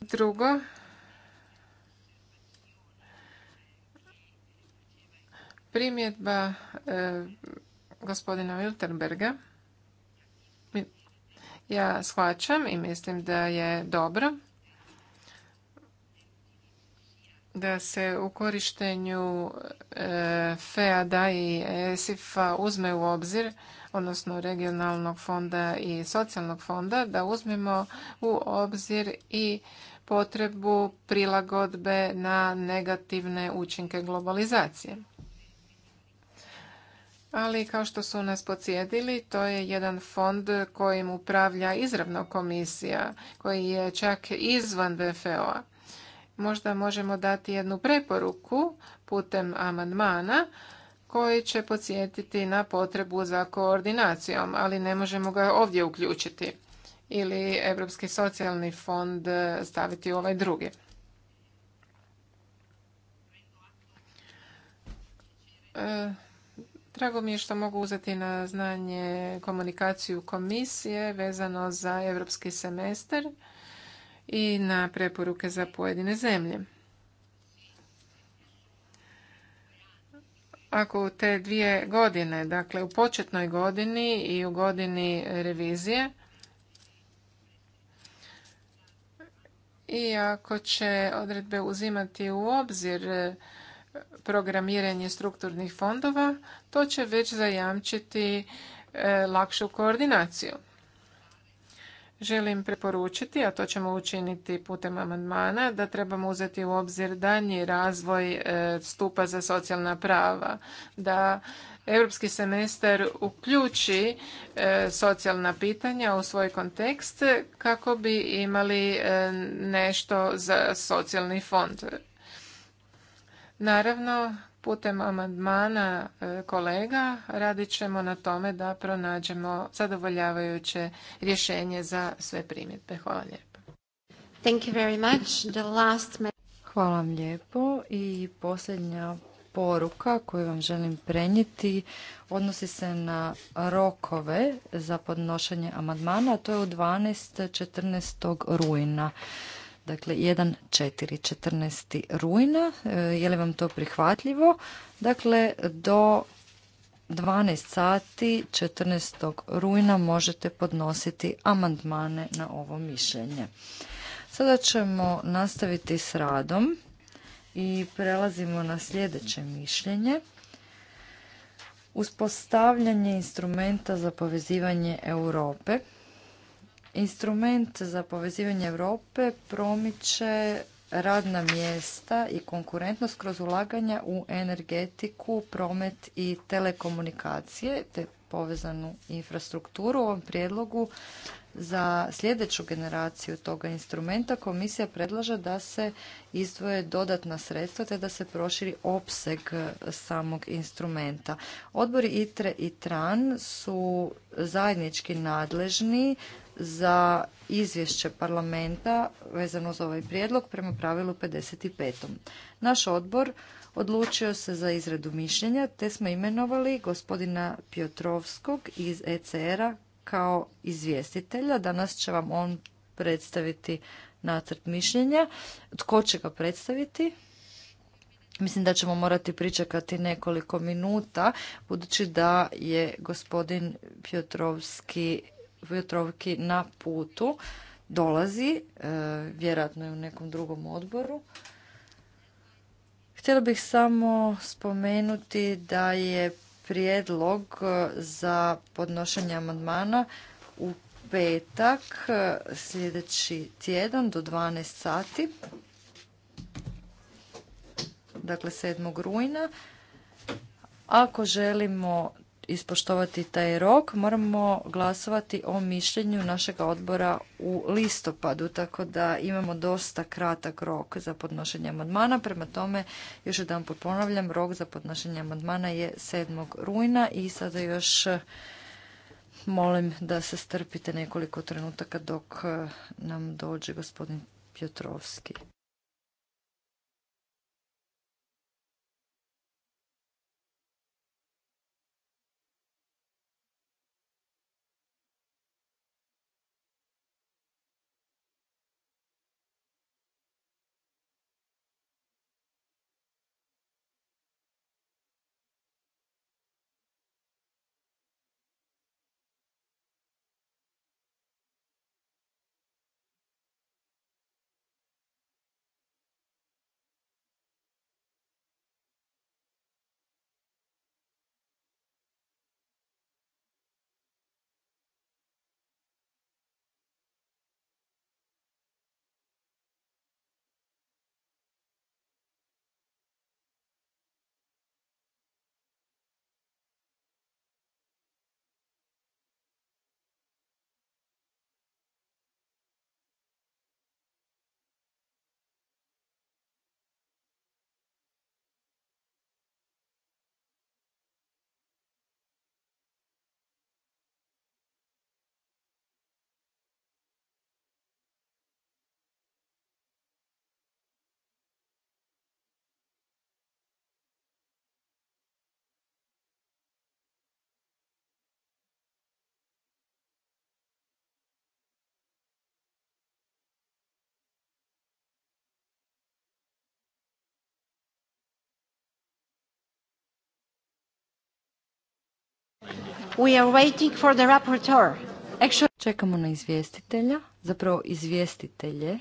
Drugo, primjedba e, gospodina Wilterberga. Ja shvaćam i mislim da je dobro da se u korištenju e, FEAD-a i ESIF-a uzme u obzir, odnosno regionalnog fonda i socijalnog fonda, da uzmemo u obzir i potrebu prilagodbe na negativne učinke globalizacije. Ali kao što su nas podsjetili, to je jedan fond kojim upravlja izravno komisija, koji je čak izvan BFO-a možda možemo dati jednu preporuku putem amandmana koji će podsjetiti na potrebu za koordinacijom, ali ne možemo ga ovdje uključiti ili Europski socijalni fond staviti u ovaj drugi. E, drago mi je što mogu uzeti na znanje komunikaciju komisije vezano za europski semestar i na preporuke za pojedine zemlje. Ako u te dvije godine, dakle u početnoj godini i u godini revizije, i ako će odredbe uzimati u obzir e, programiranje strukturnih fondova, to će već zajamčiti e, lakšu koordinaciju želim preporučiti, a to ćemo učiniti putem amandmana, da trebamo uzeti u obzir danji razvoj e, stupa za socijalna prava, da europski semestar uključi e, socijalna pitanja u svoj kontekst kako bi imali e, nešto za socijalni fond. Naravno, putem amandmana e, kolega radit ćemo na tome da pronađemo zadovoljavajuće rješenje za sve primjedbe. Hvala lijepo. Hvala lijepo i posljednja poruka koju vam želim prenijeti odnosi se na rokove za podnošenje amandmana, a to je u 12. 14. rujna. Dakle, 1, 4, 14. rujna. E, je li vam to prihvatljivo? Dakle, do 12 sati 14. rujna možete podnositi amandmane na ovo mišljenje. Sada ćemo nastaviti s radom i prelazimo na sljedeće mišljenje. Uspostavljanje instrumenta za povezivanje Europe Instrument za povezivanje Europe promiče radna mjesta i konkurentnost kroz ulaganja u energetiku, promet i telekomunikacije te povezanu infrastrukturu. U ovom prijedlogu za sljedeću generaciju toga instrumenta komisija predlaže da se izdvoje dodatna sredstva te da se proširi opseg samog instrumenta. Odbori ITRE i TRAN su zajednički nadležni za izvješće parlamenta vezano za ovaj prijedlog prema pravilu 55. Naš odbor odlučio se za izradu mišljenja te smo imenovali gospodina Piotrovskog iz ECR-a kao izvjestitelja. Danas će vam on predstaviti nacrt mišljenja. Tko će ga predstaviti? Mislim da ćemo morati pričekati nekoliko minuta, budući da je gospodin Piotrovski vjetrovki na putu, dolazi, e, vjerojatno je u nekom drugom odboru. Htjela bih samo spomenuti da je prijedlog e, za podnošenje amandmana u petak e, sljedeći tjedan do 12 sati, dakle 7. rujna. Ako želimo ispoštovati taj rok, moramo glasovati o mišljenju našeg odbora u listopadu, tako da imamo dosta kratak rok za podnošenje amandmana. Prema tome, još jedan put ponavljam, rok za podnošenje amandmana je 7. rujna i sada još eh, molim da se strpite nekoliko trenutaka dok eh, nam dođe gospodin Pjotrovski. We are waiting for the rapporteur. Actually... Čekamo na izvjestitelja, zapravo izvjestitelje.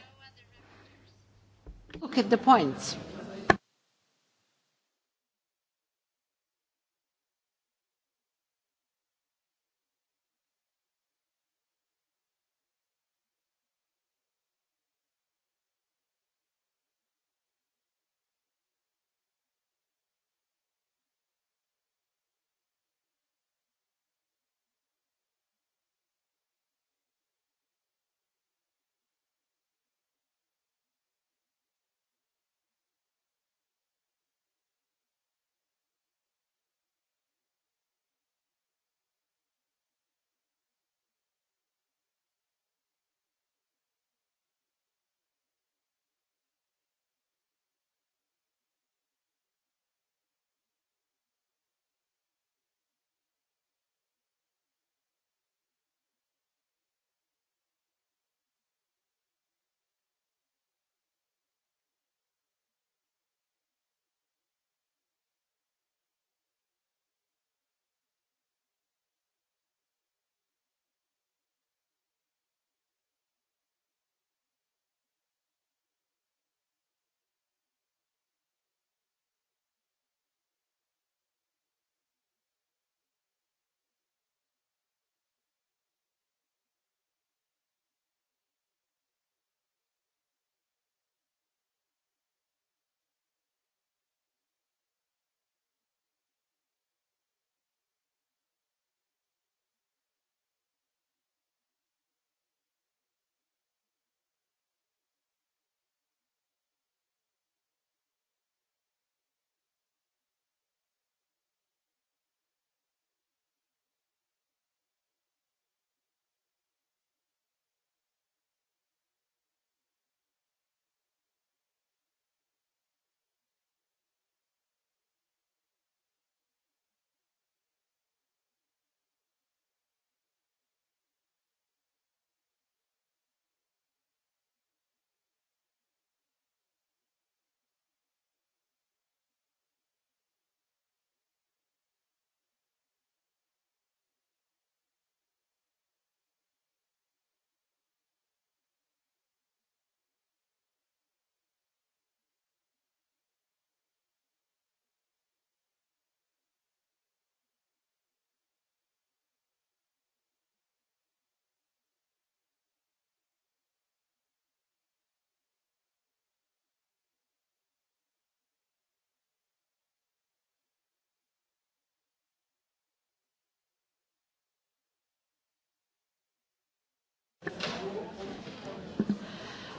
Look at the points.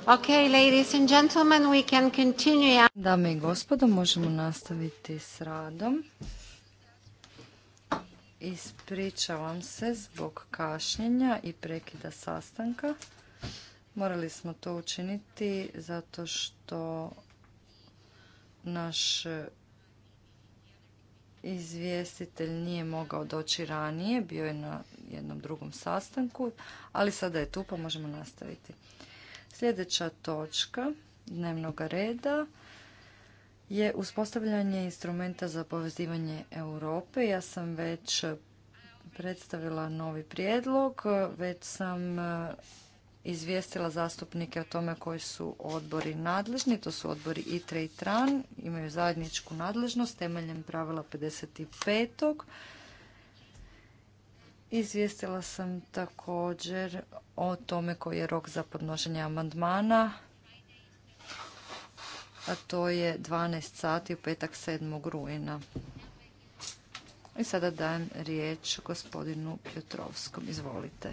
Okay, ladies and Dame i gospodo, možemo nastaviti s radom. Ispričavam se zbog kašnjenja i prekida sastanka. Morali smo to učiniti zato što naš izvjestitelj nije mogao doći ranije, bio je na jednom drugom sastanku, ali sada je tu pa možemo nastaviti. Sljedeća točka dnevnog reda je uspostavljanje instrumenta za povezivanje Europe. Ja sam već predstavila novi prijedlog, već sam e, izvijestila zastupnike o tome koji su odbori nadležni, to su odbori ITRE i TRAN, imaju zajedničku nadležnost temeljem pravila 55. Izvijestila sam također o tome koji je rok za podnošenje amandmana, a to je 12 sati u petak 7. rujna. I sada dajem riječ gospodinu Petrovskom. Izvolite.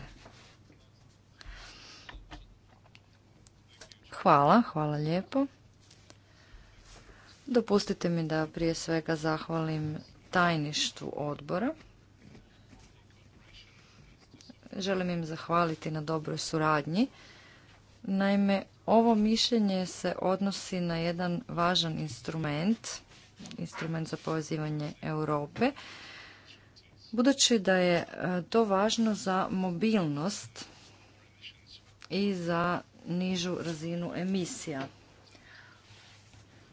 Hvala, hvala lijepo. Dopustite mi da prije svega zahvalim tajništvu odbora. Želim im zahvaliti na dobroj suradnji. Naime, ovo mišljenje se odnosi na jedan važan instrument, instrument za povezivanje Europe, budući da je e, to važno za mobilnost i za nižu razinu emisija.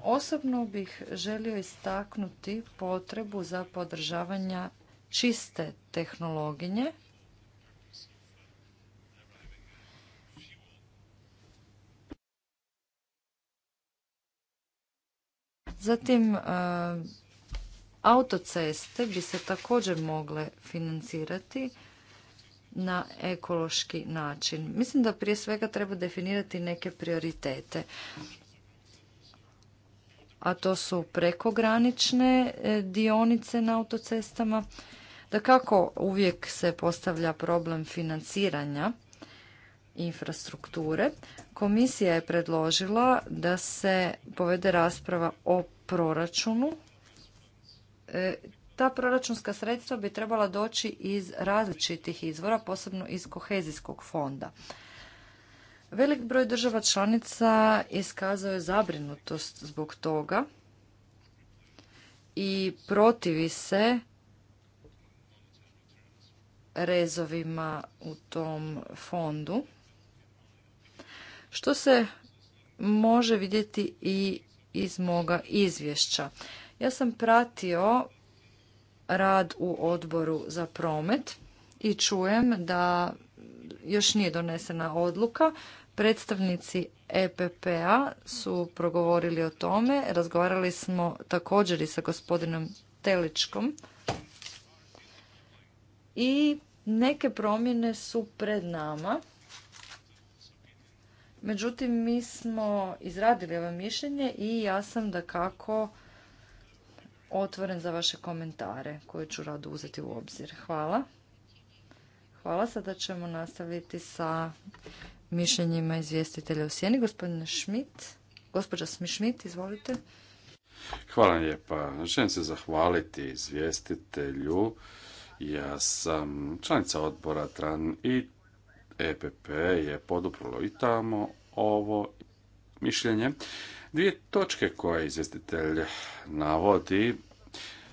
Osobno bih želio istaknuti potrebu za podržavanja čiste tehnologinje Zatim, e, autoceste bi se također mogle financirati na ekološki način. Mislim da prije svega treba definirati neke prioritete. A to su prekogranične e, dionice na autocestama. Da kako uvijek se postavlja problem financiranja infrastrukture, komisija je predložila da se povede rasprava o proračunu. E, ta proračunska sredstva bi trebala doći iz različitih izvora, posebno iz kohezijskog fonda. Velik broj država članica iskazao je zabrinutost zbog toga i protivi se rezovima u tom fondu. Što se može vidjeti i iz moga izvješća. Ja sam pratio rad u odboru za promet i čujem da još nije donesena odluka. Predstavnici EPP-a su progovorili o tome. Razgovarali smo također i sa gospodinom Teličkom. I neke promjene su pred nama. Međutim, mi smo izradili ovo mišljenje i ja sam da kako otvoren za vaše komentare koje ću rado uzeti u obzir. Hvala. Hvala. Sada ćemo nastaviti sa mišljenjima izvjestitelja u sjeni. Gospodine Šmit, gospođa Smišmit, izvolite. Hvala lijepa. Želim se zahvaliti izvjestitelju. Ja sam članica odbora TRAN i EPP je poduprlo i tamo ovo mišljenje. Dvije točke koje izvjestitelj navodi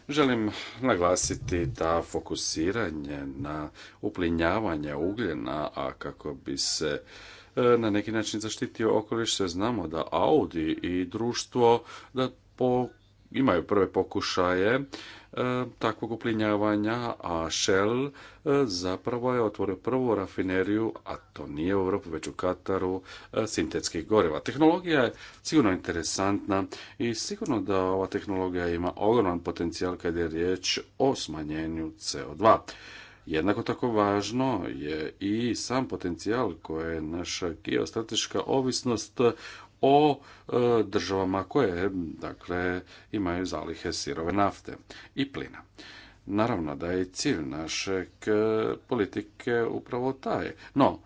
Želim naglasiti da fokusiranje na uplinjavanje ugljena, a kako bi se e, na neki način zaštitio okoliš, sve znamo da Audi i društvo da po imaju prve pokušaje e, takvog uplinjavanja, a Shell e, zapravo je otvorio prvu rafineriju, a to nije u Europi, već u Kataru, e, sintetskih goriva. Tehnologija je sigurno interesantna i sigurno da ova tehnologija ima ogroman potencijal kad je riječ o smanjenju CO2. Jednako tako važno je i sam potencijal koje je naša geostrateška ovisnost o e, državama koje dakle, imaju zalihe sirove nafte i plina. Naravno da je cilj našeg e, politike upravo taj. No,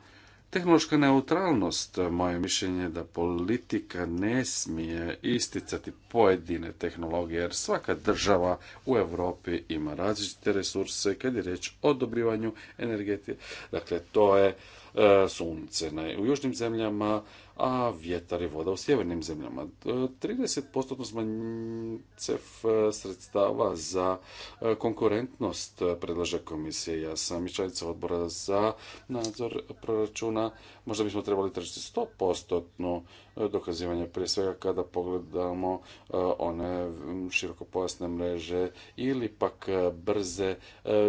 tehnološka neutralnost, moje mišljenje je da politika ne smije isticati pojedine tehnologije, jer svaka država u Europi ima različite resurse kad je riječ o dobivanju energetike. Dakle, to je E, sunce u južnim zemljama, a vjetar i voda u sjevernim zemljama. 30% e, smanjenje e, sredstava za konkurentnost predlaže komisije. Ja sam i članica odbora za nadzor proračuna. Možda bismo trebali tražiti 100% dokazivanje prije svega kada pogledamo one širokopojasne mreže ili pak brze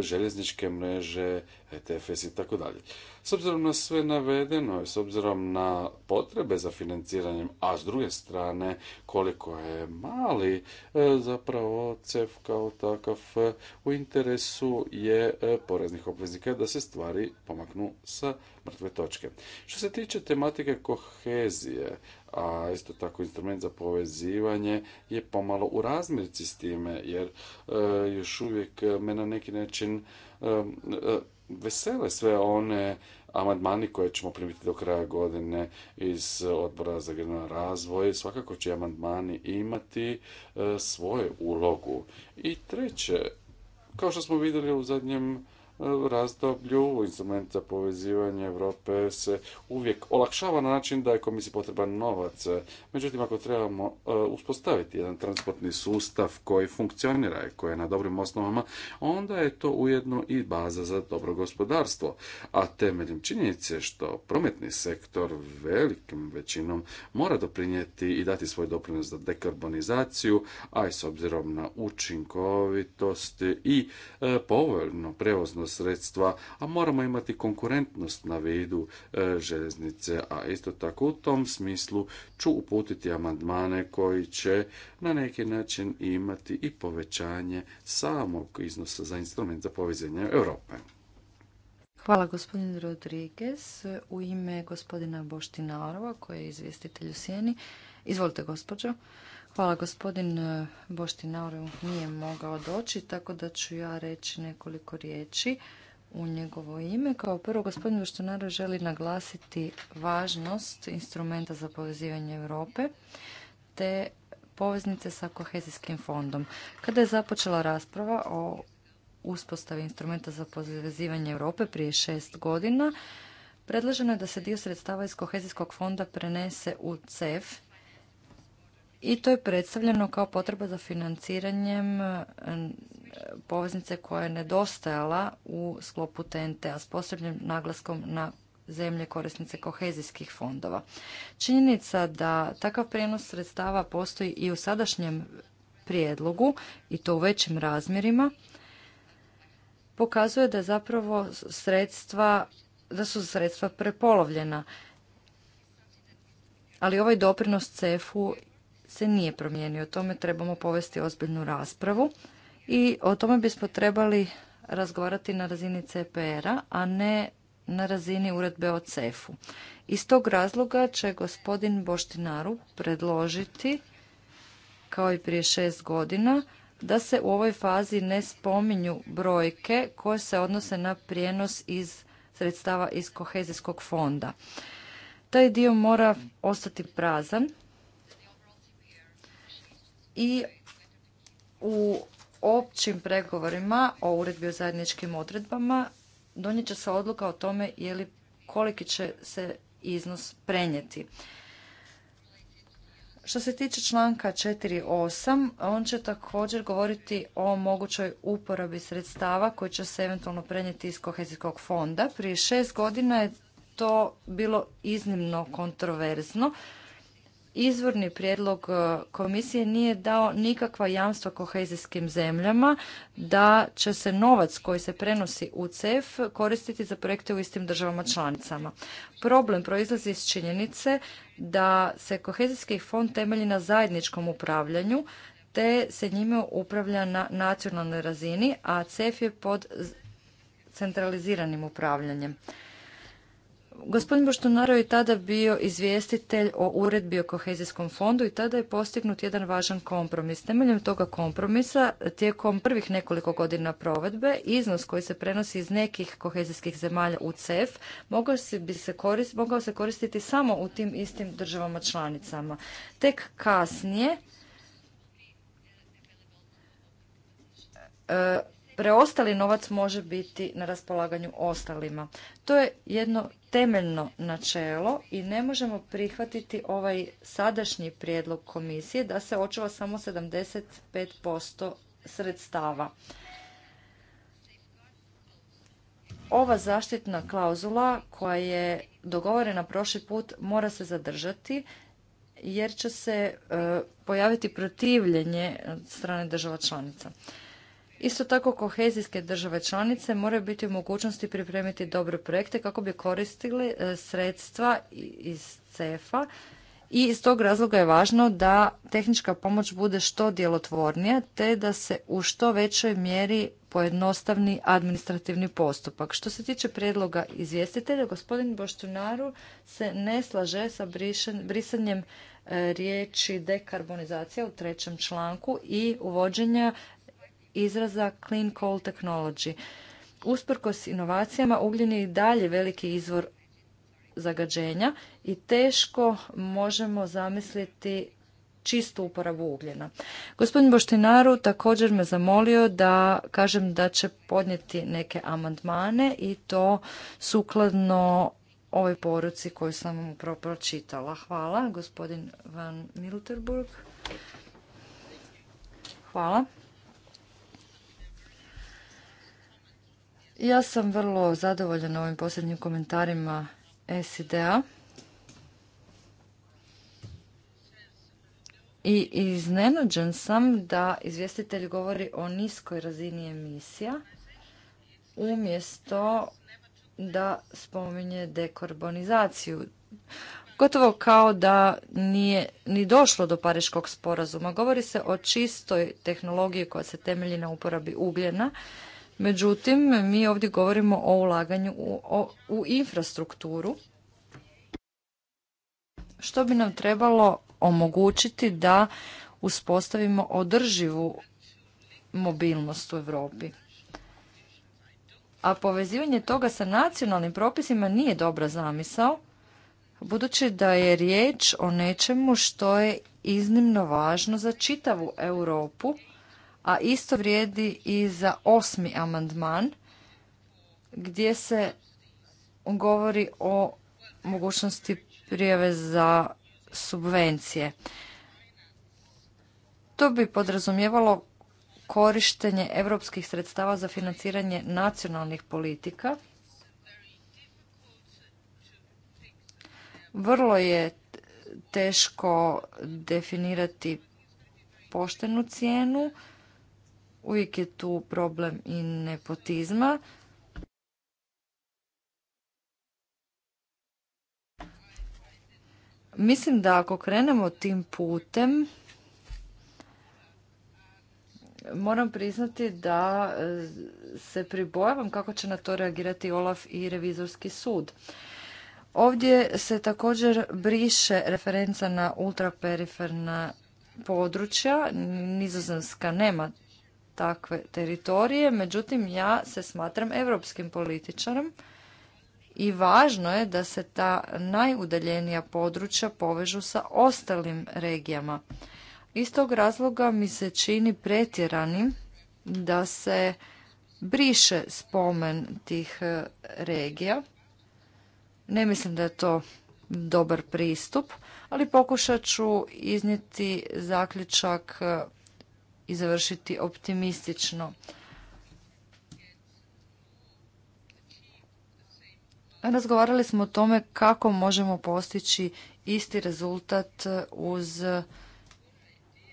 željezničke mreže, ETFS i tako dalje. S obzirom na sve navedeno i s obzirom na potrebe za financiranjem, a s druge strane koliko je mali e, zapravo CEF kao takav e, u interesu je e, poreznih obveznika da se stvari pomaknu sa mrtve točke. Što se tiče tematike kohezije, a isto tako instrument za povezivanje je pomalo u razmirici s time, jer još uvijek me na neki način vesele sve one Amandmani koje ćemo primiti do kraja godine iz odbora za regionalni razvoj, svakako će amandmani imati e, svoju ulogu. I treće, kao što smo vidjeli u zadnjem razdoblju instrumenta za povezivanje Europe se uvijek olakšava na način da je komisiji potreban novac. Međutim, ako trebamo e, uspostaviti jedan transportni sustav koji funkcionira i koji je na dobrim osnovama, onda je to ujedno i baza za dobro gospodarstvo. A temeljem činjenice što prometni sektor velikim većinom mora doprinijeti i dati svoj doprinos za dekarbonizaciju, a i s obzirom na učinkovitost i e, povoljno prevozno sredstva, a moramo imati konkurentnost na vidu e, željeznice, a isto tako u tom smislu ću uputiti amandmane koji će na neki način imati i povećanje samog iznosa za instrument za povezanje Europe. Hvala gospodin Rodriguez. U ime gospodina Boština Orova, koji je izvjestitelj u Sjeni. Izvolite gospođo. Hvala, gospodin e, Boštinauru nije mogao doći, tako da ću ja reći nekoliko riječi u njegovo ime. Kao prvo, gospodin Boštinaru želi naglasiti važnost instrumenta za povezivanje Europe te poveznice sa kohezijskim fondom. Kada je započela rasprava o uspostavi instrumenta za povezivanje Europe prije šest godina, predloženo je da se dio sredstava iz kohezijskog fonda prenese u CEF i to je predstavljeno kao potreba za financiranjem e, poveznice koja je nedostajala u sklopu TNT-a s posebnim naglaskom na zemlje korisnice kohezijskih fondova. Činjenica da takav prijenos sredstava postoji i u sadašnjem prijedlogu i to u većim razmjerima pokazuje da zapravo sredstva da su sredstva prepolovljena. Ali ovaj doprinos CEF-u se nije promijenio. O tome trebamo povesti ozbiljnu raspravu i o tome bismo trebali razgovarati na razini CPR-a, a ne na razini uredbe o CEF-u. Iz tog razloga će gospodin Boštinaru predložiti, kao i prije šest godina, da se u ovoj fazi ne spominju brojke koje se odnose na prijenos iz sredstava iz kohezijskog fonda. Taj dio mora ostati prazan i u općim pregovorima o uredbi o zajedničkim odredbama donijet će se odluka o tome je koliki će se iznos prenijeti. Što se tiče članka 4.8, on će također govoriti o mogućoj uporabi sredstava koji će se eventualno prenijeti iz kohezijskog fonda. Prije šest godina je to bilo iznimno kontroverzno izvorni prijedlog e, komisije nije dao nikakva jamstva kohezijskim zemljama da će se novac koji se prenosi u CEF koristiti za projekte u istim državama članicama. Problem proizlazi iz činjenice da se kohezijski fond temelji na zajedničkom upravljanju te se njime upravlja na nacionalnoj razini, a CEF je pod centraliziranim upravljanjem. Gospodin Boštonaro je tada bio izvjestitelj o uredbi o kohezijskom fondu i tada je postignut jedan važan kompromis. Temeljem toga kompromisa tijekom prvih nekoliko godina provedbe iznos koji se prenosi iz nekih kohezijskih zemalja u CEF mogao se, bi se mogao se koristiti samo u tim istim državama članicama. Tek kasnije e, preostali novac može biti na raspolaganju ostalima. To je jedno temeljno načelo i ne možemo prihvatiti ovaj sadašnji prijedlog komisije da se očuva samo 75% sredstava. Ova zaštitna klauzula koja je dogovorena prošli put mora se zadržati jer će se e, pojaviti protivljenje strane država članica. Isto tako kohezijske države članice moraju biti u mogućnosti pripremiti dobre projekte kako bi koristili e, sredstva iz CEFA i iz tog razloga je važno da tehnička pomoć bude što djelotvornija te da se u što većoj mjeri pojednostavni administrativni postupak. Što se tiče prijedloga izvjestitelja, gospodin Boštunaru se ne slaže sa brisanjem e, riječi dekarbonizacija u trećem članku i uvođenja izraza clean coal technology. Usprkos inovacijama ugljen je i dalje veliki izvor zagađenja i teško možemo zamisliti čistu uporabu ugljena. Gospodin Boštinaru također me zamolio da kažem da će podnijeti neke amandmane i to sukladno ovoj poruci koju sam vam upravo pročitala. Hvala, gospodin Van Milterburg. Hvala. Ja sam vrlo zadovoljena ovim posljednjim komentarima SID-a. I iznenađen sam da izvjestitelj govori o niskoj razini emisija umjesto da spominje dekarbonizaciju. Gotovo kao da nije ni došlo do pariškog sporazuma. Govori se o čistoj tehnologiji koja se temelji na uporabi ugljena Međutim, mi ovdje govorimo o ulaganju u, infrastrukturu, što bi nam trebalo omogućiti da uspostavimo održivu mobilnost u Europi. A povezivanje toga sa nacionalnim propisima nije dobra zamisao, budući da je riječ o nečemu što je iznimno važno za čitavu Europu a isto vrijedi i za osmi amandman gdje se govori o mogućnosti prijave za subvencije. To bi podrazumijevalo korištenje europskih sredstava za financiranje nacionalnih politika. Vrlo je teško definirati poštenu cijenu Uvijek je tu problem i nepotizma. Mislim da ako krenemo tim putem, moram priznati da e, se pribojavam kako će na to reagirati Olaf i revizorski sud. Ovdje se također briše referenca na ultraperiferna područja. Nizozemska nema takve teritorije, međutim ja se smatram europskim političarom i važno je da se ta najudaljenija područja povežu sa ostalim regijama. Iz tog razloga mi se čini pretjeranim da se briše spomen tih e, regija. Ne mislim da je to dobar pristup, ali pokušat ću iznijeti zaključak e, i završiti optimistično. Razgovarali smo o tome kako možemo postići isti rezultat uz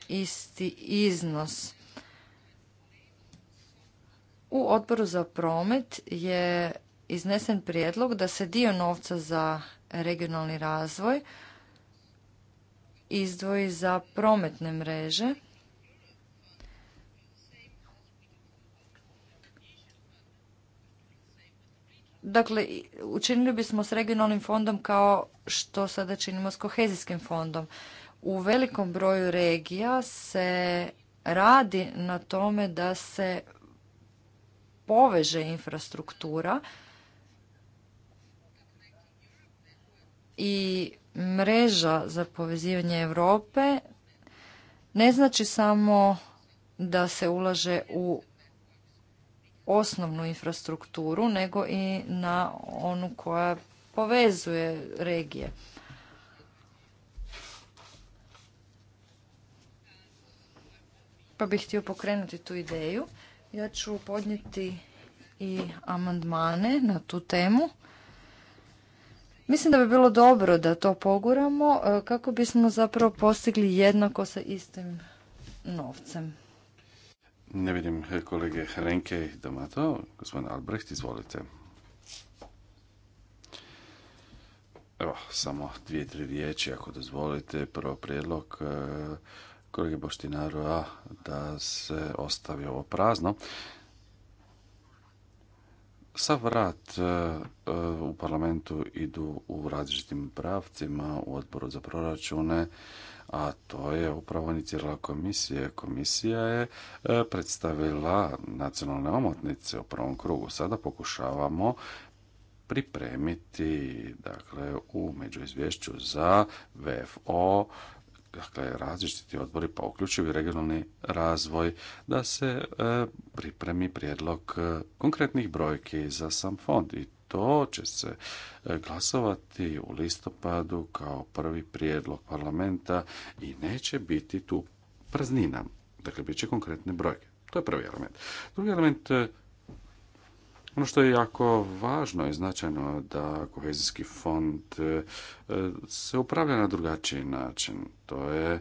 isti iznos. U odboru za promet je iznesen prijedlog da se dio novca za regionalni razvoj izdvoji za prometne mreže Dakle, učinili bismo s regionalnim fondom kao što sada činimo s kohezijskim fondom. U velikom broju regija se radi na tome da se poveže infrastruktura i mreža za povezivanje Europe ne znači samo da se ulaže u osnovnu infrastrukturu, nego i na onu koja povezuje regije. Pa bih htio pokrenuti tu ideju. Ja ću podnijeti i amandmane na tu temu. Mislim da bi bilo dobro da to poguramo e, kako bismo zapravo postigli jednako sa istim novcem. Ne vidim eh, kolege Herenke i Damato. Gospodin Albrecht, izvolite. Evo, samo dvije, tri riječi, ako dozvolite. Prvo prijedlog eh, kolege Boštinarova da se ostavi ovo prazno. Sav rad eh, u parlamentu idu u različitim pravcima, u odboru za proračune, a to je upravo inicirala komisije. Komisija je e, predstavila nacionalne omotnice u prvom krugu. Sada pokušavamo pripremiti dakle, u izvješću za VFO dakle, različiti odbori, pa uključivi regionalni razvoj, da se e, pripremi prijedlog e, konkretnih brojki za sam fond. I to će se e, glasovati u listopadu kao prvi prijedlog parlamenta i neće biti tu praznina. Dakle, bit će konkretne brojke. To je prvi element. Drugi element e, ono što je jako važno i značajno da kohezijski fond e, se upravlja na drugačiji način. To je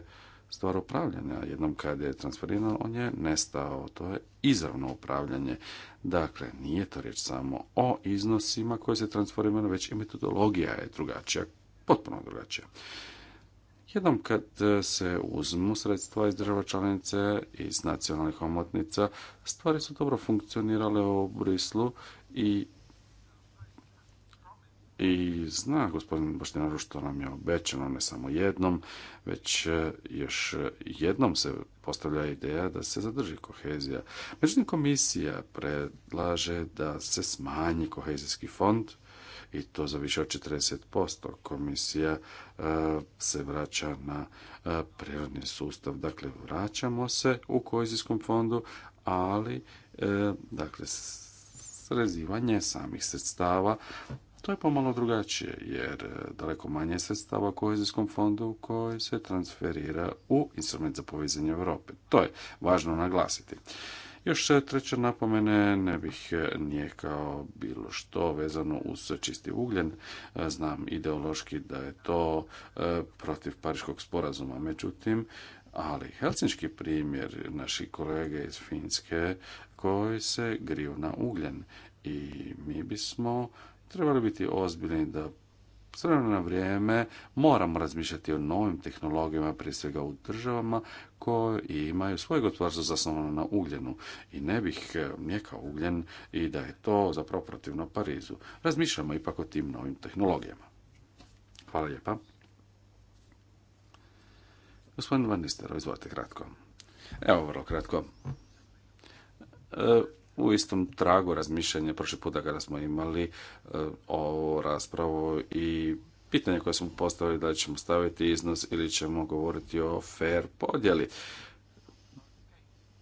stvar upravljanja. Jednom kad je transferiran, on je nestao. To je izravno upravljanje. Dakle, nije to riječ samo o iznosima koje se transformiraju, već i metodologija je drugačija, potpuno drugačija. Jednom kad e, se uzmu sredstva iz država članice, iz nacionalnih omotnica, stvari su dobro funkcionirale u Brislu i i zna gospodin Boštinaru što nam je obećano ne samo jednom, već e, još jednom se postavlja ideja da se zadrži kohezija. Međutim, komisija predlaže da se smanji kohezijski fond i to za više od 40%. Komisija e, se vraća na e, prirodni sustav. Dakle, vraćamo se u kohezijskom fondu, ali dakle, srezivanje samih sredstava to je pomalo drugačije, jer e, daleko manje sredstava u kohezijskom fondu koji se transferira u instrument za povezanje Europe. To je važno naglasiti. Još e, treće napomene, ne bih e, nijekao bilo što vezano uz čisti ugljen. Znam ideološki da je to protiv Pariškog sporazuma, međutim, ali helsinški primjer naši kolege iz Finske koji se griju na ugljen i mi bismo trebali biti ozbiljni da s na vrijeme moramo razmišljati o novim tehnologijama, prije svega u državama koje imaju svoje gospodarstvo zasnovano na ugljenu. I ne bih e, mjekao ugljen i da je to zapravo protivno Parizu. Razmišljamo ipak o tim novim tehnologijama. Hvala lijepa. Gospodin Van Nistero, izvolite kratko. Evo, vrlo kratko. E, u istom tragu razmišljanja prošli puta kada smo imali e, ovu raspravu i pitanje koje smo postavili da li ćemo staviti iznos ili ćemo govoriti o fair podjeli.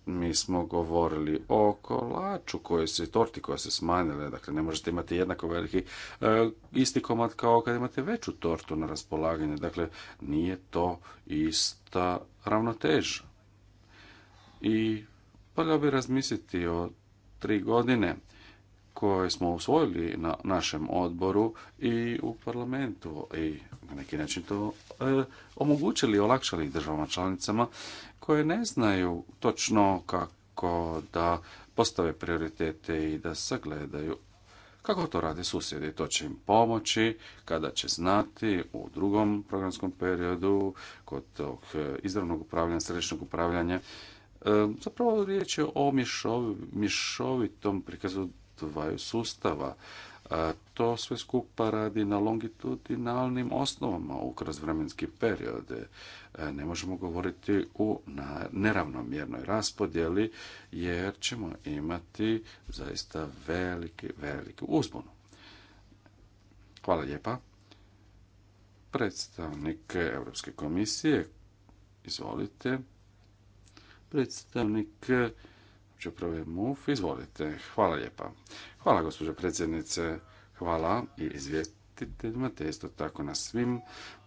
Mi smo govorili o kolaču koji se, torti koja se smanjile, dakle ne možete imati jednako veliki e, isti komad kao kad imate veću tortu na raspolaganje, dakle nije to ista ravnoteža. I pa bi razmisliti o tri godine koje smo usvojili na našem odboru i u parlamentu i na neki način to e, omogućili, olakšali državama članicama koje ne znaju točno kako da postave prioritete i da sagledaju kako to rade susjedi. To će im pomoći kada će znati u drugom programskom periodu kod tog e, izravnog upravljanja, središnjeg upravljanja E, zapravo riječ je o mišovitom prikazu dvaju sustava. E, to sve skupa radi na longitudinalnim osnovama kroz vremenski periode. E, ne možemo govoriti u neravnomjernoj raspodjeli jer ćemo imati zaista veliki, veliki uzbun. Hvala lijepa. Predstavnik Europske komisije, izvolite predstavnik uprave eh, MUF. Izvolite. Hvala lijepa. Hvala, gospođo predsjednice. Hvala i izvjetiteljima, te isto tako na svim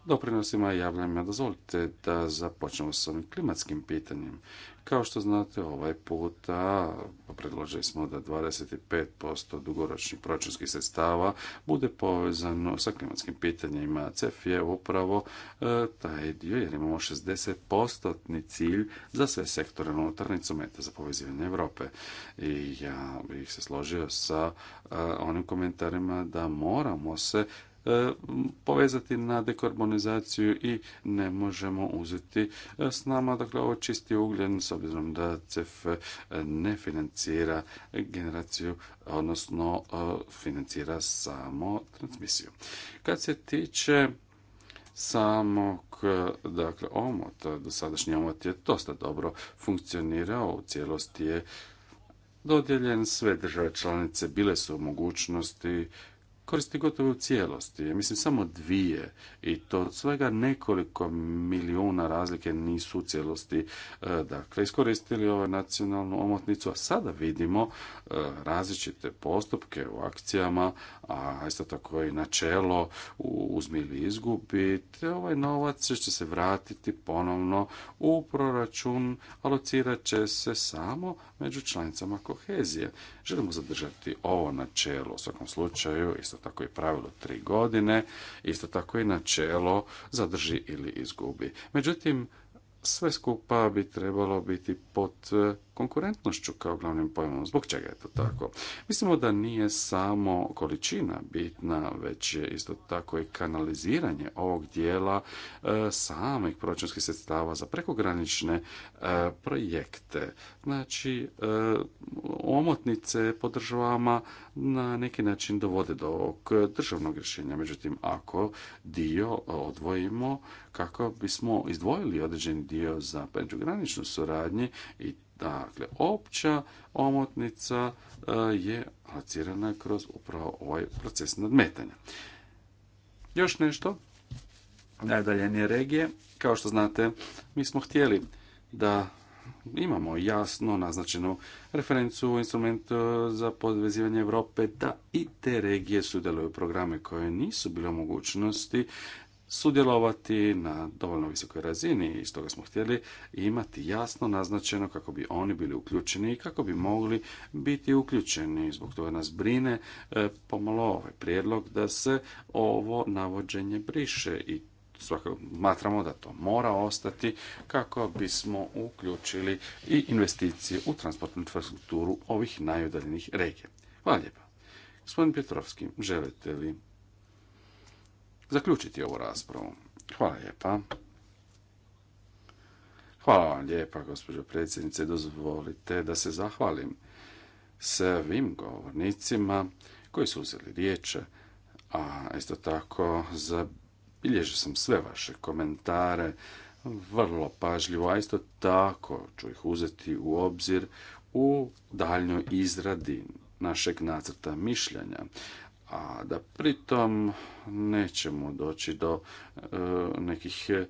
doprinosima i javljanjima. Dozvolite da započnemo s ovim klimatskim pitanjem. Kao što znate, ovaj puta pa predložili smo da 25% dugoročnih proračunskih sredstava bude povezano sa klimatskim pitanjima. CEF je upravo e, taj dio jer imamo 60% cilj za sve sektore unutar meta za povezivanje Europe. I ja bih se složio sa e, onim komentarima da moramo se E, povezati na dekarbonizaciju i ne možemo uzeti e, s nama dakle ovo čisti ugljen s obzirom da CEF e, ne financira generaciju odnosno financira samo transmisiju. Kad se tiče samog dakle omota, dosadašnji omot je dosta dobro funkcionirao, u cijelosti je dodjeljen sve države članice bile su u mogućnosti koristi gotovo u cijelosti. Mislim, samo dvije i to svega nekoliko milijuna razlike nisu u cijelosti e, dakle, iskoristili ovu ovaj nacionalnu omotnicu, a sada vidimo e, različite postupke u akcijama, a isto tako i načelo uzmi ili izgubi, te ovaj novac će se vratiti ponovno u proračun, alocirat će se samo među članicama kohezije. Želimo zadržati ovo načelo u svakom slučaju i isto tako i pravilo tri godine, isto tako i načelo zadrži ili izgubi. Međutim, sve skupa bi trebalo biti pod e, konkurentnošću kao glavnim pojmom. Zbog čega je to tako? Mislimo da nije samo količina bitna, već je isto tako i kanaliziranje ovog dijela e, samih proračunskih sredstava za prekogranične e, projekte. Znači, omotnice po državama na neki način dovode do ovog državnog rješenja. Međutim, ako dio odvojimo kako bismo izdvojili određeni dio za međugraničnu suradnju i Dakle, opća omotnica eh, je alocirana kroz upravo ovaj proces nadmetanja. Još nešto, najdaljenije regije, kao što znate, mi smo htjeli da imamo jasno naznačenu referencu u instrumentu eh, za podvezivanje Europe da i te regije sudjeluju programe koje nisu bile mogućnosti sudjelovati na dovoljno visokoj razini i stoga smo htjeli imati jasno naznačeno kako bi oni bili uključeni i kako bi mogli biti uključeni. Zbog toga nas brine e, pomalo ovaj prijedlog da se ovo navođenje briše i svako matramo da to mora ostati kako bismo uključili i investicije u transportnu infrastrukturu ovih najudaljenih regija. Hvala lijepa. Gospodin Petrovski, želite li zaključiti ovu raspravu. Hvala lijepa. Hvala vam lijepa, gospođo predsjednice. Dozvolite da se zahvalim svim govornicima koji su uzeli riječ, a isto tako zabilježio sam sve vaše komentare vrlo pažljivo, a isto tako ću ih uzeti u obzir u daljnjoj izradi našeg nacrta mišljenja a da pritom nećemo doći do e, nekih e,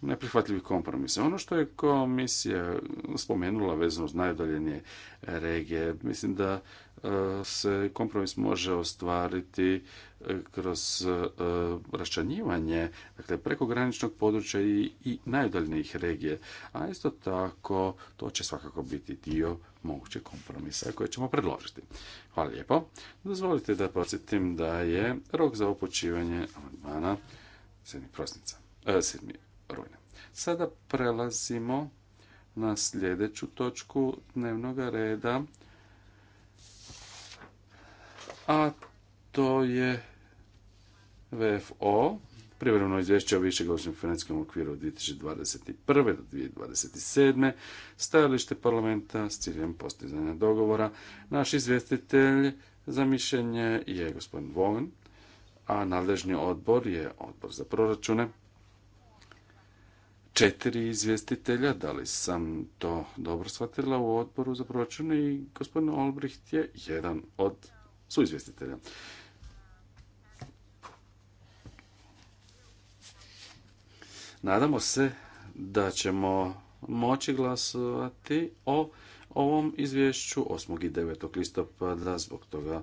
neprihvatljivih kompromisa. Ono što je komisija spomenula vezano uz najudaljenije regije, mislim da e, se kompromis može ostvariti kroz raščanjivanje dakle, prekograničnog područja i, i regije. A isto tako, to će svakako biti dio moguće kompromisa koje ćemo predložiti. Hvala lijepo. Dozvolite da podsjetim da je rok za upućivanje amandmana 7. prosnica, 7. E, rujna. Sada prelazimo na sljedeću točku dnevnog reda, a to je VFO, privremeno izvješće o višegodišnjem financijskom okviru od 2021. do 2027. stajalište parlamenta s ciljem postizanja dogovora. Naš izvjestitelj za mišljenje je gospodin Vogan, a nadležni odbor je odbor za proračune. Četiri izvjestitelja, da li sam to dobro shvatila u odboru za proračune i gospodin Olbricht je jedan od suizvjestitelja. izvjestitelja. Nadamo se da ćemo moći glasovati o ovom izvješću 8. i 9. listopada zbog toga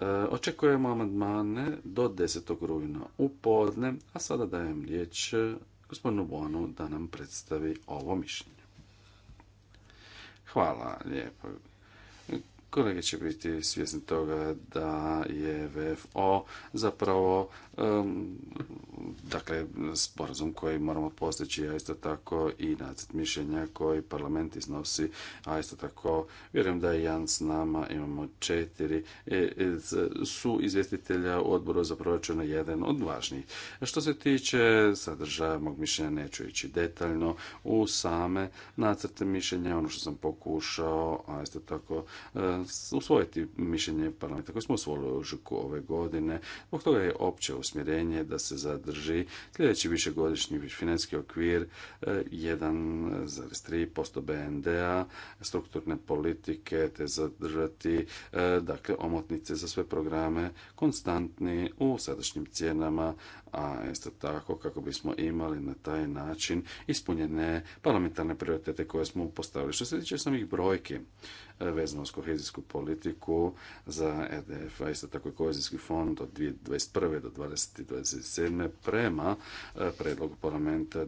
e, Očekujemo amandmane do 10. rujna u podne, a sada dajem riječ gospodinu Bonu da nam predstavi ovo mišljenje. Hvala lijepo. Kolege će biti svjesni toga da je VFO zapravo um, dakle sporazum koji moramo postići, a isto tako i nacrt mišljenja koji parlament iznosi, a isto tako vjerujem da je Jan s nama, imamo četiri e, su izvjestitelja u odboru za proračun jedan od važnijih. Što se tiče sadržaja mog mišljenja neću ići detaljno u same nacrte mišljenja, ono što sam pokušao, a isto tako usvojiti mišljenje parlamenta koje smo usvojili u ožujku ove godine. Zbog toga je opće usmjerenje da se zadrži sljedeći višegodišnji financijski okvir 1,3% e, BND-a, strukturne politike te zadržati e, dakle omotnice za sve programe konstantni u sadašnjim cijenama, a isto tako kako bismo imali na taj način ispunjene parlamentarne prioritete koje smo postavili. Što se tiče samih brojki, vezano s kohezijsku politiku za EDF, a isto tako i kohezijski fond od 2021. do 2027. prema e, predlogu parlamenta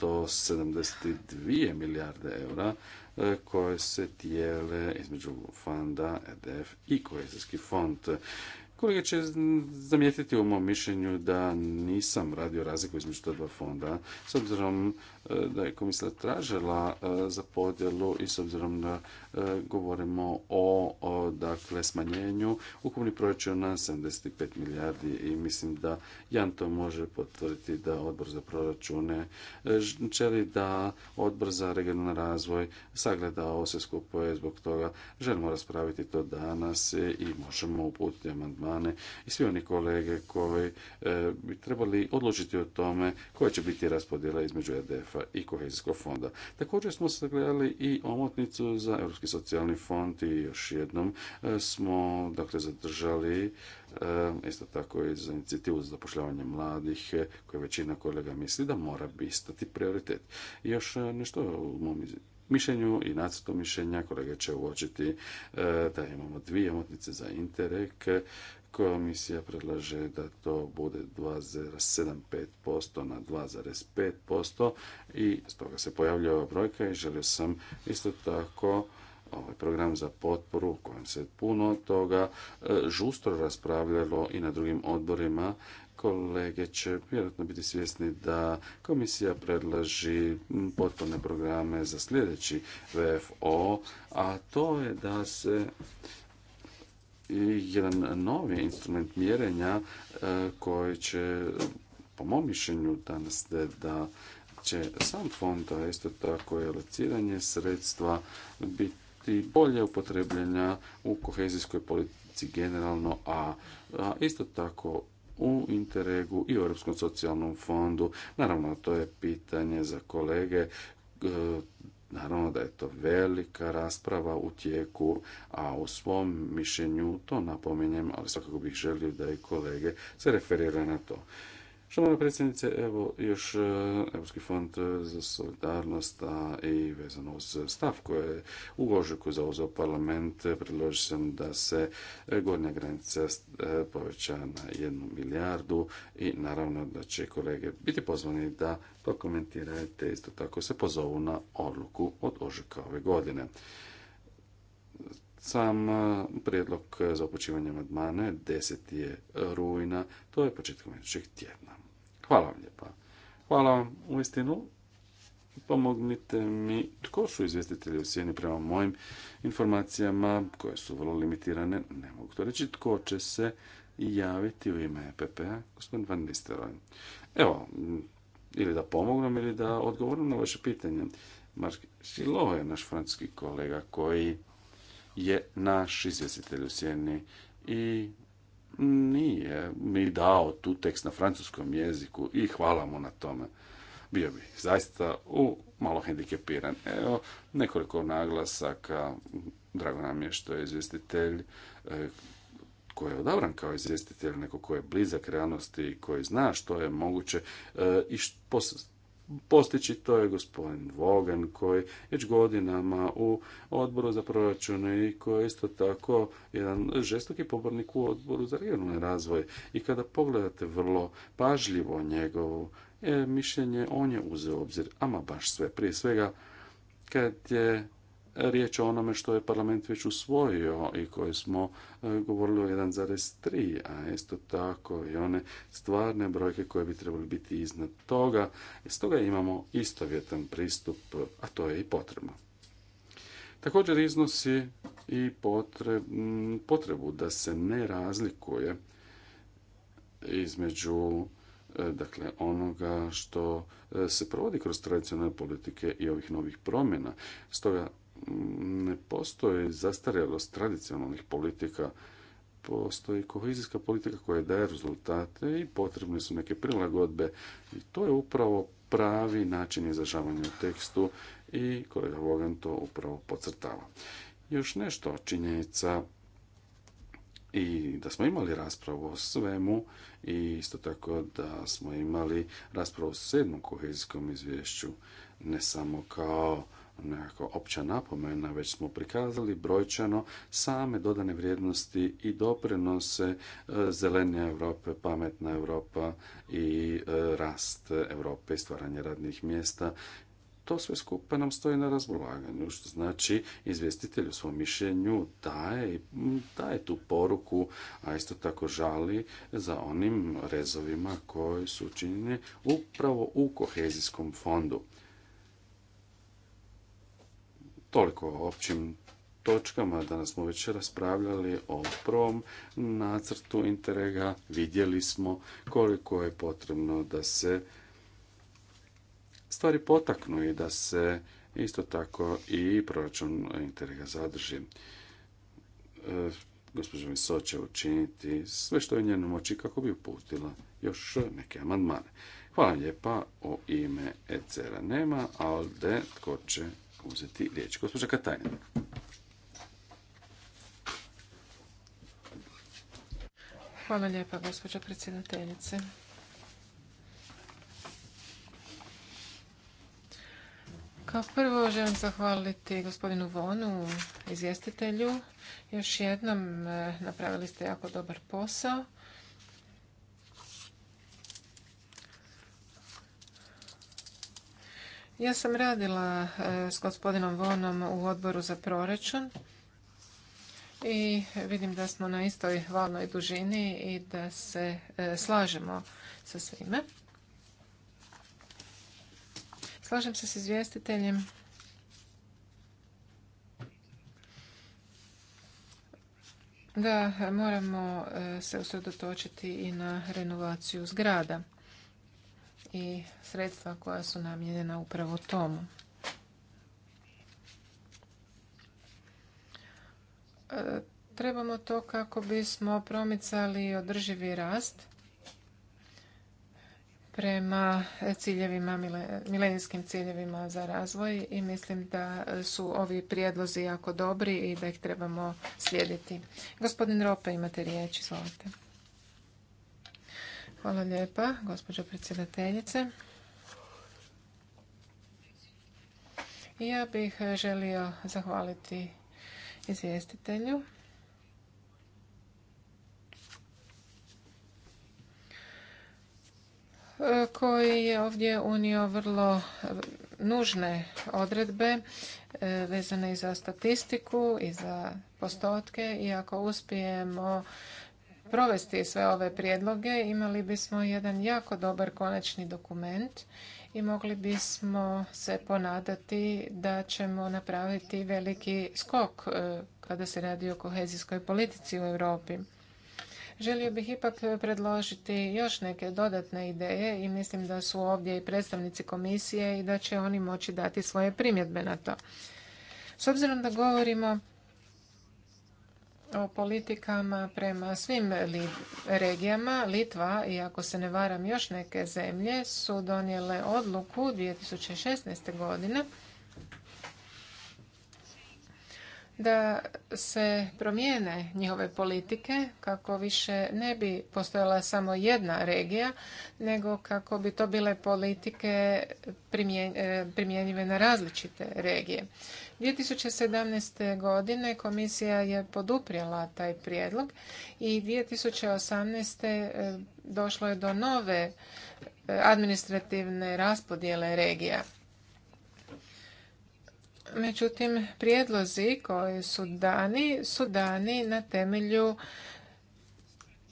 272 milijarde eura e, koje se dijele između fonda EDF i kohezijski fond. Kolege će zamijetiti u mom mišljenju da nisam radio razliku između ta dva fonda. S obzirom e, da je komisija tražila e, za podjelu i s obzirom da e, govorimo o, dakle, smanjenju ukupni proračun na 75 milijardi i mislim da Jan to može potvrditi da odbor za proračune želi da odbor za regionalni razvoj sagleda ovo sve skupo je zbog toga želimo raspraviti to danas i možemo uputiti amandman i svi oni kolege koji e, bi trebali odlučiti o tome koja će biti raspodjela između EDF-a i kohezijskog fonda. Također smo sagledali i omotnicu za Europski socijalni fond i još jednom e, smo dakle zadržali e, isto tako i za inicijativu za zapošljavanje mladih, koje većina kolega misli da mora bistati prioritet. još nešto u mom mišljenju i nacrtu mišljenja kolege će uočiti da imamo dvije omotnice za Interreg Komisija predlaže da to bude 2,75% na 2,5% i stoga se pojavlja ova brojka i želio sam isto tako ovaj program za potporu u kojem se puno toga e, žustro raspravljalo i na drugim odborima kolege će vjerojatno biti svjesni da komisija predlaži potporne programe za sljedeći VFO, a to je da se jedan novi instrument mjerenja e, koji će po mom mišljenju danas da će sam fond, a isto tako i alociranje sredstva biti bolje upotrebljenja u kohezijskoj politici generalno, a, a isto tako u Interregu i u Europskom socijalnom fondu. Naravno, to je pitanje za kolege e, Naravno da je to velika rasprava u tijeku, a u svom mišljenju to napominjem, ali svakako bih želio da i kolege se referiraju na to. Štovana predsjednice, evo još e, Europski fond e, za solidarnost i vezano uz stav koje je u ožujku zauzeo parlament, e, predložio sam da se gornja granica poveća na jednu milijardu i naravno da će kolege biti pozvani da to isto tako se pozovu na odluku od ožujka ove godine. Sam prijedlog za upućivanje amandmana 10. je rujna, to je početkom idućeg tjedna. Hvala vam lijepa. Hvala vam u istinu. Pomognite mi tko su izvjestitelji u sjeni prema mojim informacijama koje su vrlo limitirane. Ne mogu to reći tko će se javiti u ime EPP-a, gospodin Van Nistelrooy. Evo, ili da pomognem ili da odgovorim na vaše pitanje. Mark Silo je naš francuski kolega koji je naš izvjestitelj u sjeni i nije mi dao tu tekst na francuskom jeziku i hvala mu na tome. Bio bi zaista u malo hendikepiran. Evo, nekoliko naglasaka. Drago nam je što je izvjestitelj e, koji je odabran kao izvjestitelj, neko koji je blizak realnosti koji zna što je moguće e, i postići, to je gospodin Vogan koji već godinama u odboru za proračune i koji je isto tako jedan žestoki pobornik u odboru za regionalni razvoj. I kada pogledate vrlo pažljivo njegovo e, mišljenje, on je uzeo obzir ama baš sve. Prije svega kad je riječ o onome što je parlament već usvojio i koje smo e, govorili o 1,3, a isto tako i one stvarne brojke koje bi trebali biti iznad toga. toga imamo istovjetan pristup, a to je i potrebno. Također iznosi i potrebu da se ne razlikuje između e, dakle onoga što e, se provodi kroz tradicionalne politike i ovih novih promjena. Stoga ne postoji zastarjelost tradicionalnih politika, postoji kohezijska politika koja daje rezultate i potrebne su neke prilagodbe i to je upravo pravi način izražavanja u tekstu i kolega Vogan to upravo pocrtava. Još nešto činjenica i da smo imali raspravu o svemu i isto tako da smo imali raspravu o sedmom kohezijskom izvješću, ne samo kao nekako opća napomena, već smo prikazali brojčano same dodane vrijednosti i doprinose e, zelene Europe, pametna Europa i e, rast Europe i stvaranje radnih mjesta to sve skupa nam stoji na raspolaganju, što znači izvjestitelj u svom mišljenju daje, daje tu poruku, a isto tako žali za onim rezovima koji su učinjeni upravo u kohezijskom fondu. Toliko o općim točkama. Danas smo već raspravljali o prvom nacrtu Interega. Vidjeli smo koliko je potrebno da se stvari potaknu i da se isto tako i proračun Interega zadrži. Gospodin e, gospođa će učiniti sve što je njenom oči kako bi uputila još neke amandmane. Hvala lijepa. O ime nema, nema, ali tko će uzeti riječ. Gospođa Katajna. Hvala lijepa, gospođa predsjedateljice. Kao prvo želim zahvaliti gospodinu Vonu, izvjestitelju. Još jednom eh, napravili ste jako dobar posao. Ja sam radila e, s gospodinom Vonom u odboru za proračun i vidim da smo na istoj valnoj dužini i da se e, slažemo sa svime. Slažem se s izvjestiteljem da moramo e, se usredotočiti i na renovaciju zgrada i sredstva koja su namijenjena upravo tomu. E, trebamo to kako bismo promicali održivi rast prema ciljevima, milenijskim ciljevima za razvoj i mislim da su ovi prijedlozi jako dobri i da ih trebamo slijediti. Gospodin Rope, imate riječ, izvolite. Hvala lijepa, gospođo predsjedateljice. Ja bih želio zahvaliti izvjestitelju. koji je ovdje unio vrlo nužne odredbe e, vezane i za statistiku i za postotke i ako uspijemo provesti sve ove prijedloge, imali bismo jedan jako dobar konačni dokument i mogli bismo se ponadati da ćemo napraviti veliki skok e, kada se radi o kohezijskoj politici u Europi. Želio bih ipak predložiti još neke dodatne ideje i mislim da su ovdje i predstavnici komisije i da će oni moći dati svoje primjedbe na to. S obzirom da govorimo o politikama prema svim regijama. Litva i ako se ne varam još neke zemlje su donijele odluku 2016. godine da se promijene njihove politike kako više ne bi postojala samo jedna regija, nego kako bi to bile politike eh, primjenjive na različite regije. 2017. godine komisija je poduprijela taj prijedlog i 2018. E, došlo je do nove e, administrativne raspodjele regija. Međutim, prijedlozi koji su dani su dani na temelju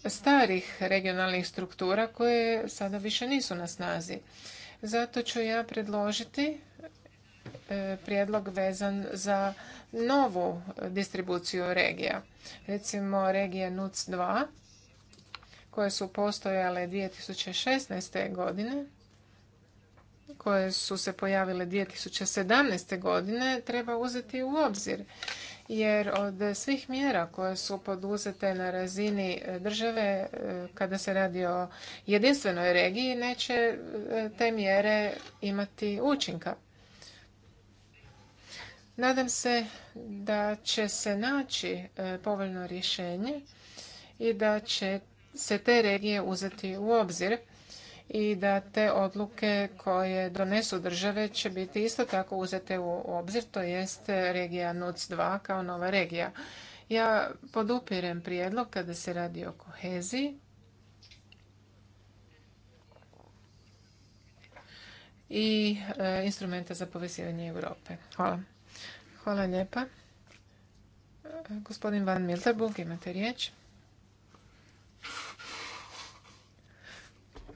starih regionalnih struktura koje sada više nisu na snazi. Zato ću ja predložiti E, prijedlog vezan za novu distribuciju regija. Recimo regije NUC 2 koje su postojale 2016. godine koje su se pojavile 2017. godine treba uzeti u obzir jer od svih mjera koje su poduzete na razini e, države e, kada se radi o jedinstvenoj regiji neće te mjere imati učinka. Nadam se da će se naći e, povoljno rješenje i da će se te regije uzeti u obzir i da te odluke koje donesu države će biti isto tako uzete u obzir, to jest regija NUC2 kao nova regija. Ja podupirem prijedlog kada se radi o koheziji. i e, instrumenta za povezivanje Europe. Hvala. Hvala lijepa. Gospodin Van Milterbog, imate riječ.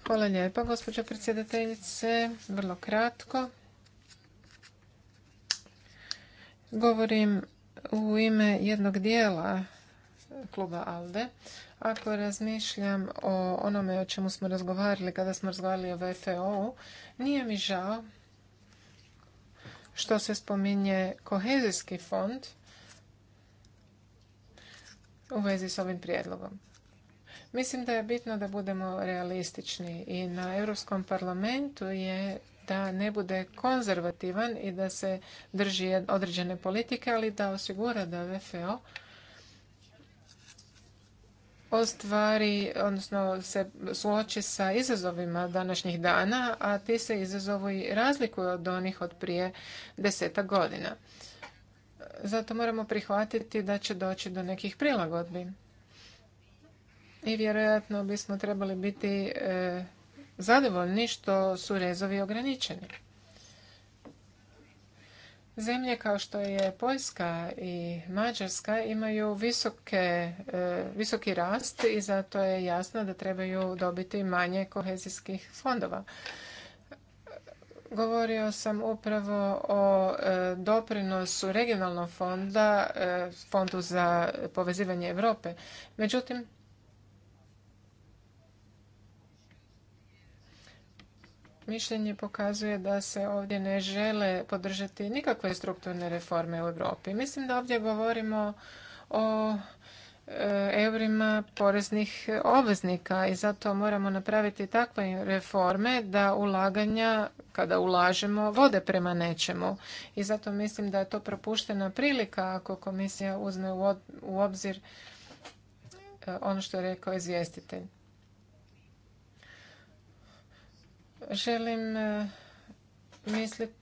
Hvala lijepa, gospođa predsjedateljice. Vrlo kratko. Govorim u ime jednog dijela kluba ALDE. Ako razmišljam o onome o čemu smo razgovarali kada smo razgovarali o VFO-u, nije mi žao što se spominje kohezijski fond u vezi s ovim prijedlogom. Mislim da je bitno da budemo realistični i na Europskom parlamentu je da ne bude konzervativan i da se drži određene politike, ali da osigura da VFO ostvari, odnosno se suoči sa izazovima današnjih dana, a ti se izazovi razlikuju od onih od prije deseta godina. Zato moramo prihvatiti da će doći do nekih prilagodbi. I vjerojatno bismo trebali biti e, zadovoljni što su rezovi ograničeni. Zemlje kao što je Poljska i Mađarska imaju visoke, e, visoki rast i zato je jasno da trebaju dobiti manje kohezijskih fondova. Govorio sam upravo o e, doprinosu regionalnog fonda, e, fondu za povezivanje Europe. Međutim, mišljenje pokazuje da se ovdje ne žele podržati nikakve strukturne reforme u Europi. Mislim da ovdje govorimo o e, eurima poreznih obveznika i zato moramo napraviti takve reforme da ulaganja kada ulažemo vode prema nečemu i zato mislim da je to propuštena prilika ako komisija uzme u obzir e, ono što je rekao izvjestitelj. Želim e,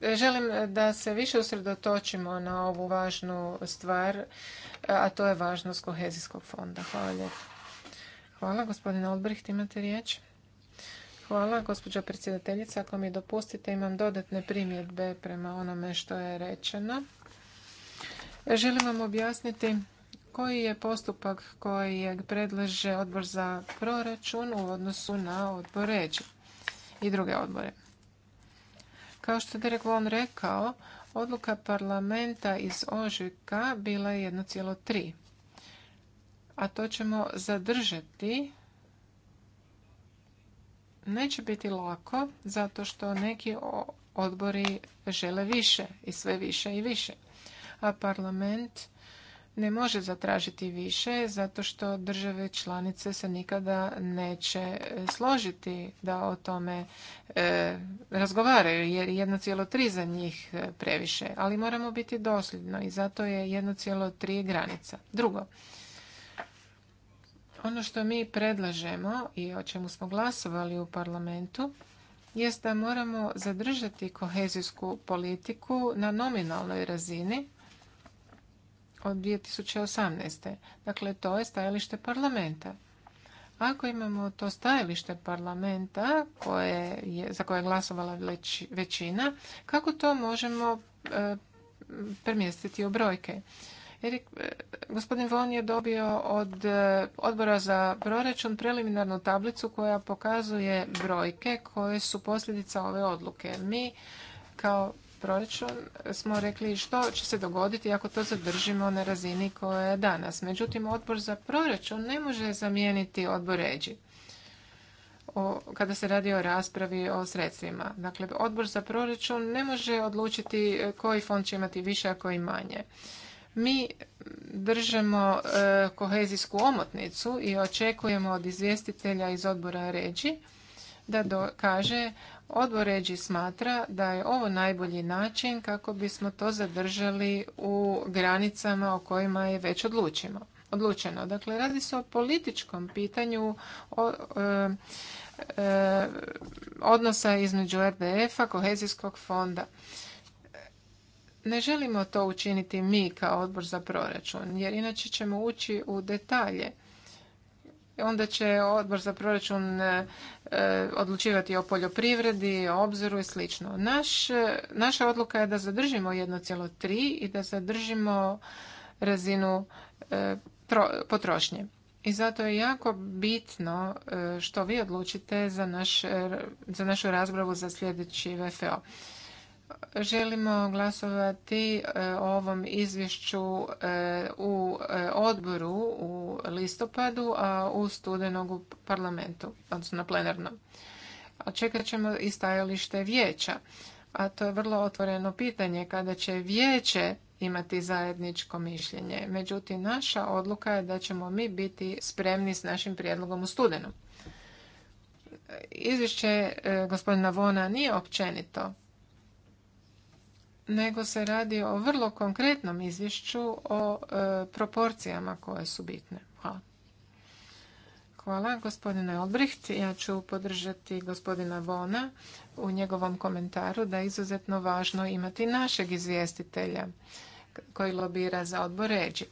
e, želim e, da se više usredotočimo na ovu važnu stvar, a to je važnost kohezijskog fonda. Hvala lijepo. Hvala, gospodine Olbricht, imate riječ. Hvala, gospođo predsjedateljica. Ako mi dopustite, imam dodatne primjedbe prema onome što je rečeno. Želim vam objasniti koji je postupak koji predlaže odbor za proračun u odnosu na odbor ređe i druge odbore. Kao što je Derek rekao, odluka parlamenta iz ožujka bila je 1,3. A to ćemo zadržati. Neće biti lako, zato što neki odbori žele više i sve više i više. A parlament ne može zatražiti više zato što države članice se nikada neće e, složiti da o tome e, razgovaraju jer 1,3 za njih e, previše, ali moramo biti dosljedno i zato je 1,3 granica. Drugo, ono što mi predlažemo i o čemu smo glasovali u parlamentu jest da moramo zadržati kohezijsku politiku na nominalnoj razini od 2018. Dakle, to je stajalište parlamenta. Ako imamo to stajalište parlamenta koje je, za koje je glasovala većina, kako to možemo e, premjestiti u brojke? Erik, e, gospodin Von je dobio od e, odbora za proračun preliminarnu tablicu koja pokazuje brojke koje su posljedica ove odluke. Mi kao proračun smo rekli što će se dogoditi ako to zadržimo na razini koja je danas. Međutim, odbor za proračun ne može zamijeniti odbor ređi kada se radi o raspravi o sredstvima. Dakle, odbor za proračun ne može odlučiti e, koji fond će imati više, a koji manje. Mi držemo e, kohezijsku omotnicu i očekujemo od izvjestitelja iz odbora ređi da kaže Odbor Ređi smatra da je ovo najbolji način kako bismo to zadržali u granicama o kojima je već odlučeno. Dakle, radi se o političkom pitanju e, e, odnosa između RDF-a, kohezijskog fonda. Ne želimo to učiniti mi kao odbor za proračun, jer inače ćemo ući u detalje onda će odbor za proračun E, odlučivati o poljoprivredi, o obzoru i sl. naša odluka je da zadržimo 1,3 i da zadržimo razinu e, potrošnje. I zato je jako bitno e, što vi odlučite za, naš, našu raspravu za sljedeći VFO želimo glasovati e, o ovom izvješću e, u e, odboru u listopadu, a u studenog u parlamentu, odnosno na plenarnom. Očekat ćemo i stajalište vijeća, a to je vrlo otvoreno pitanje kada će vijeće imati zajedničko mišljenje. Međutim, naša odluka je da ćemo mi biti spremni s našim prijedlogom u studenom. Izvješće gospodina Vona nije općenito nego se radi o vrlo konkretnom izvješću o e, proporcijama koje su bitne. Hvala. Hvala gospodine Olbricht. Ja ću podržati gospodina Vona u njegovom komentaru da je izuzetno važno imati našeg izvjestitelja koji lobira za odbor ređi.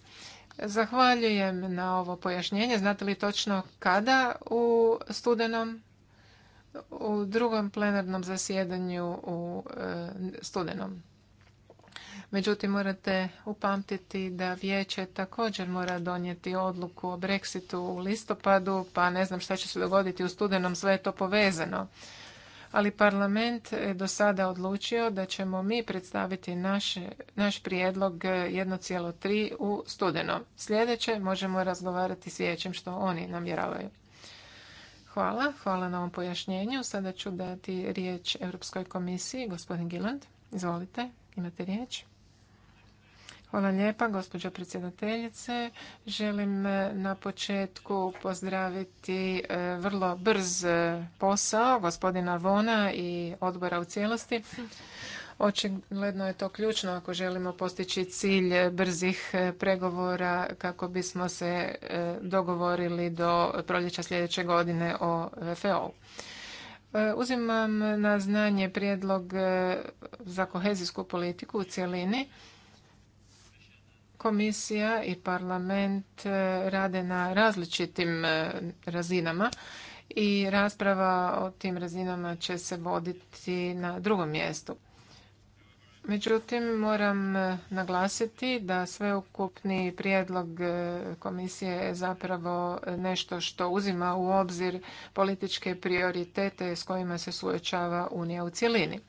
Zahvaljujem na ovo pojašnjenje. Znate li točno kada u studenom? U drugom plenarnom zasjedanju u e, studenom. Međutim, morate upamtiti da vijeće također mora donijeti odluku o Brexitu u listopadu, pa ne znam šta će se dogoditi u studenom, sve je to povezano. Ali parlament je do sada odlučio da ćemo mi predstaviti naš, naš prijedlog 1,3 u studenom. Sljedeće možemo razgovarati s vijećem što oni namjeravaju. Hvala, hvala na ovom pojašnjenju. Sada ću dati riječ Europskoj komisiji. Gospodin Giland, izvolite, imate riječ. Hvala lijepa, gospođo predsjedateljice. Želim e, na početku pozdraviti e, vrlo brz e, posao gospodina Vona i odbora u cijelosti. Očigledno je to ključno ako želimo postići cilj brzih pregovora kako bismo se dogovorili do proljeća sljedeće godine o VFO-u. Uzimam na znanje prijedlog za kohezijsku politiku u cjelini komisija i parlament e, rade na različitim e, razinama i rasprava o tim razinama će se voditi na drugom mjestu. Međutim, moram e, naglasiti da sveukupni prijedlog komisije je zapravo nešto što uzima u obzir političke prioritete s kojima se suočava Unija u cjelini.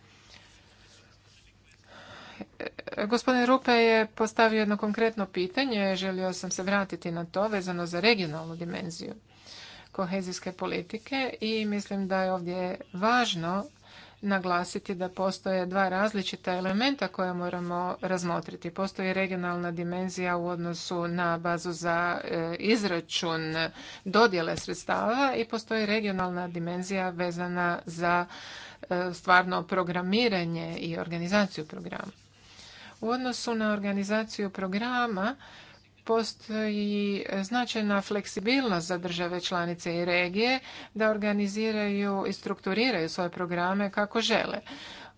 Gospodin Rupe je postavio jedno konkretno pitanje, želio sam se vratiti na to vezano za regionalnu dimenziju kohezijske politike i mislim da je ovdje važno naglasiti da postoje dva različita elementa koje moramo razmotriti. Postoji regionalna dimenzija u odnosu na bazu za e, izračun dodjele sredstava i postoji regionalna dimenzija vezana za e, stvarno programiranje i organizaciju programa. U odnosu na organizaciju programa postoji značajna fleksibilnost za države članice i regije da organiziraju i strukturiraju svoje programe kako žele.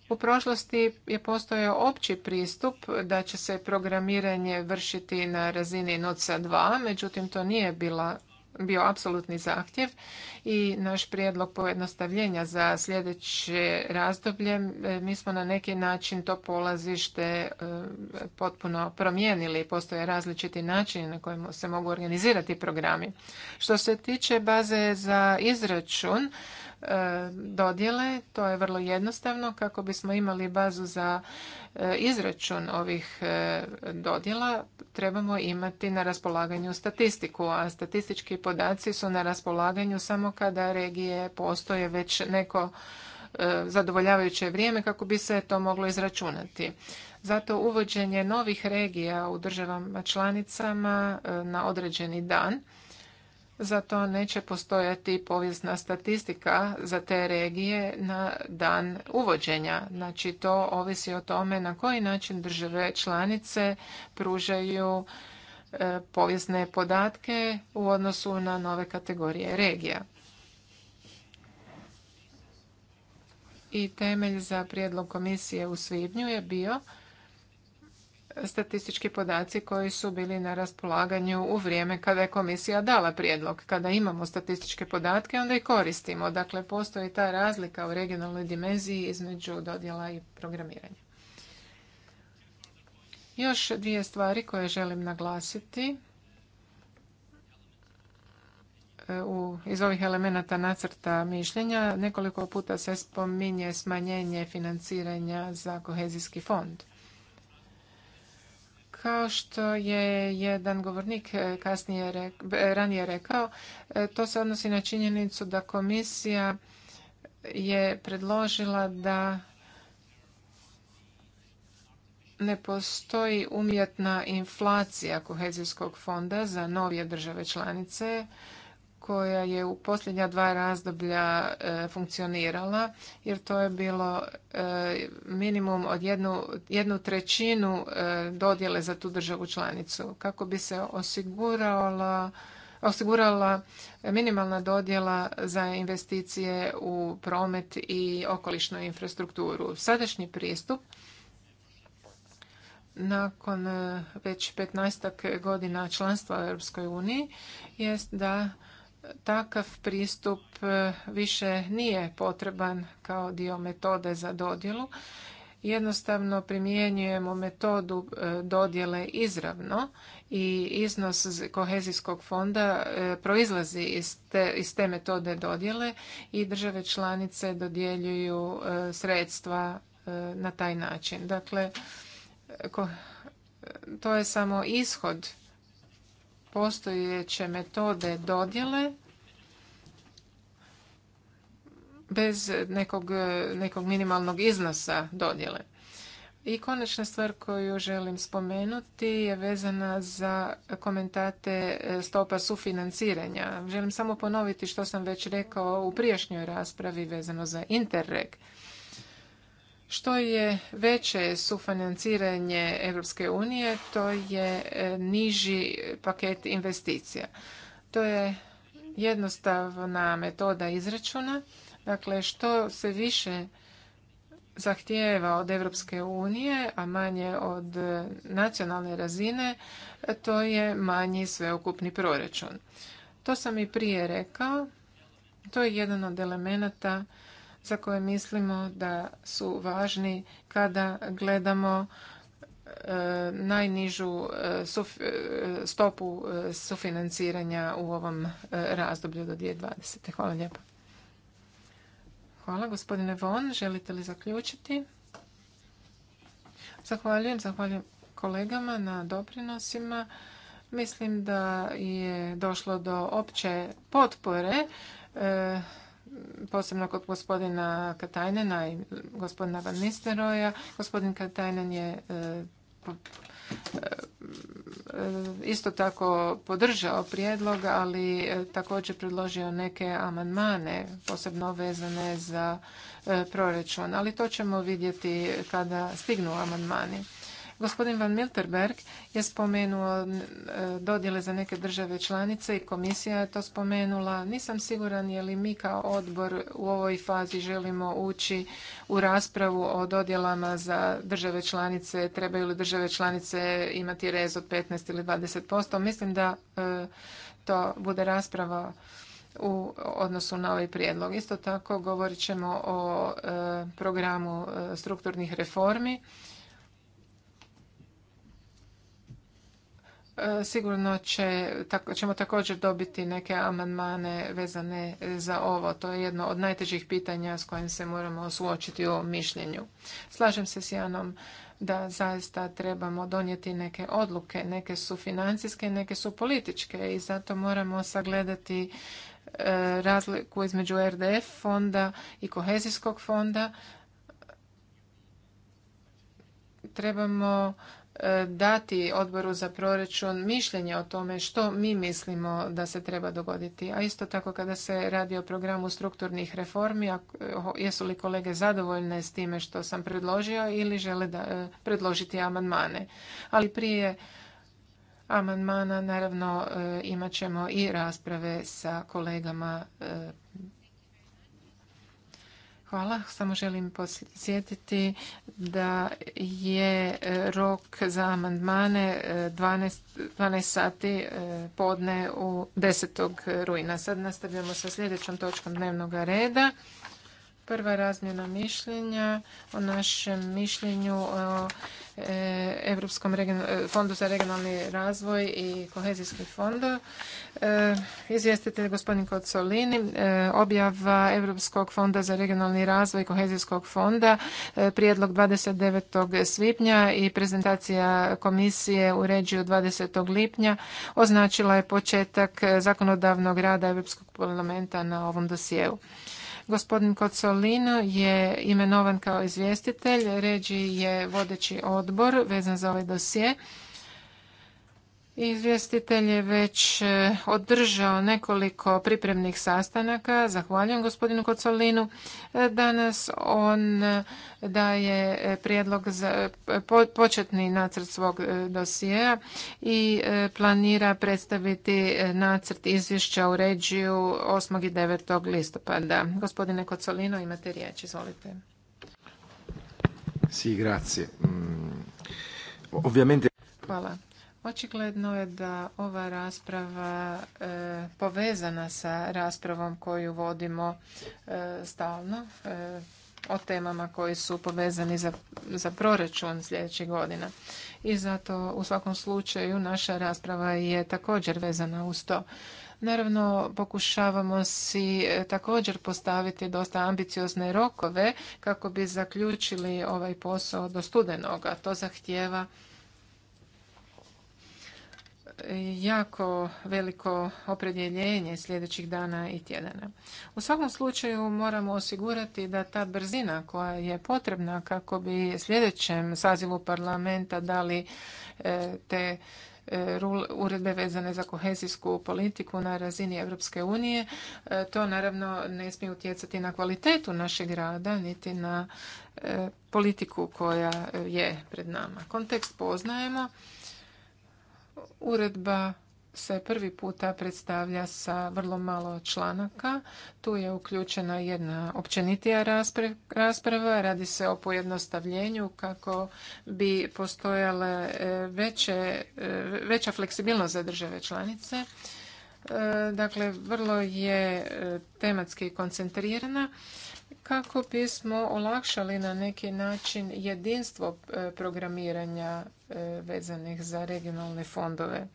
U prošlosti je postojao opći pristup da će se programiranje vršiti na razini NOC2, međutim to nije bila bio apsolutni zahtjev i naš prijedlog pojednostavljenja za sljedeće razdoblje, e, mi smo na neki način to polazište e, potpuno promijenili. Postoje različiti načini na kojima se mogu organizirati programi. Što se tiče baze za izračun, E, dodjele. To je vrlo jednostavno kako bismo imali bazu za e, izračun ovih e, dodjela. Trebamo imati na raspolaganju statistiku, a statistički podaci su na raspolaganju samo kada regije postoje već neko zadovoljavajuće vrijeme kako bi se to moglo izračunati. Zato uvođenje novih regija u državama članicama na određeni dan zato neće postojati povijesna statistika za te regije na dan uvođenja. Znači to ovisi o tome na koji način države članice pružaju e, povijesne podatke u odnosu na nove kategorije regija. I temelj za prijedlog komisije u svibnju je bio statistički podaci koji su bili na raspolaganju u vrijeme kada je komisija dala prijedlog. Kada imamo statističke podatke, onda i koristimo. Dakle, postoji ta razlika u regionalnoj dimenziji između dodjela i programiranja. Još dvije stvari koje želim naglasiti e, u, iz ovih elemenata nacrta mišljenja. Nekoliko puta se spominje smanjenje financiranja za kohezijski fond. Kao što je jedan govornik e, kasnije ranije rekao, e, to se odnosi na činjenicu da komisija je predložila da ne postoji umjetna inflacija kohezijskog fonda za novije države članice koja je u posljednja dva razdoblja e, funkcionirala jer to je bilo e, minimum od jednu, jednu trećinu e, dodjele za tu državu članicu kako bi se osigurala osigurala minimalna dodjela za investicije u promet i okolišnu infrastrukturu. Sadašnji pristup nakon već 15 godina članstva u Europskoj uniji jest da takav pristup e, više nije potreban kao dio metode za dodjelu. Jednostavno primjenjujemo metodu e, dodjele izravno i iznos kohezijskog fonda e, proizlazi iz te, iz te metode dodjele i države članice dodjeljuju sredstva na taj način. Dakle, to je samo ishod postojeće metode dodjele bez nekog, nekog minimalnog iznosa dodjele. I konačna stvar koju želim spomenuti je vezana za komentate e, stopa sufinanciranja. Želim samo ponoviti što sam već rekao u prijašnjoj raspravi vezano za Interreg. Što je veće sufinanciranje Europske unije, to je e, niži paket investicija. To je jednostavna metoda izračuna. Dakle, što se više zahtijeva od Europske unije, a manje od nacionalne razine, to je manji sveukupni proračun. To sam i prije rekao. To je jedan od elemenata za koje mislimo da su važni kada gledamo e, najnižu e, e, stopu sufinanciranja u ovom razdoblju do 2020. Hvala lijepo. Hvala. Gospodine Von, želite li zaključiti? Zahvaljujem, zahvaljujem kolegama na doprinosima. Mislim da je došlo do opće potpore posebno kod gospodina Katajnena i gospodina Van Nisteroja. Gospodin Katajnen je e, e, e, isto tako podržao prijedlog, ali također predložio neke amandmane, posebno vezane za proračun. Ali to ćemo vidjeti kada stignu amandmani. Gospodin Van Milterberg je spomenuo e, dodjele za neke države članice i komisija je to spomenula. Nisam siguran je li mi kao odbor u ovoj fazi želimo ući u raspravu o dodjelama za države članice, trebaju li države članice imati rez od 15 ili 20%. Mislim da e, to bude rasprava u odnosu na ovaj prijedlog. Isto tako govorit ćemo o e, programu strukturnih reformi Sigurno će, tako, ćemo također dobiti neke amandmane vezane za ovo. To je jedno od najtežih pitanja s kojim se moramo suočiti u ovom mišljenju. Slažem se s Janom da zaista trebamo donijeti neke odluke. Neke su financijske, neke su političke i zato moramo sagledati e, razliku između RDF fonda i kohezijskog fonda. Trebamo E, dati odboru za proračun mišljenje o tome što mi mislimo da se treba dogoditi. A isto tako kada se radi o programu strukturnih reformi, e, jesu li kolege zadovoljne s time što sam predložio ili žele da, e, predložiti amandmane. Ali prije amandmana naravno imat ćemo i rasprave sa kolegama Hvala. Samo želim podsjetiti da je e, rok za amandmane 12, e, 12 sati e, podne u 10. rujna. Sad nastavljamo sa sljedećom točkom dnevnog reda. Prva razmjena mišljenja o našem mišljenju o Europskom e, fondu za regionalni razvoj i kohezijski fonda. E, izvjestitelj gospodin Kocolini, e, objava Europskog fonda za regionalni razvoj i kohezijskog fonda, prijedlog 29. svibnja i prezentacija komisije u ređiju 20. lipnja označila je početak zakonodavnog rada Europskog parlamenta na ovom dosijeu. Gospodin Kocolino je imenovan kao izvjestitelj, Ređi je vodeći odbor vezan za ovaj dosje Izvjestitelj je već e, održao nekoliko pripremnih sastanaka. Zahvaljujem gospodinu Kocolinu. E, danas on e, daje prijedlog za početni nacrt svog dosijeja i planira predstaviti nacrt izvješća u ređiju 8. i 9. listopada. Gospodine Kocolino, imate riječ, izvolite. Mm, Hvala. Očigledno je da ova rasprava e, povezana sa raspravom koju vodimo e, stalno e, o temama koji su povezani za, za proračun sljedećih godina. I zato u svakom slučaju naša rasprava je također vezana uz to. Naravno, pokušavamo si također postaviti dosta ambiciozne rokove kako bi zaključili ovaj posao do studenoga. To zahtjeva jako veliko opredjeljenje sljedećih dana i tjedana. U svakom slučaju moramo osigurati da ta brzina koja je potrebna kako bi sljedećem sazivu parlamenta dali e, te e, uredbe vezane za kohezijsku politiku na razini Europske unije. E, to naravno ne smije utjecati na kvalitetu našeg rada, niti na politiku koja je pred nama. Kontekst poznajemo Uredba se prvi puta predstavlja sa vrlo malo članaka. Tu je uključena jedna općenitija rasprava. Radi se o pojednostavljenju kako bi postojale e, e, veća fleksibilnost za države članice. E, dakle, vrlo je tematski koncentrirana kako bismo olakšali na neki način jedinstvo e, programiranja e, vezanih za regionalne fondove.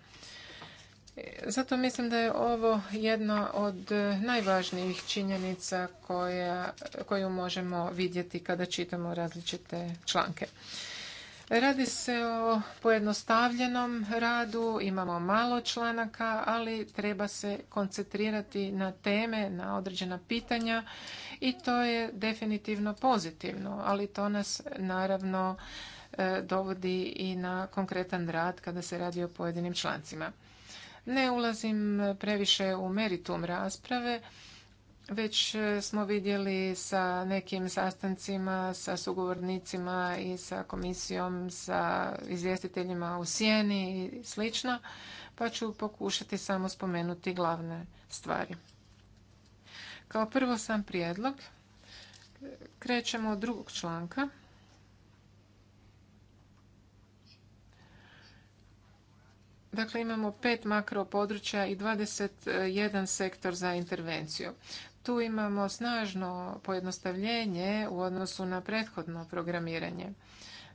E, zato mislim da je ovo jedna od najvažnijih činjenica koja, koju možemo vidjeti kada čitamo različite članke. Radi se o pojednostavljenom radu, imamo malo članaka, ali treba se koncentrirati na teme, na određena pitanja i to je definitivno pozitivno, ali to nas naravno e, dovodi i na konkretan rad kada se radi o pojedinim člancima. Ne ulazim previše u meritum rasprave, već e, smo vidjeli sa nekim sastancima, sa sugovornicima i sa komisijom, sa izvjestiteljima u sjeni i slično, pa ću pokušati samo spomenuti glavne stvari. Kao prvo sam prijedlog. Krećemo od drugog članka. Dakle, imamo pet makropodručja i 21 sektor za intervenciju. Tu imamo snažno pojednostavljenje u odnosu na prethodno programiranje.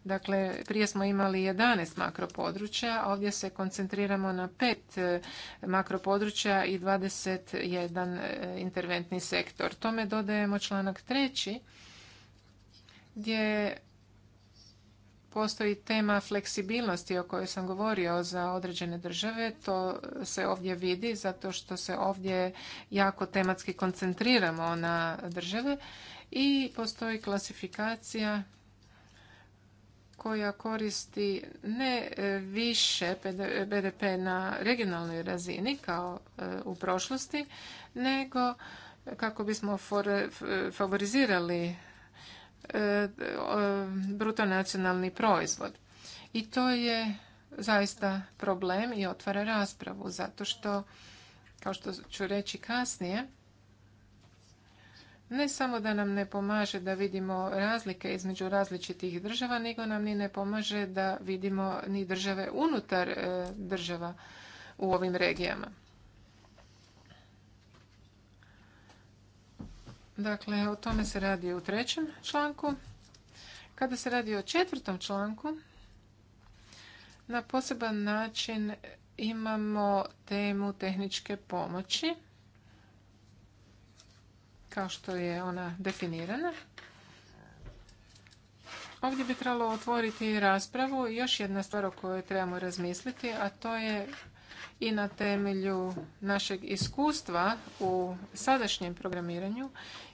Dakle, prije smo imali 11 makropodručja, ovdje se koncentriramo na pet e, makropodručja i 21 e, interventni sektor. Tome dodajemo članak treći gdje postoji tema fleksibilnosti o kojoj sam govorio za određene države. To se ovdje vidi zato što se ovdje jako tematski koncentriramo na države i postoji klasifikacija koja koristi ne e, više BDP na regionalnoj razini kao e, u prošlosti, nego kako bismo favorizirali e, bruto nacionalni proizvod. I to je zaista problem i otvara raspravu, zato što, kao što ću reći kasnije, ne samo da nam ne pomaže da vidimo razlike između različitih država, nego nam ni ne pomaže da vidimo ni države unutar e, država u ovim regijama. Dakle, o tome se radi u trećem članku. Kada se radi o četvrtom članku, na poseban način imamo temu tehničke pomoći kao što je ona definirana. Ovdje bi trebalo otvoriti raspravu. Još jedna stvar o kojoj trebamo razmisliti, a to je i na temelju našeg iskustva u sadašnjem programiranju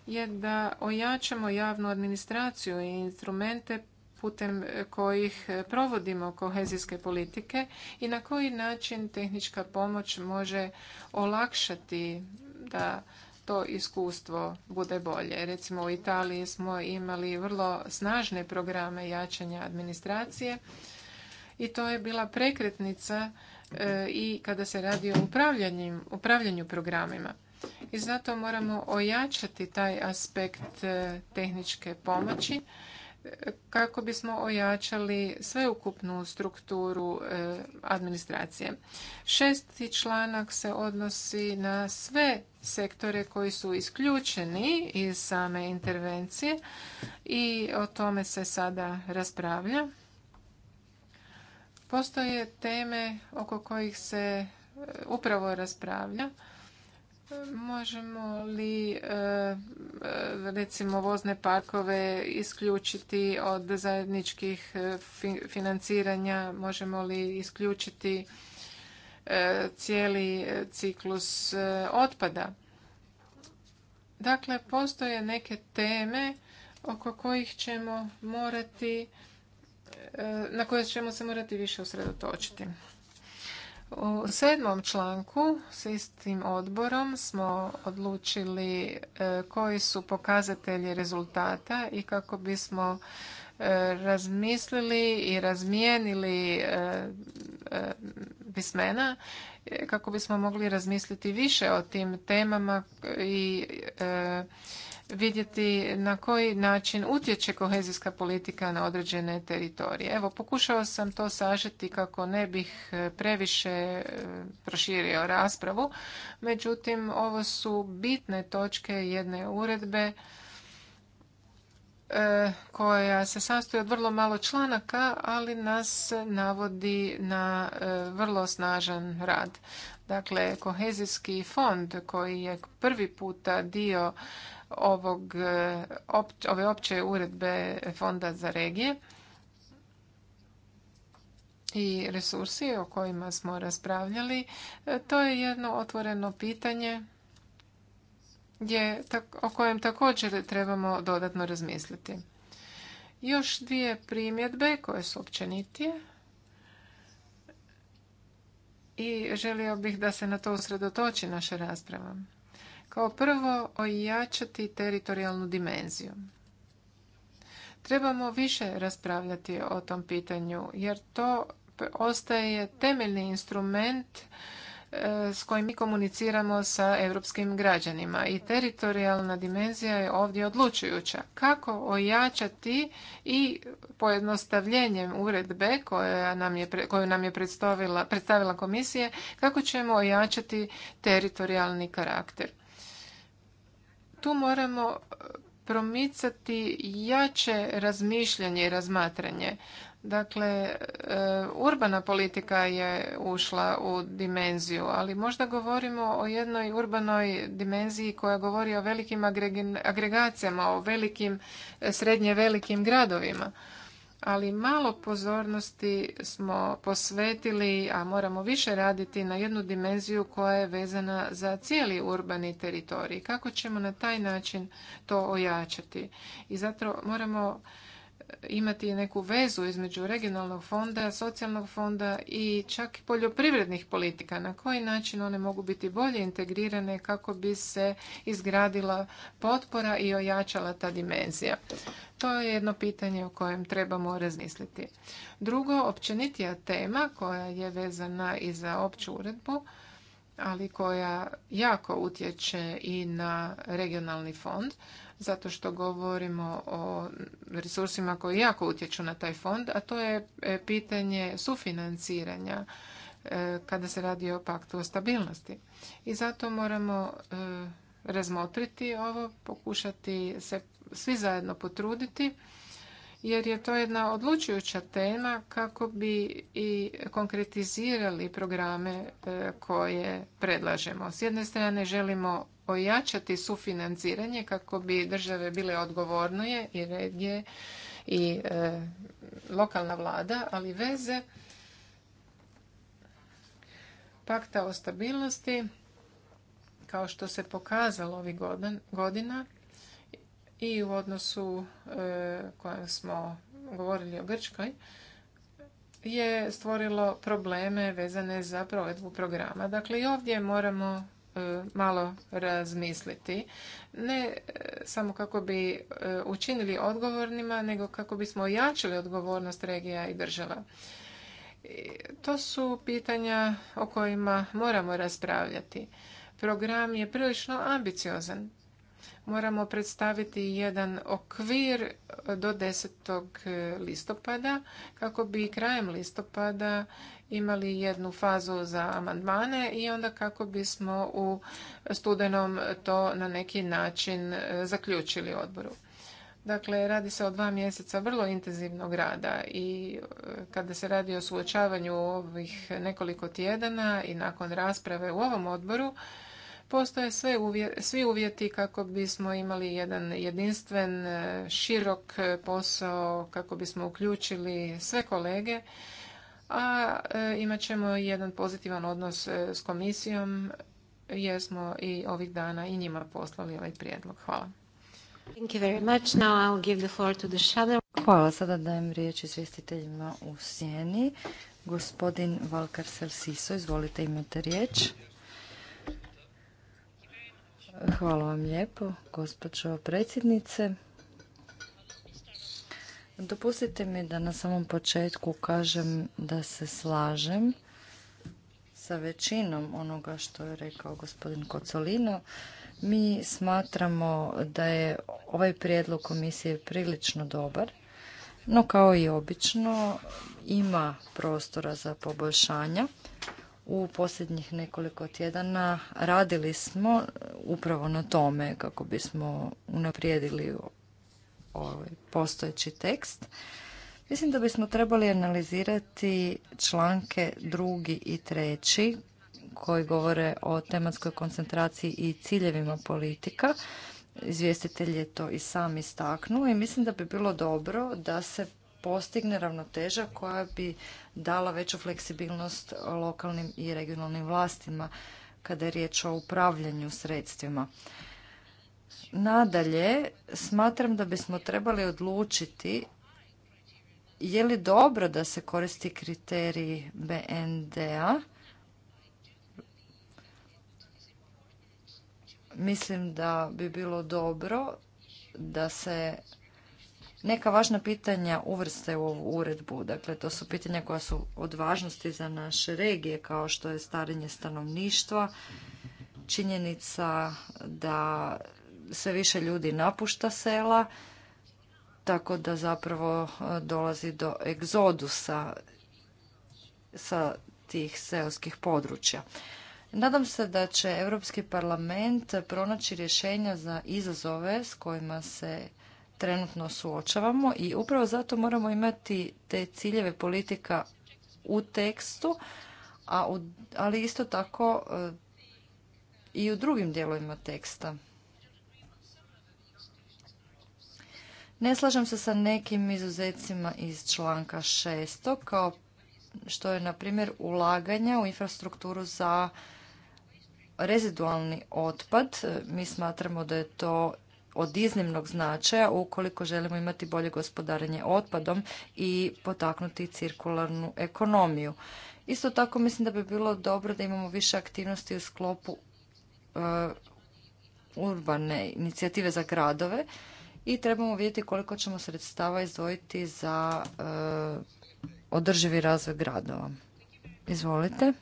je da ojačamo javnu administraciju i instrumente putem kojih provodimo kohezijske politike i na koji način tehnička pomoć može olakšati da to iskustvo bude bolje. Recimo u Italiji smo imali vrlo snažne programe jačanja administracije i to je bila prekretnica e, i kada se radi o upravljanju, upravljanju programima. I zato moramo ojačati taj aspekt e, tehničke pomoći kako bismo ojačali sveukupnu strukturu e, administracije. Šesti članak se odnosi na sve sektore koji su isključeni iz same intervencije i o tome se sada raspravlja. Postoje teme oko kojih se e, upravo raspravlja Možemo li e, e, recimo vozne parkove isključiti od zajedničkih e, financiranja? Možemo li isključiti cijeli ciklus otpada? Dakle, postoje neke teme oko kojih ćemo morati, na koje ćemo se morati više usredotočiti. U sedmom članku s istim odborom smo odlučili e, koji su pokazatelji rezultata i kako bismo e, razmislili i razmijenili e, pismena kako bismo mogli razmisliti više o tim temama i vidjeti na koji način utječe kohezijska politika na određene teritorije. Evo, pokušao sam to sažeti kako ne bih e, previše e, proširio raspravu, međutim, ovo su bitne točke jedne uredbe e, koja se sastoji od vrlo malo članaka, ali nas navodi na vrlo snažan rad. Dakle, kohezijski fond koji je prvi puta dio E, ove opće uredbe Fonda za regije i resursi o kojima smo raspravljali, e, to je jedno otvoreno pitanje gdje, o kojem također trebamo dodatno razmisliti. Još dvije primjedbe koje su općenitije i želio bih da se na to usredotoči naša rasprava. Kao prvo, ojačati teritorijalnu dimenziju. Trebamo više raspravljati o tom pitanju, jer to ostaje temeljni instrument e, s kojim mi komuniciramo sa europskim građanima i teritorijalna dimenzija je ovdje odlučujuća. Kako ojačati i pojednostavljenjem uredbe koju nam je predstavila, predstavila komisije, kako ćemo ojačati teritorijalni karakter tu moramo e, promicati jače razmišljanje i razmatranje. Dakle, e, urbana politika je ušla u dimenziju, ali možda govorimo o jednoj urbanoj dimenziji koja govori o velikim agregacijama, o velikim, e, srednje velikim gradovima ali malo pozornosti smo posvetili, a moramo više raditi na jednu dimenziju koja je vezana za cijeli urbani teritorij. Kako ćemo na taj način to ojačati? I zato moramo imati neku vezu između regionalnog fonda, socijalnog fonda i čak i poljoprivrednih politika. Na koji način one mogu biti bolje integrirane kako bi se izgradila potpora i ojačala ta dimenzija. To je jedno pitanje o kojem trebamo razmisliti. Drugo, općenitija tema koja je vezana i za opću uredbu, ali koja jako utječe i na regionalni fond, zato što govorimo o resursima koji jako utječu na taj fond, a to je e, pitanje sufinanciranja e, kada se radi o paktu o stabilnosti. I zato moramo e, razmotriti ovo, pokušati se svi zajedno potruditi, jer je to jedna odlučujuća tema kako bi i konkretizirali programe koje predlažemo. S jedne strane želimo pojačati sufinanciranje kako bi države bile odgovornije i regije i e, lokalna vlada, ali veze pakta o stabilnosti kao što se pokazalo ovih godina i u odnosu e, kojem smo govorili o Grčkoj, je stvorilo probleme vezane za provedbu programa. Dakle, i ovdje moramo E, malo razmisliti. Ne e, samo kako bi e, učinili odgovornima, nego kako bismo ojačali odgovornost regija i država. To su pitanja o kojima moramo raspravljati. Program je prilično ambiciozan. Moramo predstaviti jedan okvir do 10. listopada kako bi krajem listopada imali jednu fazu za amandmane i onda kako bismo u studenom to na neki način e, zaključili odboru. Dakle, radi se o dva mjeseca vrlo intenzivnog rada i e, kada se radi o suočavanju ovih nekoliko tjedana i nakon rasprave u ovom odboru, postoje svi uvjeti kako bismo imali jedan jedinstven, e, širok posao, kako bismo uključili sve kolege a e, imat ćemo jedan pozitivan odnos e, s komisijom jer smo i ovih dana i njima poslali ovaj prijedlog. Hvala. Thank you Hvala. Sada dajem riječ izvjestiteljima u sjeni. Gospodin Valkar Selsiso, izvolite imate riječ. Hvala vam lijepo, gospođo predsjednice. Dopustite mi da na samom početku kažem da se slažem sa većinom onoga što je rekao gospodin Kocolino. Mi smatramo da je ovaj prijedlog komisije prilično dobar, no kao i obično ima prostora za poboljšanja. U posljednjih nekoliko tjedana radili smo upravo na tome kako bismo unaprijedili ovaj postojeći tekst. Mislim da bismo trebali analizirati članke drugi i treći koji govore o tematskoj koncentraciji i ciljevima politika. Izvjestitelj je to i sam istaknuo i mislim da bi bilo dobro da se postigne ravnoteža koja bi dala veću fleksibilnost lokalnim i regionalnim vlastima kada je riječ o upravljanju sredstvima. Nadalje, smatram da bismo trebali odlučiti je li dobro da se koristi kriterij BND-a. Mislim da bi bilo dobro da se neka važna pitanja uvrste u ovu uredbu. Dakle, to su pitanja koja su od važnosti za naše regije, kao što je starenje stanovništva, činjenica da sve više ljudi napušta sela, tako da zapravo e, dolazi do egzodusa sa tih seoskih područja. Nadam se da će Europski parlament pronaći rješenja za izazove s kojima se trenutno suočavamo i upravo zato moramo imati te ciljeve politika u tekstu, ali isto tako e, i u drugim dijelovima teksta. Ne slažem se sa nekim izuzecima iz članka 6. kao što je, na primjer, ulaganja u infrastrukturu za rezidualni otpad. Mi smatramo da je to od iznimnog značaja ukoliko želimo imati bolje gospodarenje otpadom i potaknuti cirkularnu ekonomiju. Isto tako mislim da bi bilo dobro da imamo više aktivnosti u sklopu e, urbane inicijative za gradove i trebamo vidjeti koliko ćemo sredstava izdvojiti za e, održivi razvoj gradova. Izvolite.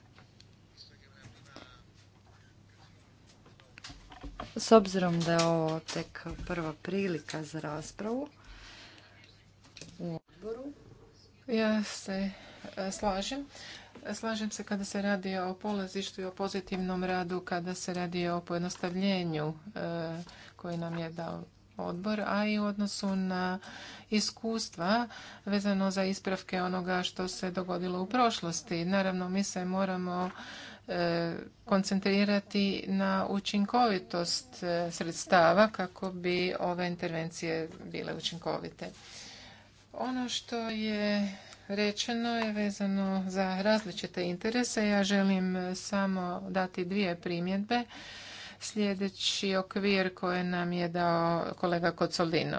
S obzirom da je ovo tek prva prilika za raspravu u odboru. Ja se e, slažem. Slažem se kada se radi o polazištu i o pozitivnom radu, kada se radi o pojednostavljenju e, koji nam je dao odbor, a i u odnosu na iskustva vezano za ispravke onoga što se dogodilo u prošlosti. Naravno, mi se moramo e, koncentrirati na učinkovitost e, sredstava kako bi ove intervencije bile učinkovite. Ono što je rečeno je vezano za različite interese. Ja želim samo dati dvije primjedbe sljedeći okvir koje nam je dao kolega Kocolino.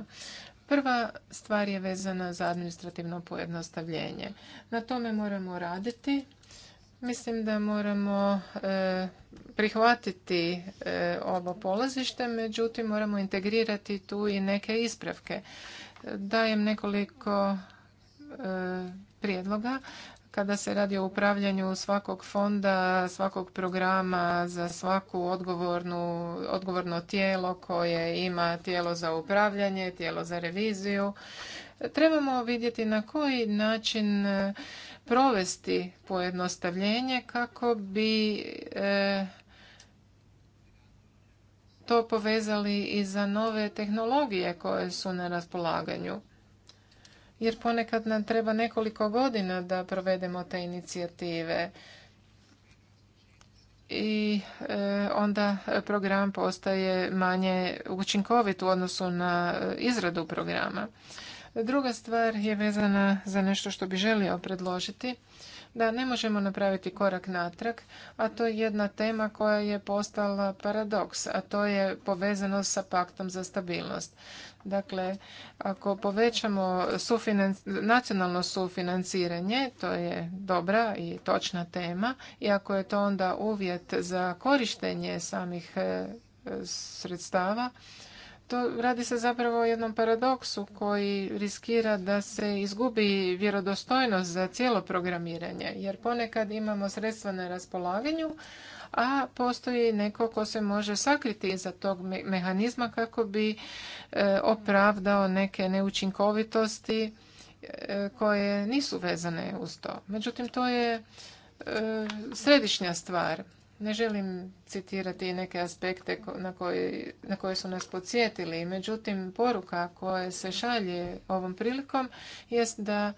Prva stvar je vezana za administrativno pojednostavljenje. Na tome moramo raditi. Mislim da moramo e, prihvatiti e, ovo polazište, međutim moramo integrirati tu i neke ispravke. Dajem nekoliko e, prijedloga kada se radi o upravljanju svakog fonda, svakog programa za svaku odgovornu, odgovorno tijelo koje ima tijelo za upravljanje, tijelo za reviziju. Trebamo vidjeti na koji način eh, provesti pojednostavljenje kako bi eh, to povezali i za nove tehnologije koje su na raspolaganju jer ponekad nam treba nekoliko godina da provedemo te inicijative i e, onda program postaje manje učinkovit u odnosu na e, izradu programa. Druga stvar je vezana za nešto što bi želio predložiti da ne možemo napraviti korak natrag, a to je jedna tema koja je postala paradoks, a to je povezano sa paktom za stabilnost. Dakle, ako povećamo nacionalno sufinanciranje, to je dobra i točna tema, i ako je to onda uvjet za korištenje samih e, sredstava, to radi se zapravo o jednom paradoksu koji riskira da se izgubi vjerodostojnost za cijelo programiranje, jer ponekad imamo sredstva na raspolaganju, a postoji neko ko se može sakriti iza tog mehanizma kako bi e, opravdao neke neučinkovitosti e, koje nisu vezane uz to. Međutim, to je e, središnja stvar. Ne želim citirati neke aspekte na koje, na koje su nas podsjetili. Međutim, poruka koja se šalje ovom prilikom jest da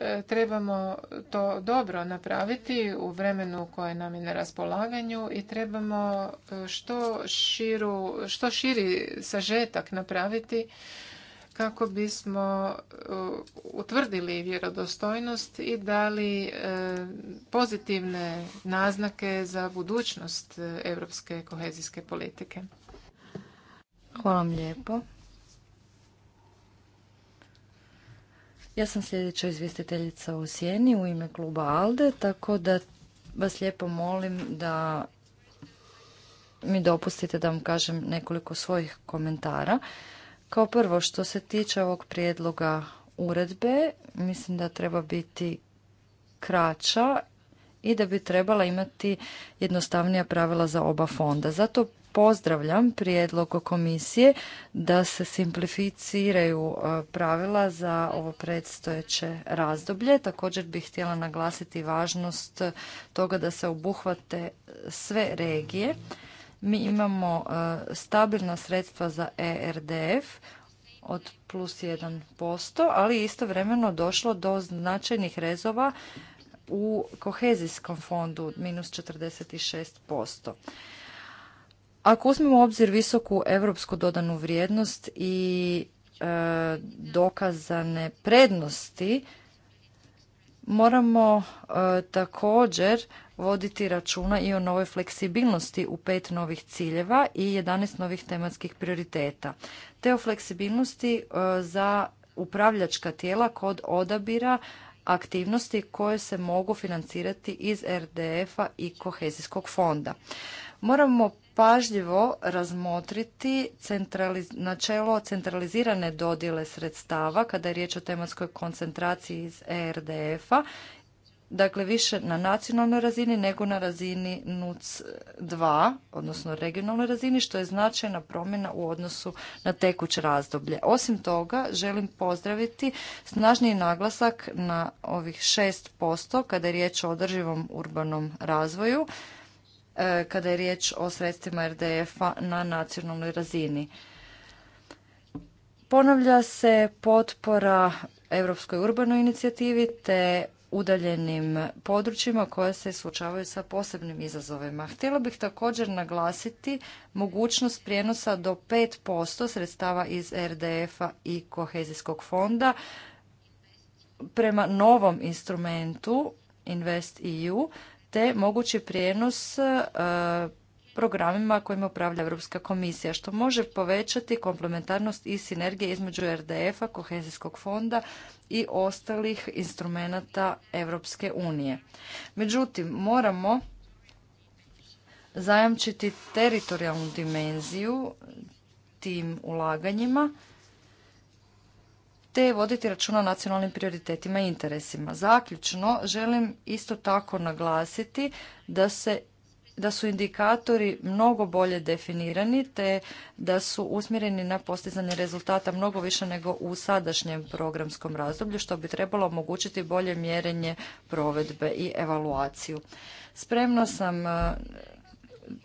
E, trebamo to dobro napraviti u vremenu koje nam je na raspolaganju i trebamo e, što, širu, što širi sažetak napraviti kako bismo e, utvrdili vjerodostojnost i dali pozitivne naznake za budućnost europske kohezijske politike. Hvala vam lijepo. Ja sam sljedeća izvjestiteljica u Sjeni u ime kluba ALDE, tako da vas lijepo molim da mi dopustite da vam kažem nekoliko svojih komentara. Kao prvo, što se tiče ovog prijedloga uredbe, mislim da treba biti kraća i da bi trebala imati jednostavnija pravila za oba fonda. Zato pozdravljam prijedlog komisije da se simplificiraju e, pravila za ovo predstojeće razdoblje. Također bih htjela naglasiti važnost toga da se obuhvate sve regije. Mi imamo e, stabilna sredstva za ERDF od plus 1%, ali istovremeno došlo do značajnih rezova u kohezijskom fondu minus 46%. Ako uzmemo u obzir visoku europsku dodanu vrijednost i e, dokazane prednosti, moramo e, također voditi računa i o novoj fleksibilnosti u pet novih ciljeva i 11 novih tematskih prioriteta. Te o fleksibilnosti e, za upravljačka tijela kod odabira aktivnosti koje se mogu financirati iz RDF-a i kohezijskog fonda. Moramo pažljivo razmotriti centraliz načelo centralizirane dodjele sredstava kada je riječ o tematskoj koncentraciji iz ERDF-a, dakle više na nacionalnoj razini nego na razini NUC 2, odnosno regionalnoj razini, što je značajna promjena u odnosu na tekuće razdoblje. Osim toga, želim pozdraviti snažniji naglasak na ovih 6% kada je riječ o održivom urbanom razvoju, E, kada je riječ o sredstvima RDF-a na nacionalnoj razini. Ponavlja se potpora Europskoj urbanoj inicijativi te udaljenim područjima koja se suočavaju sa posebnim izazovima. Htjela bih također naglasiti mogućnost prijenosa do 5% sredstava iz RDF-a i kohezijskog fonda prema novom instrumentu Invest e te mogući prijenos e, programima kojima upravlja Europska komisija, što može povećati komplementarnost i sinergije između RDF-a, kohezijskog fonda i ostalih instrumenata Europske unije. Međutim, moramo zajamčiti teritorijalnu dimenziju tim ulaganjima te voditi računa o nacionalnim prioritetima i interesima. Zaključno, želim isto tako naglasiti da se da su indikatori mnogo bolje definirani te da su usmjereni na postizanje rezultata mnogo više nego u sadašnjem programskom razdoblju što bi trebalo omogućiti bolje mjerenje provedbe i evaluaciju. Spremna sam e,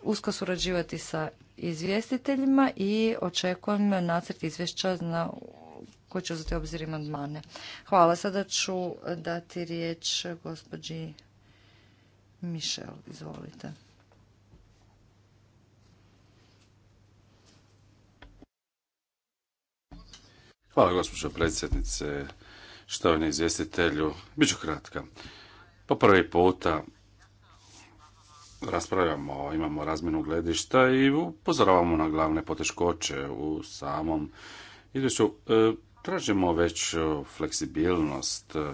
usko surađivati sa izvjestiteljima i očekujem nacrt izvješća na koji će uzeti obzir amandmane. Hvala. Sada ću dati riječ gospođi Mišel. Izvolite. Hvala gospođo predsjednice, štovani izvjestitelju. Biću kratka. Po prvi puta raspravljamo, imamo razmjenu gledišta i upozoravamo na glavne poteškoće u samom izvješću. E, Tražimo već e, fleksibilnost. E,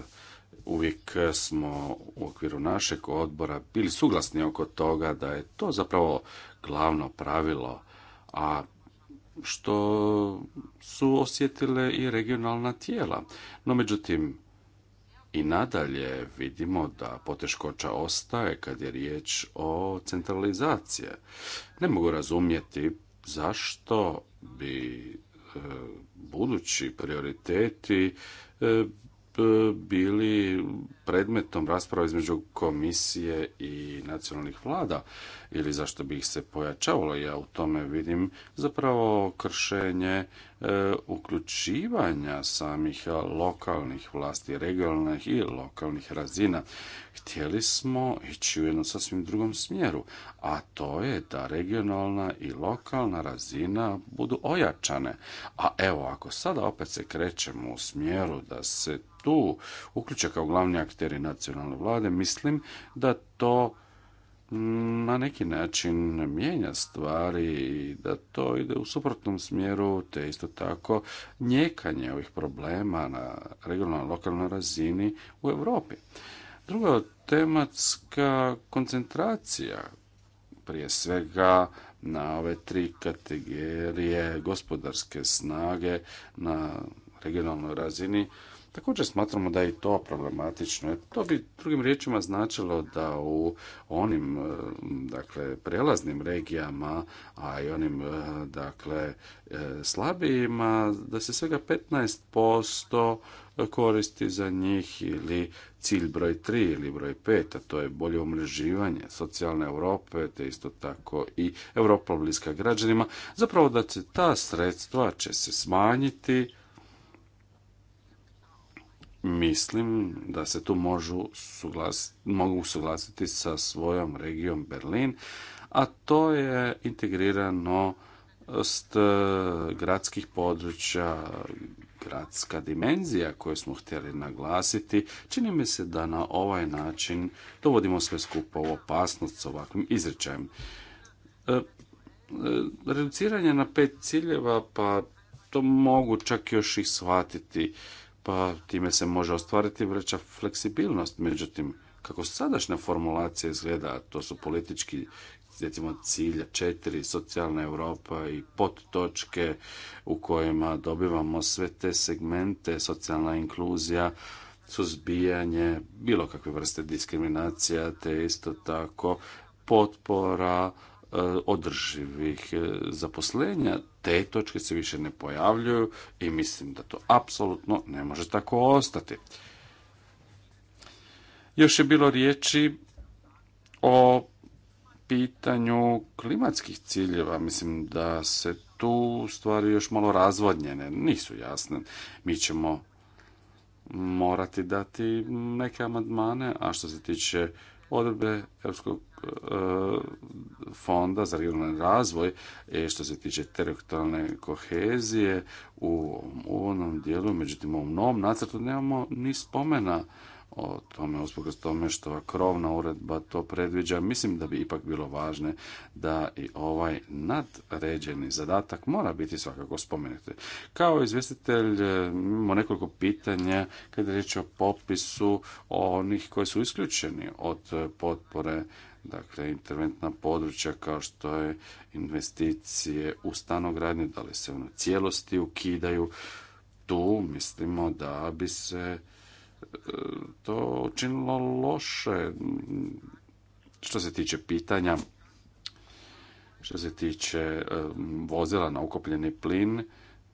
uvijek smo u okviru našeg odbora bili suglasni oko toga da je to zapravo glavno pravilo, a što su osjetile i regionalna tijela. No, međutim, i nadalje vidimo da poteškoća ostaje kad je riječ o centralizacije. Ne mogu razumjeti zašto bi budući prioriteti e, bili predmetom rasprava između komisije i nacionalnih vlada ili zašto bi ih se pojačavalo. Ja u tome vidim zapravo kršenje e, uključivanja samih lokalnih vlasti, regionalnih i lokalnih razina. Htjeli smo ići u jednom sasvim drugom smjeru, a to je da regionalna i lokalna razina budu ojačane. A evo, ako sada opet se krećemo u smjeru da se tu uključe kao glavni akteri nacionalne vlade, mislim da to na neki način mijenja stvari i da to ide u suprotnom smjeru, te isto tako njekanje ovih problema na regionalnoj lokalnoj razini u Europi. Druga tematska koncentracija, prije svega na ove tri kategorije gospodarske snage, na regionalnoj razini. Također smatramo da je i to problematično. To bi drugim riječima značilo da u onim e, dakle prelaznim regijama, a i onim e, dakle e, slabijima da se svega 15% koristi za njih ili cilj broj 3 ili broj 5, a to je bolje umreživanje socijalne Europe, te isto tako i Europa bliska građanima, zapravo da se ta sredstva će se smanjiti mislim da se tu možu suglas, mogu suglasiti sa svojom regijom Berlin, a to je integrirano st gradskih područja, gradska dimenzija koju smo htjeli naglasiti, čini mi se da na ovaj način dovodimo sve skupo u opasnost s ovakvim izrečajem. E, e, reduciranje na pet ciljeva, pa to mogu čak još i shvatiti pa time se može ostvariti vreća fleksibilnost. Međutim, kako sadašnja formulacija izgleda, to su politički recimo cilja četiri, socijalna Europa i podtočke u kojima dobivamo sve te segmente, socijalna inkluzija, suzbijanje bilo kakve vrste diskriminacija, te isto tako potpora održivih e, zaposlenja, te točke se više ne pojavljuju i mislim da to apsolutno ne može tako ostati. Još je bilo riječi o pitanju klimatskih ciljeva. Mislim da se tu stvari još malo razvodnjene, nisu jasne. Mi ćemo morati dati neke amandmane, a što se tiče odredbe Europskog E, fonda za regionalni razvoj e, što se tiče teritorijalne kohezije u ovom dijelu, međutim u ovom novom nacrtu nemamo ni spomena o tome, usprkos tome što krovna uredba to predviđa, mislim da bi ipak bilo važno da i ovaj nadređeni zadatak mora biti svakako spomenut. Kao izvjestitelj e, imamo nekoliko pitanja kada je riječ o popisu onih koji su isključeni od potpore dakle interventna područja kao što je investicije u stanogradnju, da li se ono cijelosti ukidaju, tu mislimo da bi se e, to učinilo loše. Što se tiče pitanja, što se tiče e, vozila na ukopljeni plin,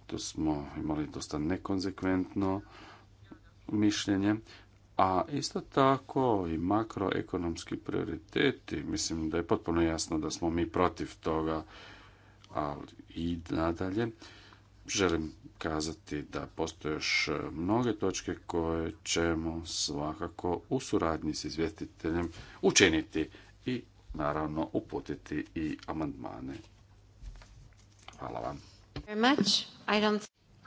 tu smo imali dosta nekonzekventno mišljenje. A isto tako i makroekonomski prioriteti, mislim da je potpuno jasno da smo mi protiv toga, ali i nadalje. Želim kazati da postoje još mnoge točke koje ćemo svakako u suradnji s izvjestiteljem učiniti i naravno uputiti i amandmane. Hvala vam.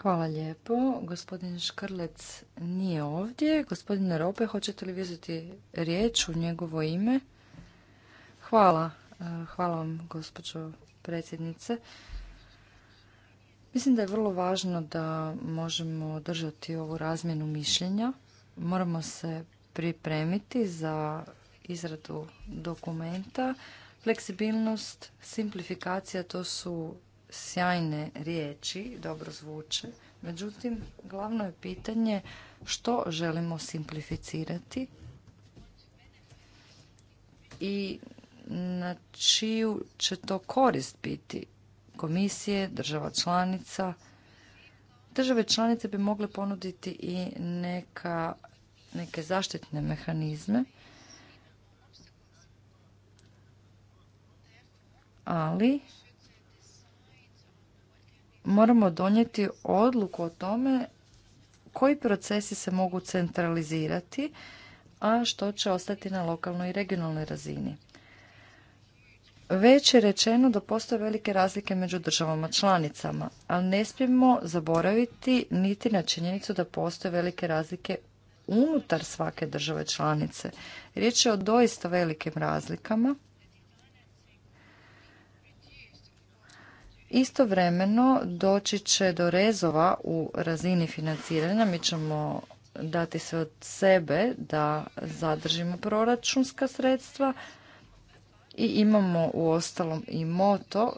Hvala lijepo. Gospodin Škrlec nije ovdje. Gospodine Rope, hoćete li vizeti riječ u njegovo ime? Hvala. E, hvala vam, gospođo predsjednice. Mislim da je vrlo važno da možemo držati ovu razmjenu mišljenja. Moramo se pripremiti za izradu dokumenta. Fleksibilnost, simplifikacija, to su sjajne riječi, dobro zvuče. Međutim, glavno je pitanje što želimo simplificirati i na čiju će to korist biti komisije, država članica. Države članice bi mogle ponuditi i neka, neke zaštitne mehanizme, ali moramo donijeti odluku o tome koji procesi se mogu centralizirati, a što će ostati na lokalnoj i regionalnoj razini. Već je rečeno da postoje velike razlike među državama članicama, ali ne smijemo zaboraviti niti na činjenicu da postoje velike razlike unutar svake države članice. Riječ je o doista velikim razlikama Istovremeno doći će do rezova u razini financiranja. Mi ćemo dati se od sebe da zadržimo proračunska sredstva i imamo u ostalom i moto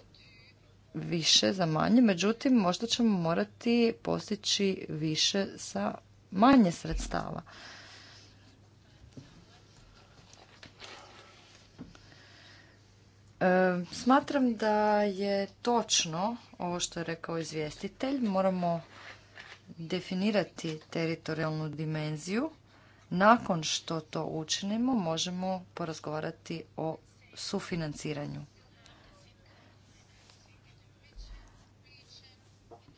više za manje, međutim možda ćemo morati postići više sa manje sredstava. E, smatram da je točno ovo što je rekao izvjestitelj. Moramo definirati teritorijalnu dimenziju. Nakon što to učinimo, možemo porazgovarati o sufinanciranju.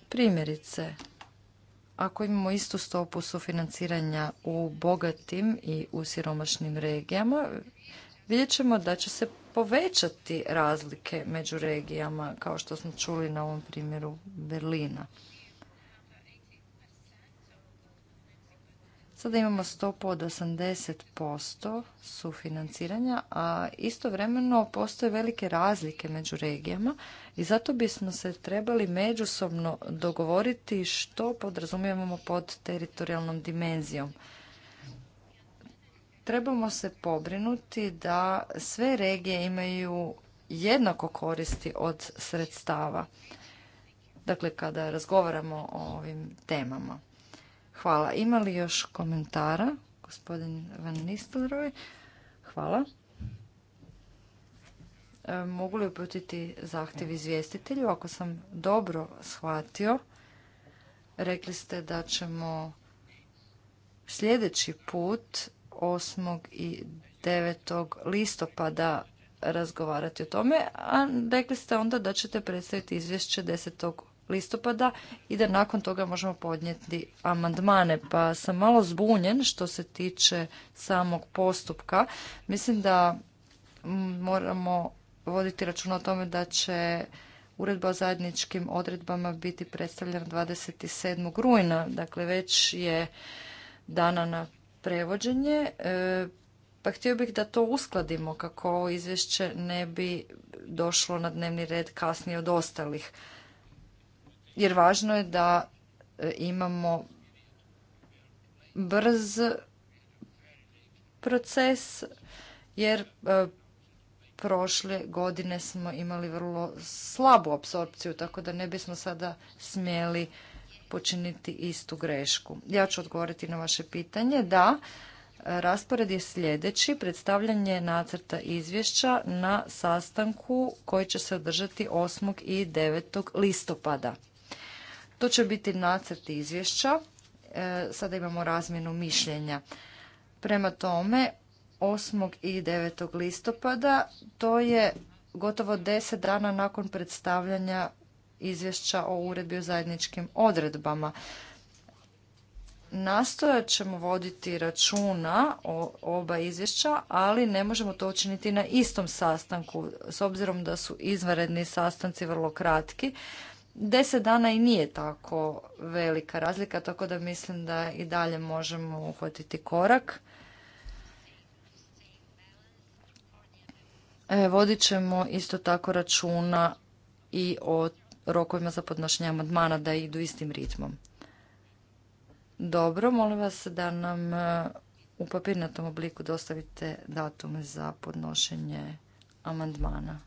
Primjerice, ako imamo istu stopu sufinanciranja u bogatim i u siromašnim regijama, vidjet ćemo da će se povećati razlike među regijama, kao što smo čuli na ovom primjeru Berlina. Sada imamo stopu od 80% sufinanciranja, a istovremeno postoje velike razlike među regijama i zato bismo se trebali međusobno dogovoriti što podrazumijevamo pod teritorijalnom dimenzijom trebamo se pobrinuti da sve regije imaju jednako koristi od sredstava. Dakle, kada razgovaramo o ovim temama. Hvala. Ima li još komentara? Gospodin Van Nistelroj? Hvala. E, mogu li uputiti zahtjev izvjestitelju? Ako sam dobro shvatio, rekli ste da ćemo sljedeći put 8. i 9. listopada razgovarati o tome, a rekli ste onda da ćete predstaviti izvješće 10. listopada i da nakon toga možemo podnijeti amandmane. Pa sam malo zbunjen što se tiče samog postupka. Mislim da moramo voditi računa o tome da će uredba o zajedničkim odredbama biti predstavljena 27. rujna. Dakle, već je dana na prevođenje, e, pa htio bih da to uskladimo kako ovo izvješće ne bi došlo na dnevni red kasnije od ostalih. Jer važno je da e, imamo brz proces, jer e, prošle godine smo imali vrlo slabu apsorpciju, tako da ne bismo sada smjeli počiniti istu grešku. Ja ću odgovoriti na vaše pitanje. Da, raspored je sljedeći. Predstavljanje nacrta izvješća na sastanku koji će se održati 8. i 9. listopada. To će biti nacrt izvješća. E, sada imamo razmjenu mišljenja. Prema tome, 8. i 9. listopada, to je gotovo 10 dana nakon predstavljanja izvješća o uredbi o zajedničkim odredbama. Nastojat ćemo voditi računa o oba izvješća, ali ne možemo to učiniti na istom sastanku, s obzirom da su izvanredni sastanci vrlo kratki. Deset dana i nije tako velika razlika, tako da mislim da i dalje možemo uhvatiti korak. E, vodit ćemo isto tako računa i o rokovima za podnošenje amandmana da idu istim ritmom. Dobro, molim vas da nam e, u papirnatom obliku dostavite datum za podnošenje amandmana.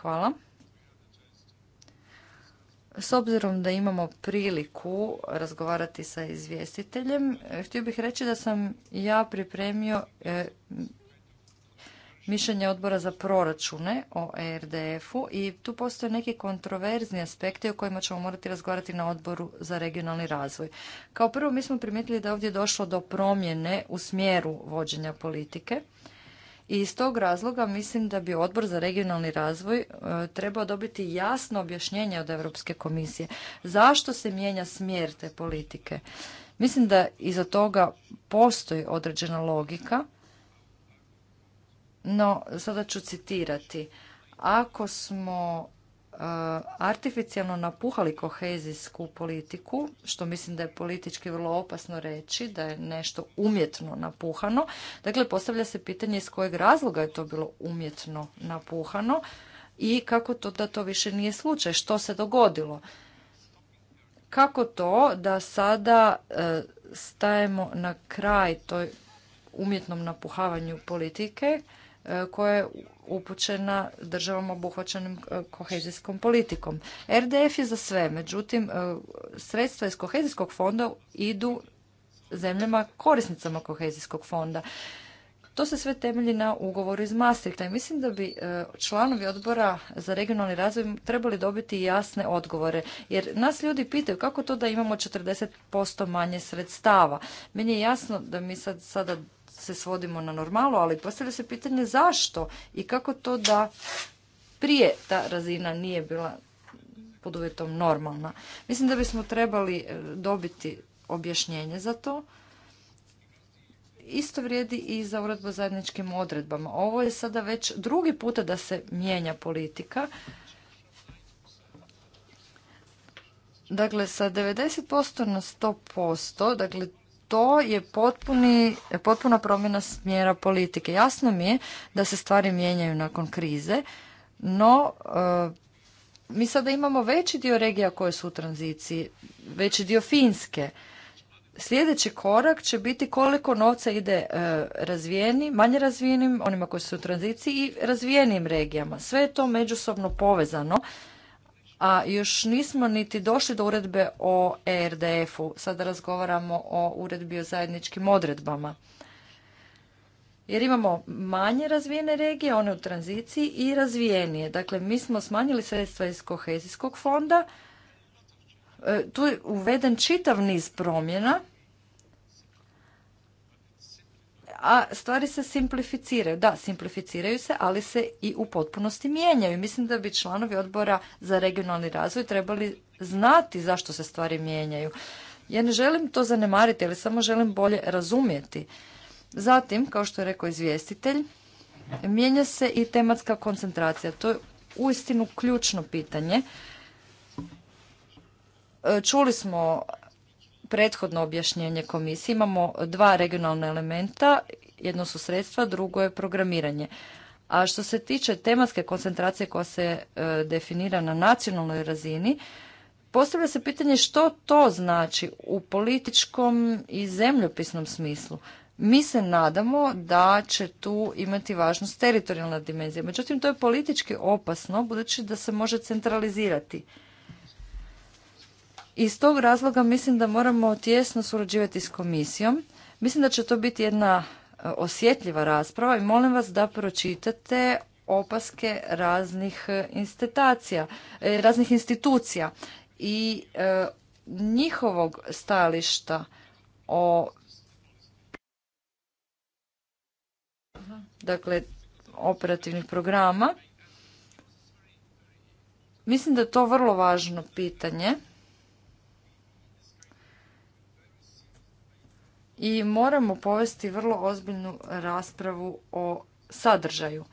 Hvala. S obzirom da imamo priliku razgovarati sa izvjestiteljem, e, htio bih reći da sam ja pripremio e, mišljenje odbora za proračune o ERDF-u i tu postoje neki kontroverzni aspekti o kojima ćemo morati razgovarati na odboru za regionalni razvoj. Kao prvo mi smo primijetili da je ovdje došlo do promjene u smjeru vođenja politike i iz tog razloga mislim da bi odbor za regionalni razvoj e, trebao dobiti jasno objašnjenje od Europske komisije zašto se mijenja smjer te politike. Mislim da iza toga postoji određena logika no, sada ću citirati. Ako smo e, artificijalno napuhali kohezijsku politiku, što mislim da je politički vrlo opasno reći, da je nešto umjetno napuhano. Dakle, postavlja se pitanje iz kojeg razloga je to bilo umjetno napuhano i kako to da to više nije slučaj, što se dogodilo. Kako to da sada e, stajemo na kraj toj umjetnom napuhavanju politike, koja je upućena državama obuhvaćenim e, kohezijskom politikom. RDF je za sve, međutim, e, sredstva iz kohezijskog fonda idu zemljama korisnicama kohezijskog fonda. To se sve temelji na ugovoru iz Maastrichta i mislim da bi e, članovi odbora za regionalni razvoj trebali dobiti jasne odgovore. Jer nas ljudi pitaju kako to da imamo 40% manje sredstava. Meni je jasno da mi sad, sada se svodimo na normalu, ali postavlja se pitanje zašto i kako to da prije ta razina nije bila pod uvjetom normalna. Mislim da bismo trebali e, dobiti objašnjenje za to. Isto vrijedi i za uredbu zajedničkim odredbama. Ovo je sada već drugi puta da se mijenja politika. Dakle, sa 90% na 100%, dakle, to je potpuni, potpuna promjena smjera politike. Jasno mi je da se stvari mijenjaju nakon krize, no e, mi sada imamo veći dio regija koje su u tranziciji, veći dio Finske. Sljedeći korak će biti koliko novca ide e, razvijenim, manje razvijenim, onima koji su u tranziciji i razvijenim regijama. Sve je to međusobno povezano a još nismo niti došli do uredbe o ERDF-u. Sada razgovaramo o uredbi o zajedničkim odredbama. Jer imamo manje razvijene regije, one u tranziciji i razvijenije. Dakle, mi smo smanjili sredstva iz kohezijskog fonda. E, tu je uveden čitav niz promjena a stvari se simplificiraju. Da, simplificiraju se, ali se i u potpunosti mijenjaju. Mislim da bi članovi odbora za regionalni razvoj trebali znati zašto se stvari mijenjaju. Ja ne želim to zanemariti, ali samo želim bolje razumjeti. Zatim, kao što je rekao izvjestitelj, mijenja se i tematska koncentracija. To je uistinu ključno pitanje. E, čuli smo prethodno objašnjenje komisije imamo dva regionalna elementa, jedno su sredstva, drugo je programiranje. A što se tiče tematske koncentracije koja se e, definira na nacionalnoj razini, postavlja se pitanje što to znači u političkom i zemljopisnom smislu. Mi se nadamo da će tu imati važnost teritorijalna dimenzija. Međutim, to je politički opasno budući da se može centralizirati iz tog razloga mislim da moramo tjesno surađivati s komisijom. Mislim da će to biti jedna e, osjetljiva rasprava i molim vas da pročitate opaske raznih e, institucija, e, raznih institucija i njihovog stajališta o dakle operativnih programa. Mislim da je to vrlo važno pitanje i moramo povesti vrlo ozbiljnu raspravu o sadržaju.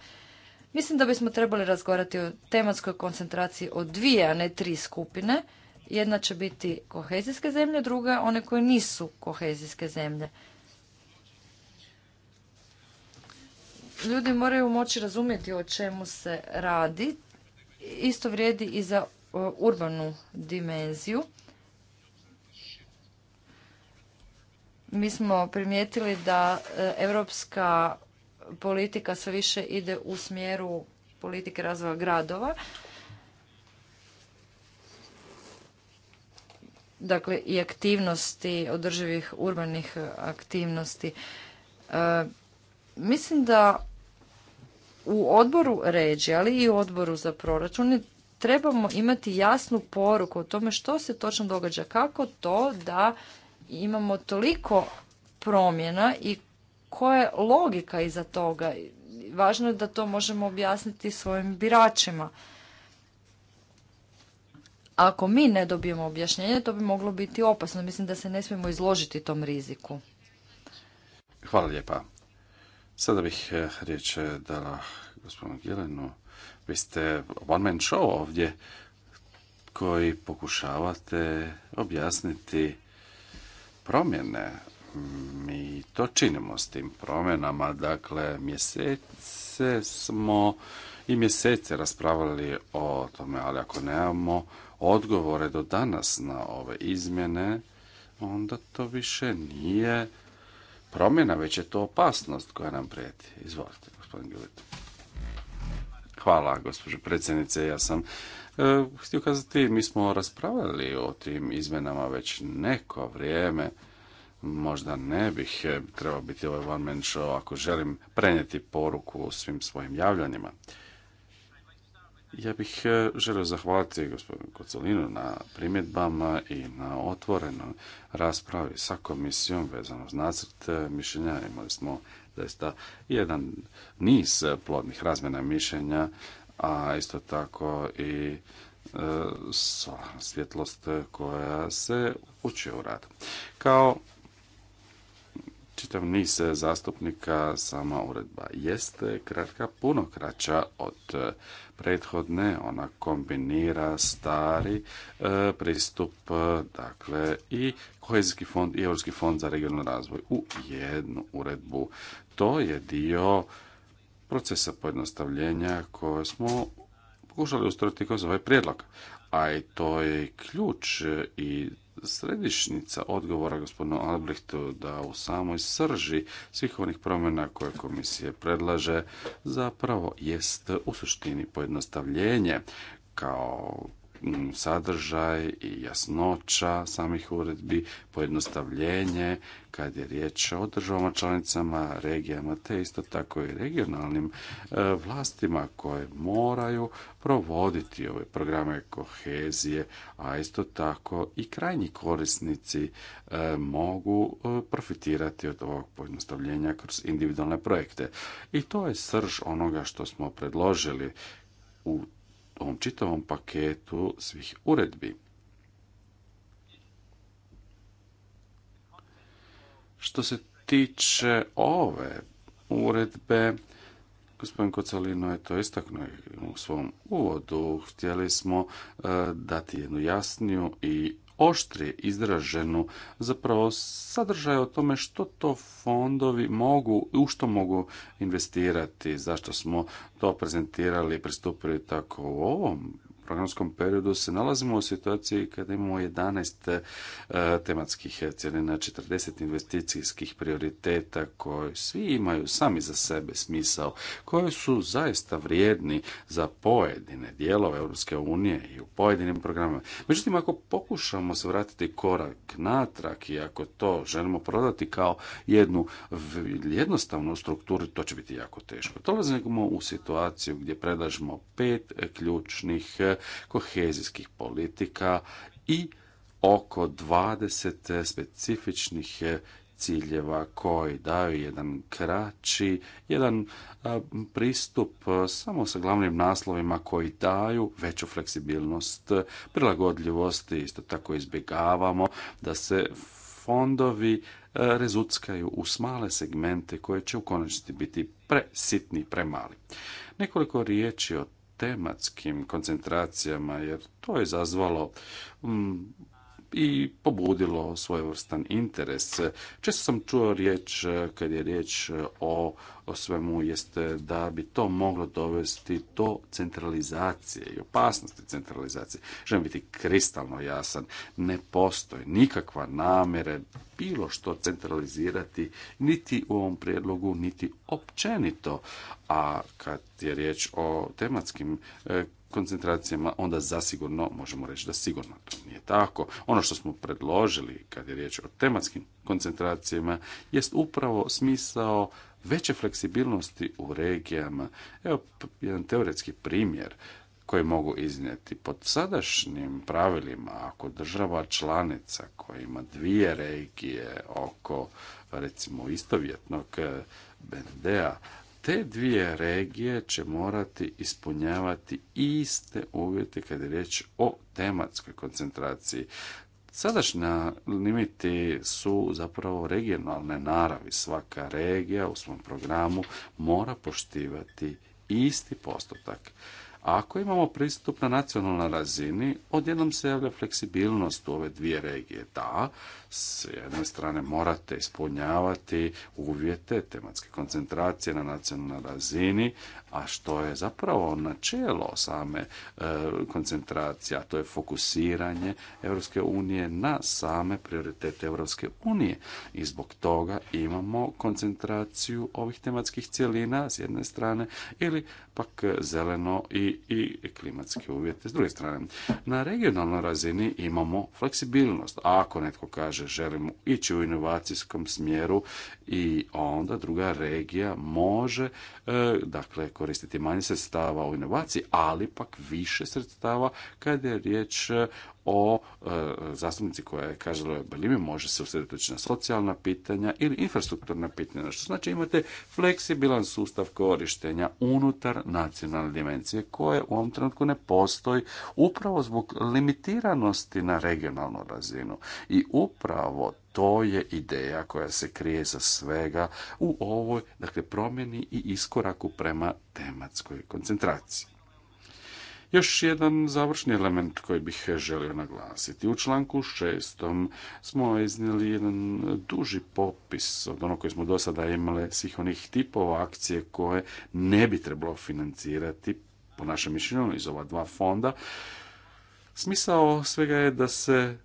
Mislim da bismo trebali razgovarati o tematskoj koncentraciji od dvije, a ne tri skupine. Jedna će biti kohezijske zemlje, druga one koje nisu kohezijske zemlje. Ljudi moraju moći razumjeti o čemu se radi. Isto vrijedi i za e, urbanu dimenziju. mi smo primijetili da europska politika sve više ide u smjeru politike razvoja gradova. Dakle, i aktivnosti, održivih urbanih aktivnosti. E, mislim da u odboru ređi, ali i u odboru za proračune, trebamo imati jasnu poruku o tome što se točno događa. Kako to da imamo toliko promjena i koja je logika iza toga. Važno je da to možemo objasniti svojim biračima. Ako mi ne dobijemo objašnjenje, to bi moglo biti opasno. Mislim da se ne smijemo izložiti tom riziku. Hvala lijepa. Sada bih eh, riječ eh, dala gospodinu Gilenu, Vi ste one man show ovdje koji pokušavate objasniti promjene mi to činimo s tim promjenama. Dakle, mjesece smo i mjesece raspravljali o tome, ali ako nemamo odgovore do danas na ove izmjene, onda to više nije promjena, već je to opasnost koja nam prijeti. Izvolite, gospodin Gilito. Hvala, gospođo predsjednice. Ja sam E, htio kazati, mi smo raspravljali o tim izmenama već neko vrijeme. Možda ne bih e, trebao biti ovaj one man show ako želim prenijeti poruku svim svojim javljanjima. Ja bih e, želio zahvaliti gospodinu Kocolinu na primjedbama i na otvorenoj raspravi sa komisijom vezano uz nacrt mišljenja. Imali smo zaista jedan niz plodnih razmjena mišljenja a isto tako i e, sva svjetlost koja se uči u rad. Kao čitav niz zastupnika sama uredba jeste kratka, puno kraća od prethodne, ona kombinira stari e, pristup, dakle i kohezijski fond i Europski fond za regionalni razvoj u jednu uredbu. To je dio procesa pojednostavljenja koje smo pokušali ustrojiti kroz ovaj prijedlog. A i to je ključ i središnica odgovora gospodinu Albrechtu da u samoj srži svih onih promjena koje komisije predlaže zapravo jest u suštini pojednostavljenje kao Mm, sadržaj i jasnoća samih uredbi, pojednostavljenje kad je riječ o državama članicama, regijama, te isto tako i regionalnim e, vlastima koje moraju provoditi ove programe kohezije, a isto tako i krajnji korisnici e, mogu e, profitirati od ovog pojednostavljenja kroz individualne projekte. I to je srž onoga što smo predložili u ovom čitavom paketu svih uredbi. Što se tiče ove uredbe, gospodin Kocalino je to istaknuo u svom uvodu. Htjeli smo eh, dati jednu jasniju i oštrije izraženu zapravo sadržaj o tome što to fondovi mogu u što mogu investirati, zašto smo to prezentirali i pristupili tako u ovom programskom periodu se nalazimo u situaciji kada imamo 11 e, tematskih cijelina, 40 investicijskih prioriteta koji svi imaju sami za sebe smisao, koji su zaista vrijedni za pojedine dijelove Europske unije i u pojedinim programima. Međutim, ako pokušamo se vratiti korak natrag i ako to želimo prodati kao jednu jednostavnu strukturu, to će biti jako teško. Dolazimo u situaciju gdje predlažemo pet ključnih e, kohezijskih politika i oko 20 specifičnih eh, ciljeva koji daju jedan kraći, jedan eh, pristup eh, samo sa glavnim naslovima koji daju veću fleksibilnost, prilagodljivost i isto tako izbjegavamo da se fondovi rezuckaju u smale segmente koje će u konačnici biti presitni, premali. Nekoliko riječi o tematskim koncentracijama jer to je zazvalo mm, i pobudilo svojevrstan interes. Često sam čuo riječ, kad je riječ o, svemu, jeste da bi to moglo dovesti do centralizacije i opasnosti centralizacije. Želim biti kristalno jasan, ne postoji nikakva namjera bilo što centralizirati, niti u ovom prijedlogu, niti općenito. A kad je riječ o tematskim koncentracijama, onda zasigurno možemo reći da sigurno to nije tako. Ono što smo predložili kad je riječ o tematskim koncentracijama jest upravo smisao veće fleksibilnosti u regijama. Evo jedan teoretski primjer koji mogu iznijeti. Pod sadašnjim pravilima, ako država članica koja ima dvije regije oko recimo istovjetnog eh, BND-a, te dvije regije će morati ispunjavati iste uvjete kad je riječ o tematskoj koncentraciji. Sadašnja limiti su zapravo regionalne naravi. Svaka regija u svom programu mora poštivati isti postotak. A ako imamo pristup na nacionalnoj razini, odjednom se javlja fleksibilnost u ove dvije regije. Da, s jedne strane morate ispunjavati uvjete tematske koncentracije na nacionalnoj razini, a što je zapravo načelo same e, koncentracija, to je fokusiranje Europske unije na same prioritete Europske unije i zbog toga imamo koncentraciju ovih tematskih cjelina s jedne strane ili pak zeleno i, i klimatske uvjete s druge strane. Na regionalnoj razini imamo fleksibilnost. ako netko kaže želimo ići u inovacijskom smjeru i onda druga regija može e, dakle koristiti manje sredstava u inovaciji, ali pak više sredstava kada je riječ e, o e, zastupnici koja je kažela Belimi može se usredotočiti na socijalna pitanja ili infrastrukturna pitanja, što znači imate fleksibilan sustav korištenja unutar nacionalne dimenzije koje u ovom trenutku ne postoji upravo zbog limitiranosti na regionalnu razinu. I upravo to je ideja koja se krije za svega u ovoj dakle, promjeni i iskoraku prema tematskoj koncentraciji. Još jedan završni element koji bih želio naglasiti. U članku šestom smo iznijeli jedan duži popis od onog koji smo do sada imali svih onih tipova akcije koje ne bi trebalo financirati po našem mišljenju iz ova dva fonda. Smisao svega je da se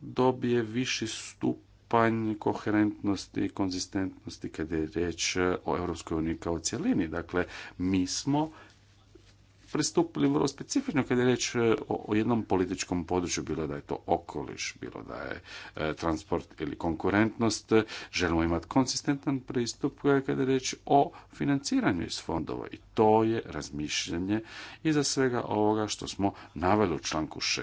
dobije viši stup stupanj koherentnosti i konzistentnosti kada je riječ o Europskoj uniji kao cjelini. Dakle, mi smo pristupili vrlo specifično kada je riječ e, o jednom političkom području, bilo da je to okoliš, bilo da je e, transport ili konkurentnost. Želimo imati konsistentan pristup kada je riječ o financiranju iz fondova i to je razmišljanje iza svega ovoga što smo naveli u članku 6.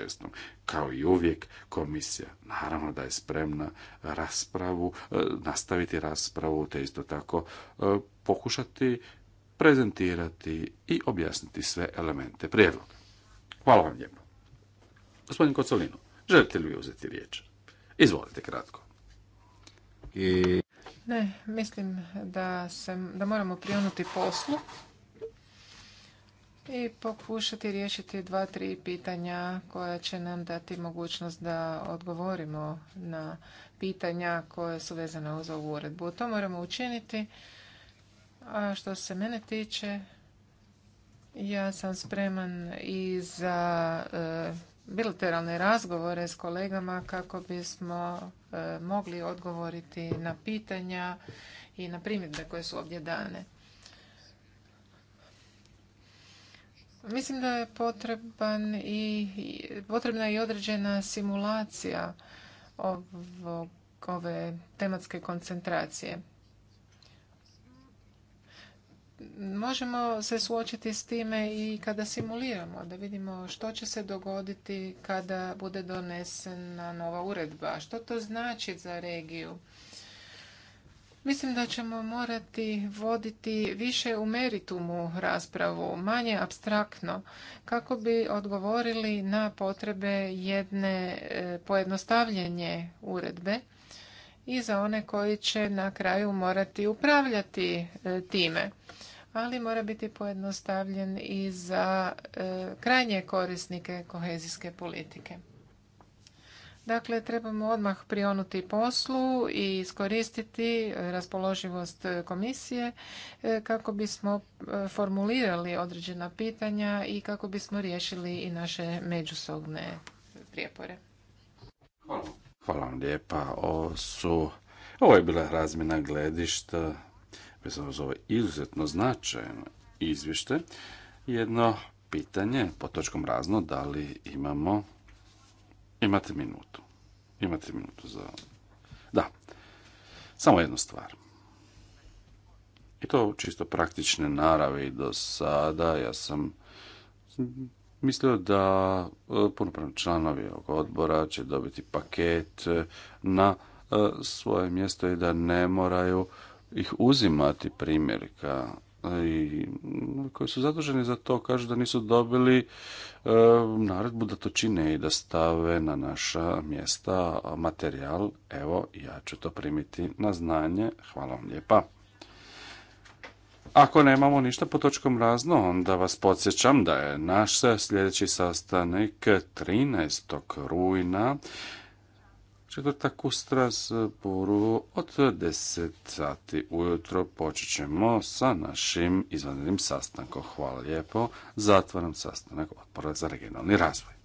Kao i uvijek, komisija naravno da je spremna raspravu, e, nastaviti raspravu, te isto tako pokušati prezentirati i objasniti sve elemente prijedloga. Hvala vam lijepo. Gospodin Kocolino, želite li uzeti riječ? Izvolite kratko. I... Ne, mislim da, se, da moramo prionuti poslu i pokušati riješiti dva, tri pitanja koja će nam dati mogućnost da odgovorimo na pitanja koje su vezane uz ovu uredbu. To moramo učiniti a što se mene tiče, ja sam spreman i za e, bilateralne razgovore s kolegama kako bismo e, mogli odgovoriti na pitanja i na primjedbe koje su ovdje dane. Mislim da je potreban i, potrebna i određena simulacija ovog, ove tematske koncentracije možemo se suočiti s time i kada simuliramo, da vidimo što će se dogoditi kada bude donesena nova uredba, što to znači za regiju. Mislim da ćemo morati voditi više u meritumu raspravu, manje abstraktno, kako bi odgovorili na potrebe jedne e, pojednostavljenje uredbe i za one koji će na kraju morati upravljati e, time ali mora biti pojednostavljen i za e, krajnje korisnike kohezijske politike. Dakle, trebamo odmah prionuti poslu i iskoristiti e, raspoloživost komisije e, kako bismo formulirali određena pitanja i kako bismo riješili i naše međusobne prijepore. Hvala, vam lijepa. Ovo, su, ovo je bila razmjena gledišta vezano ovo ovaj izuzetno značajno izvište Jedno pitanje po točkom razno, da li imamo... Imate minutu. Imate minutu za... Da, samo jednu stvar. I to čisto praktične narave do sada. Ja sam mislio da e, punopravni članovi ovog odbora će dobiti paket e, na e, svoje mjesto i da ne moraju ih uzimati primjerka i koji su zaduženi za to kažu da nisu dobili e, naredbu da to čine i da stave na naša mjesta materijal. Evo, ja ću to primiti na znanje. Hvala vam lijepa. Ako nemamo ništa po točkom razno, onda vas podsjećam da je naš sljedeći sastanak 13. rujna Četvrtak u poru od 10 sati ujutro počet ćemo sa našim izvanrednim sastankom. Hvala lijepo. Zatvaram sastanak odbora za regionalni razvoj.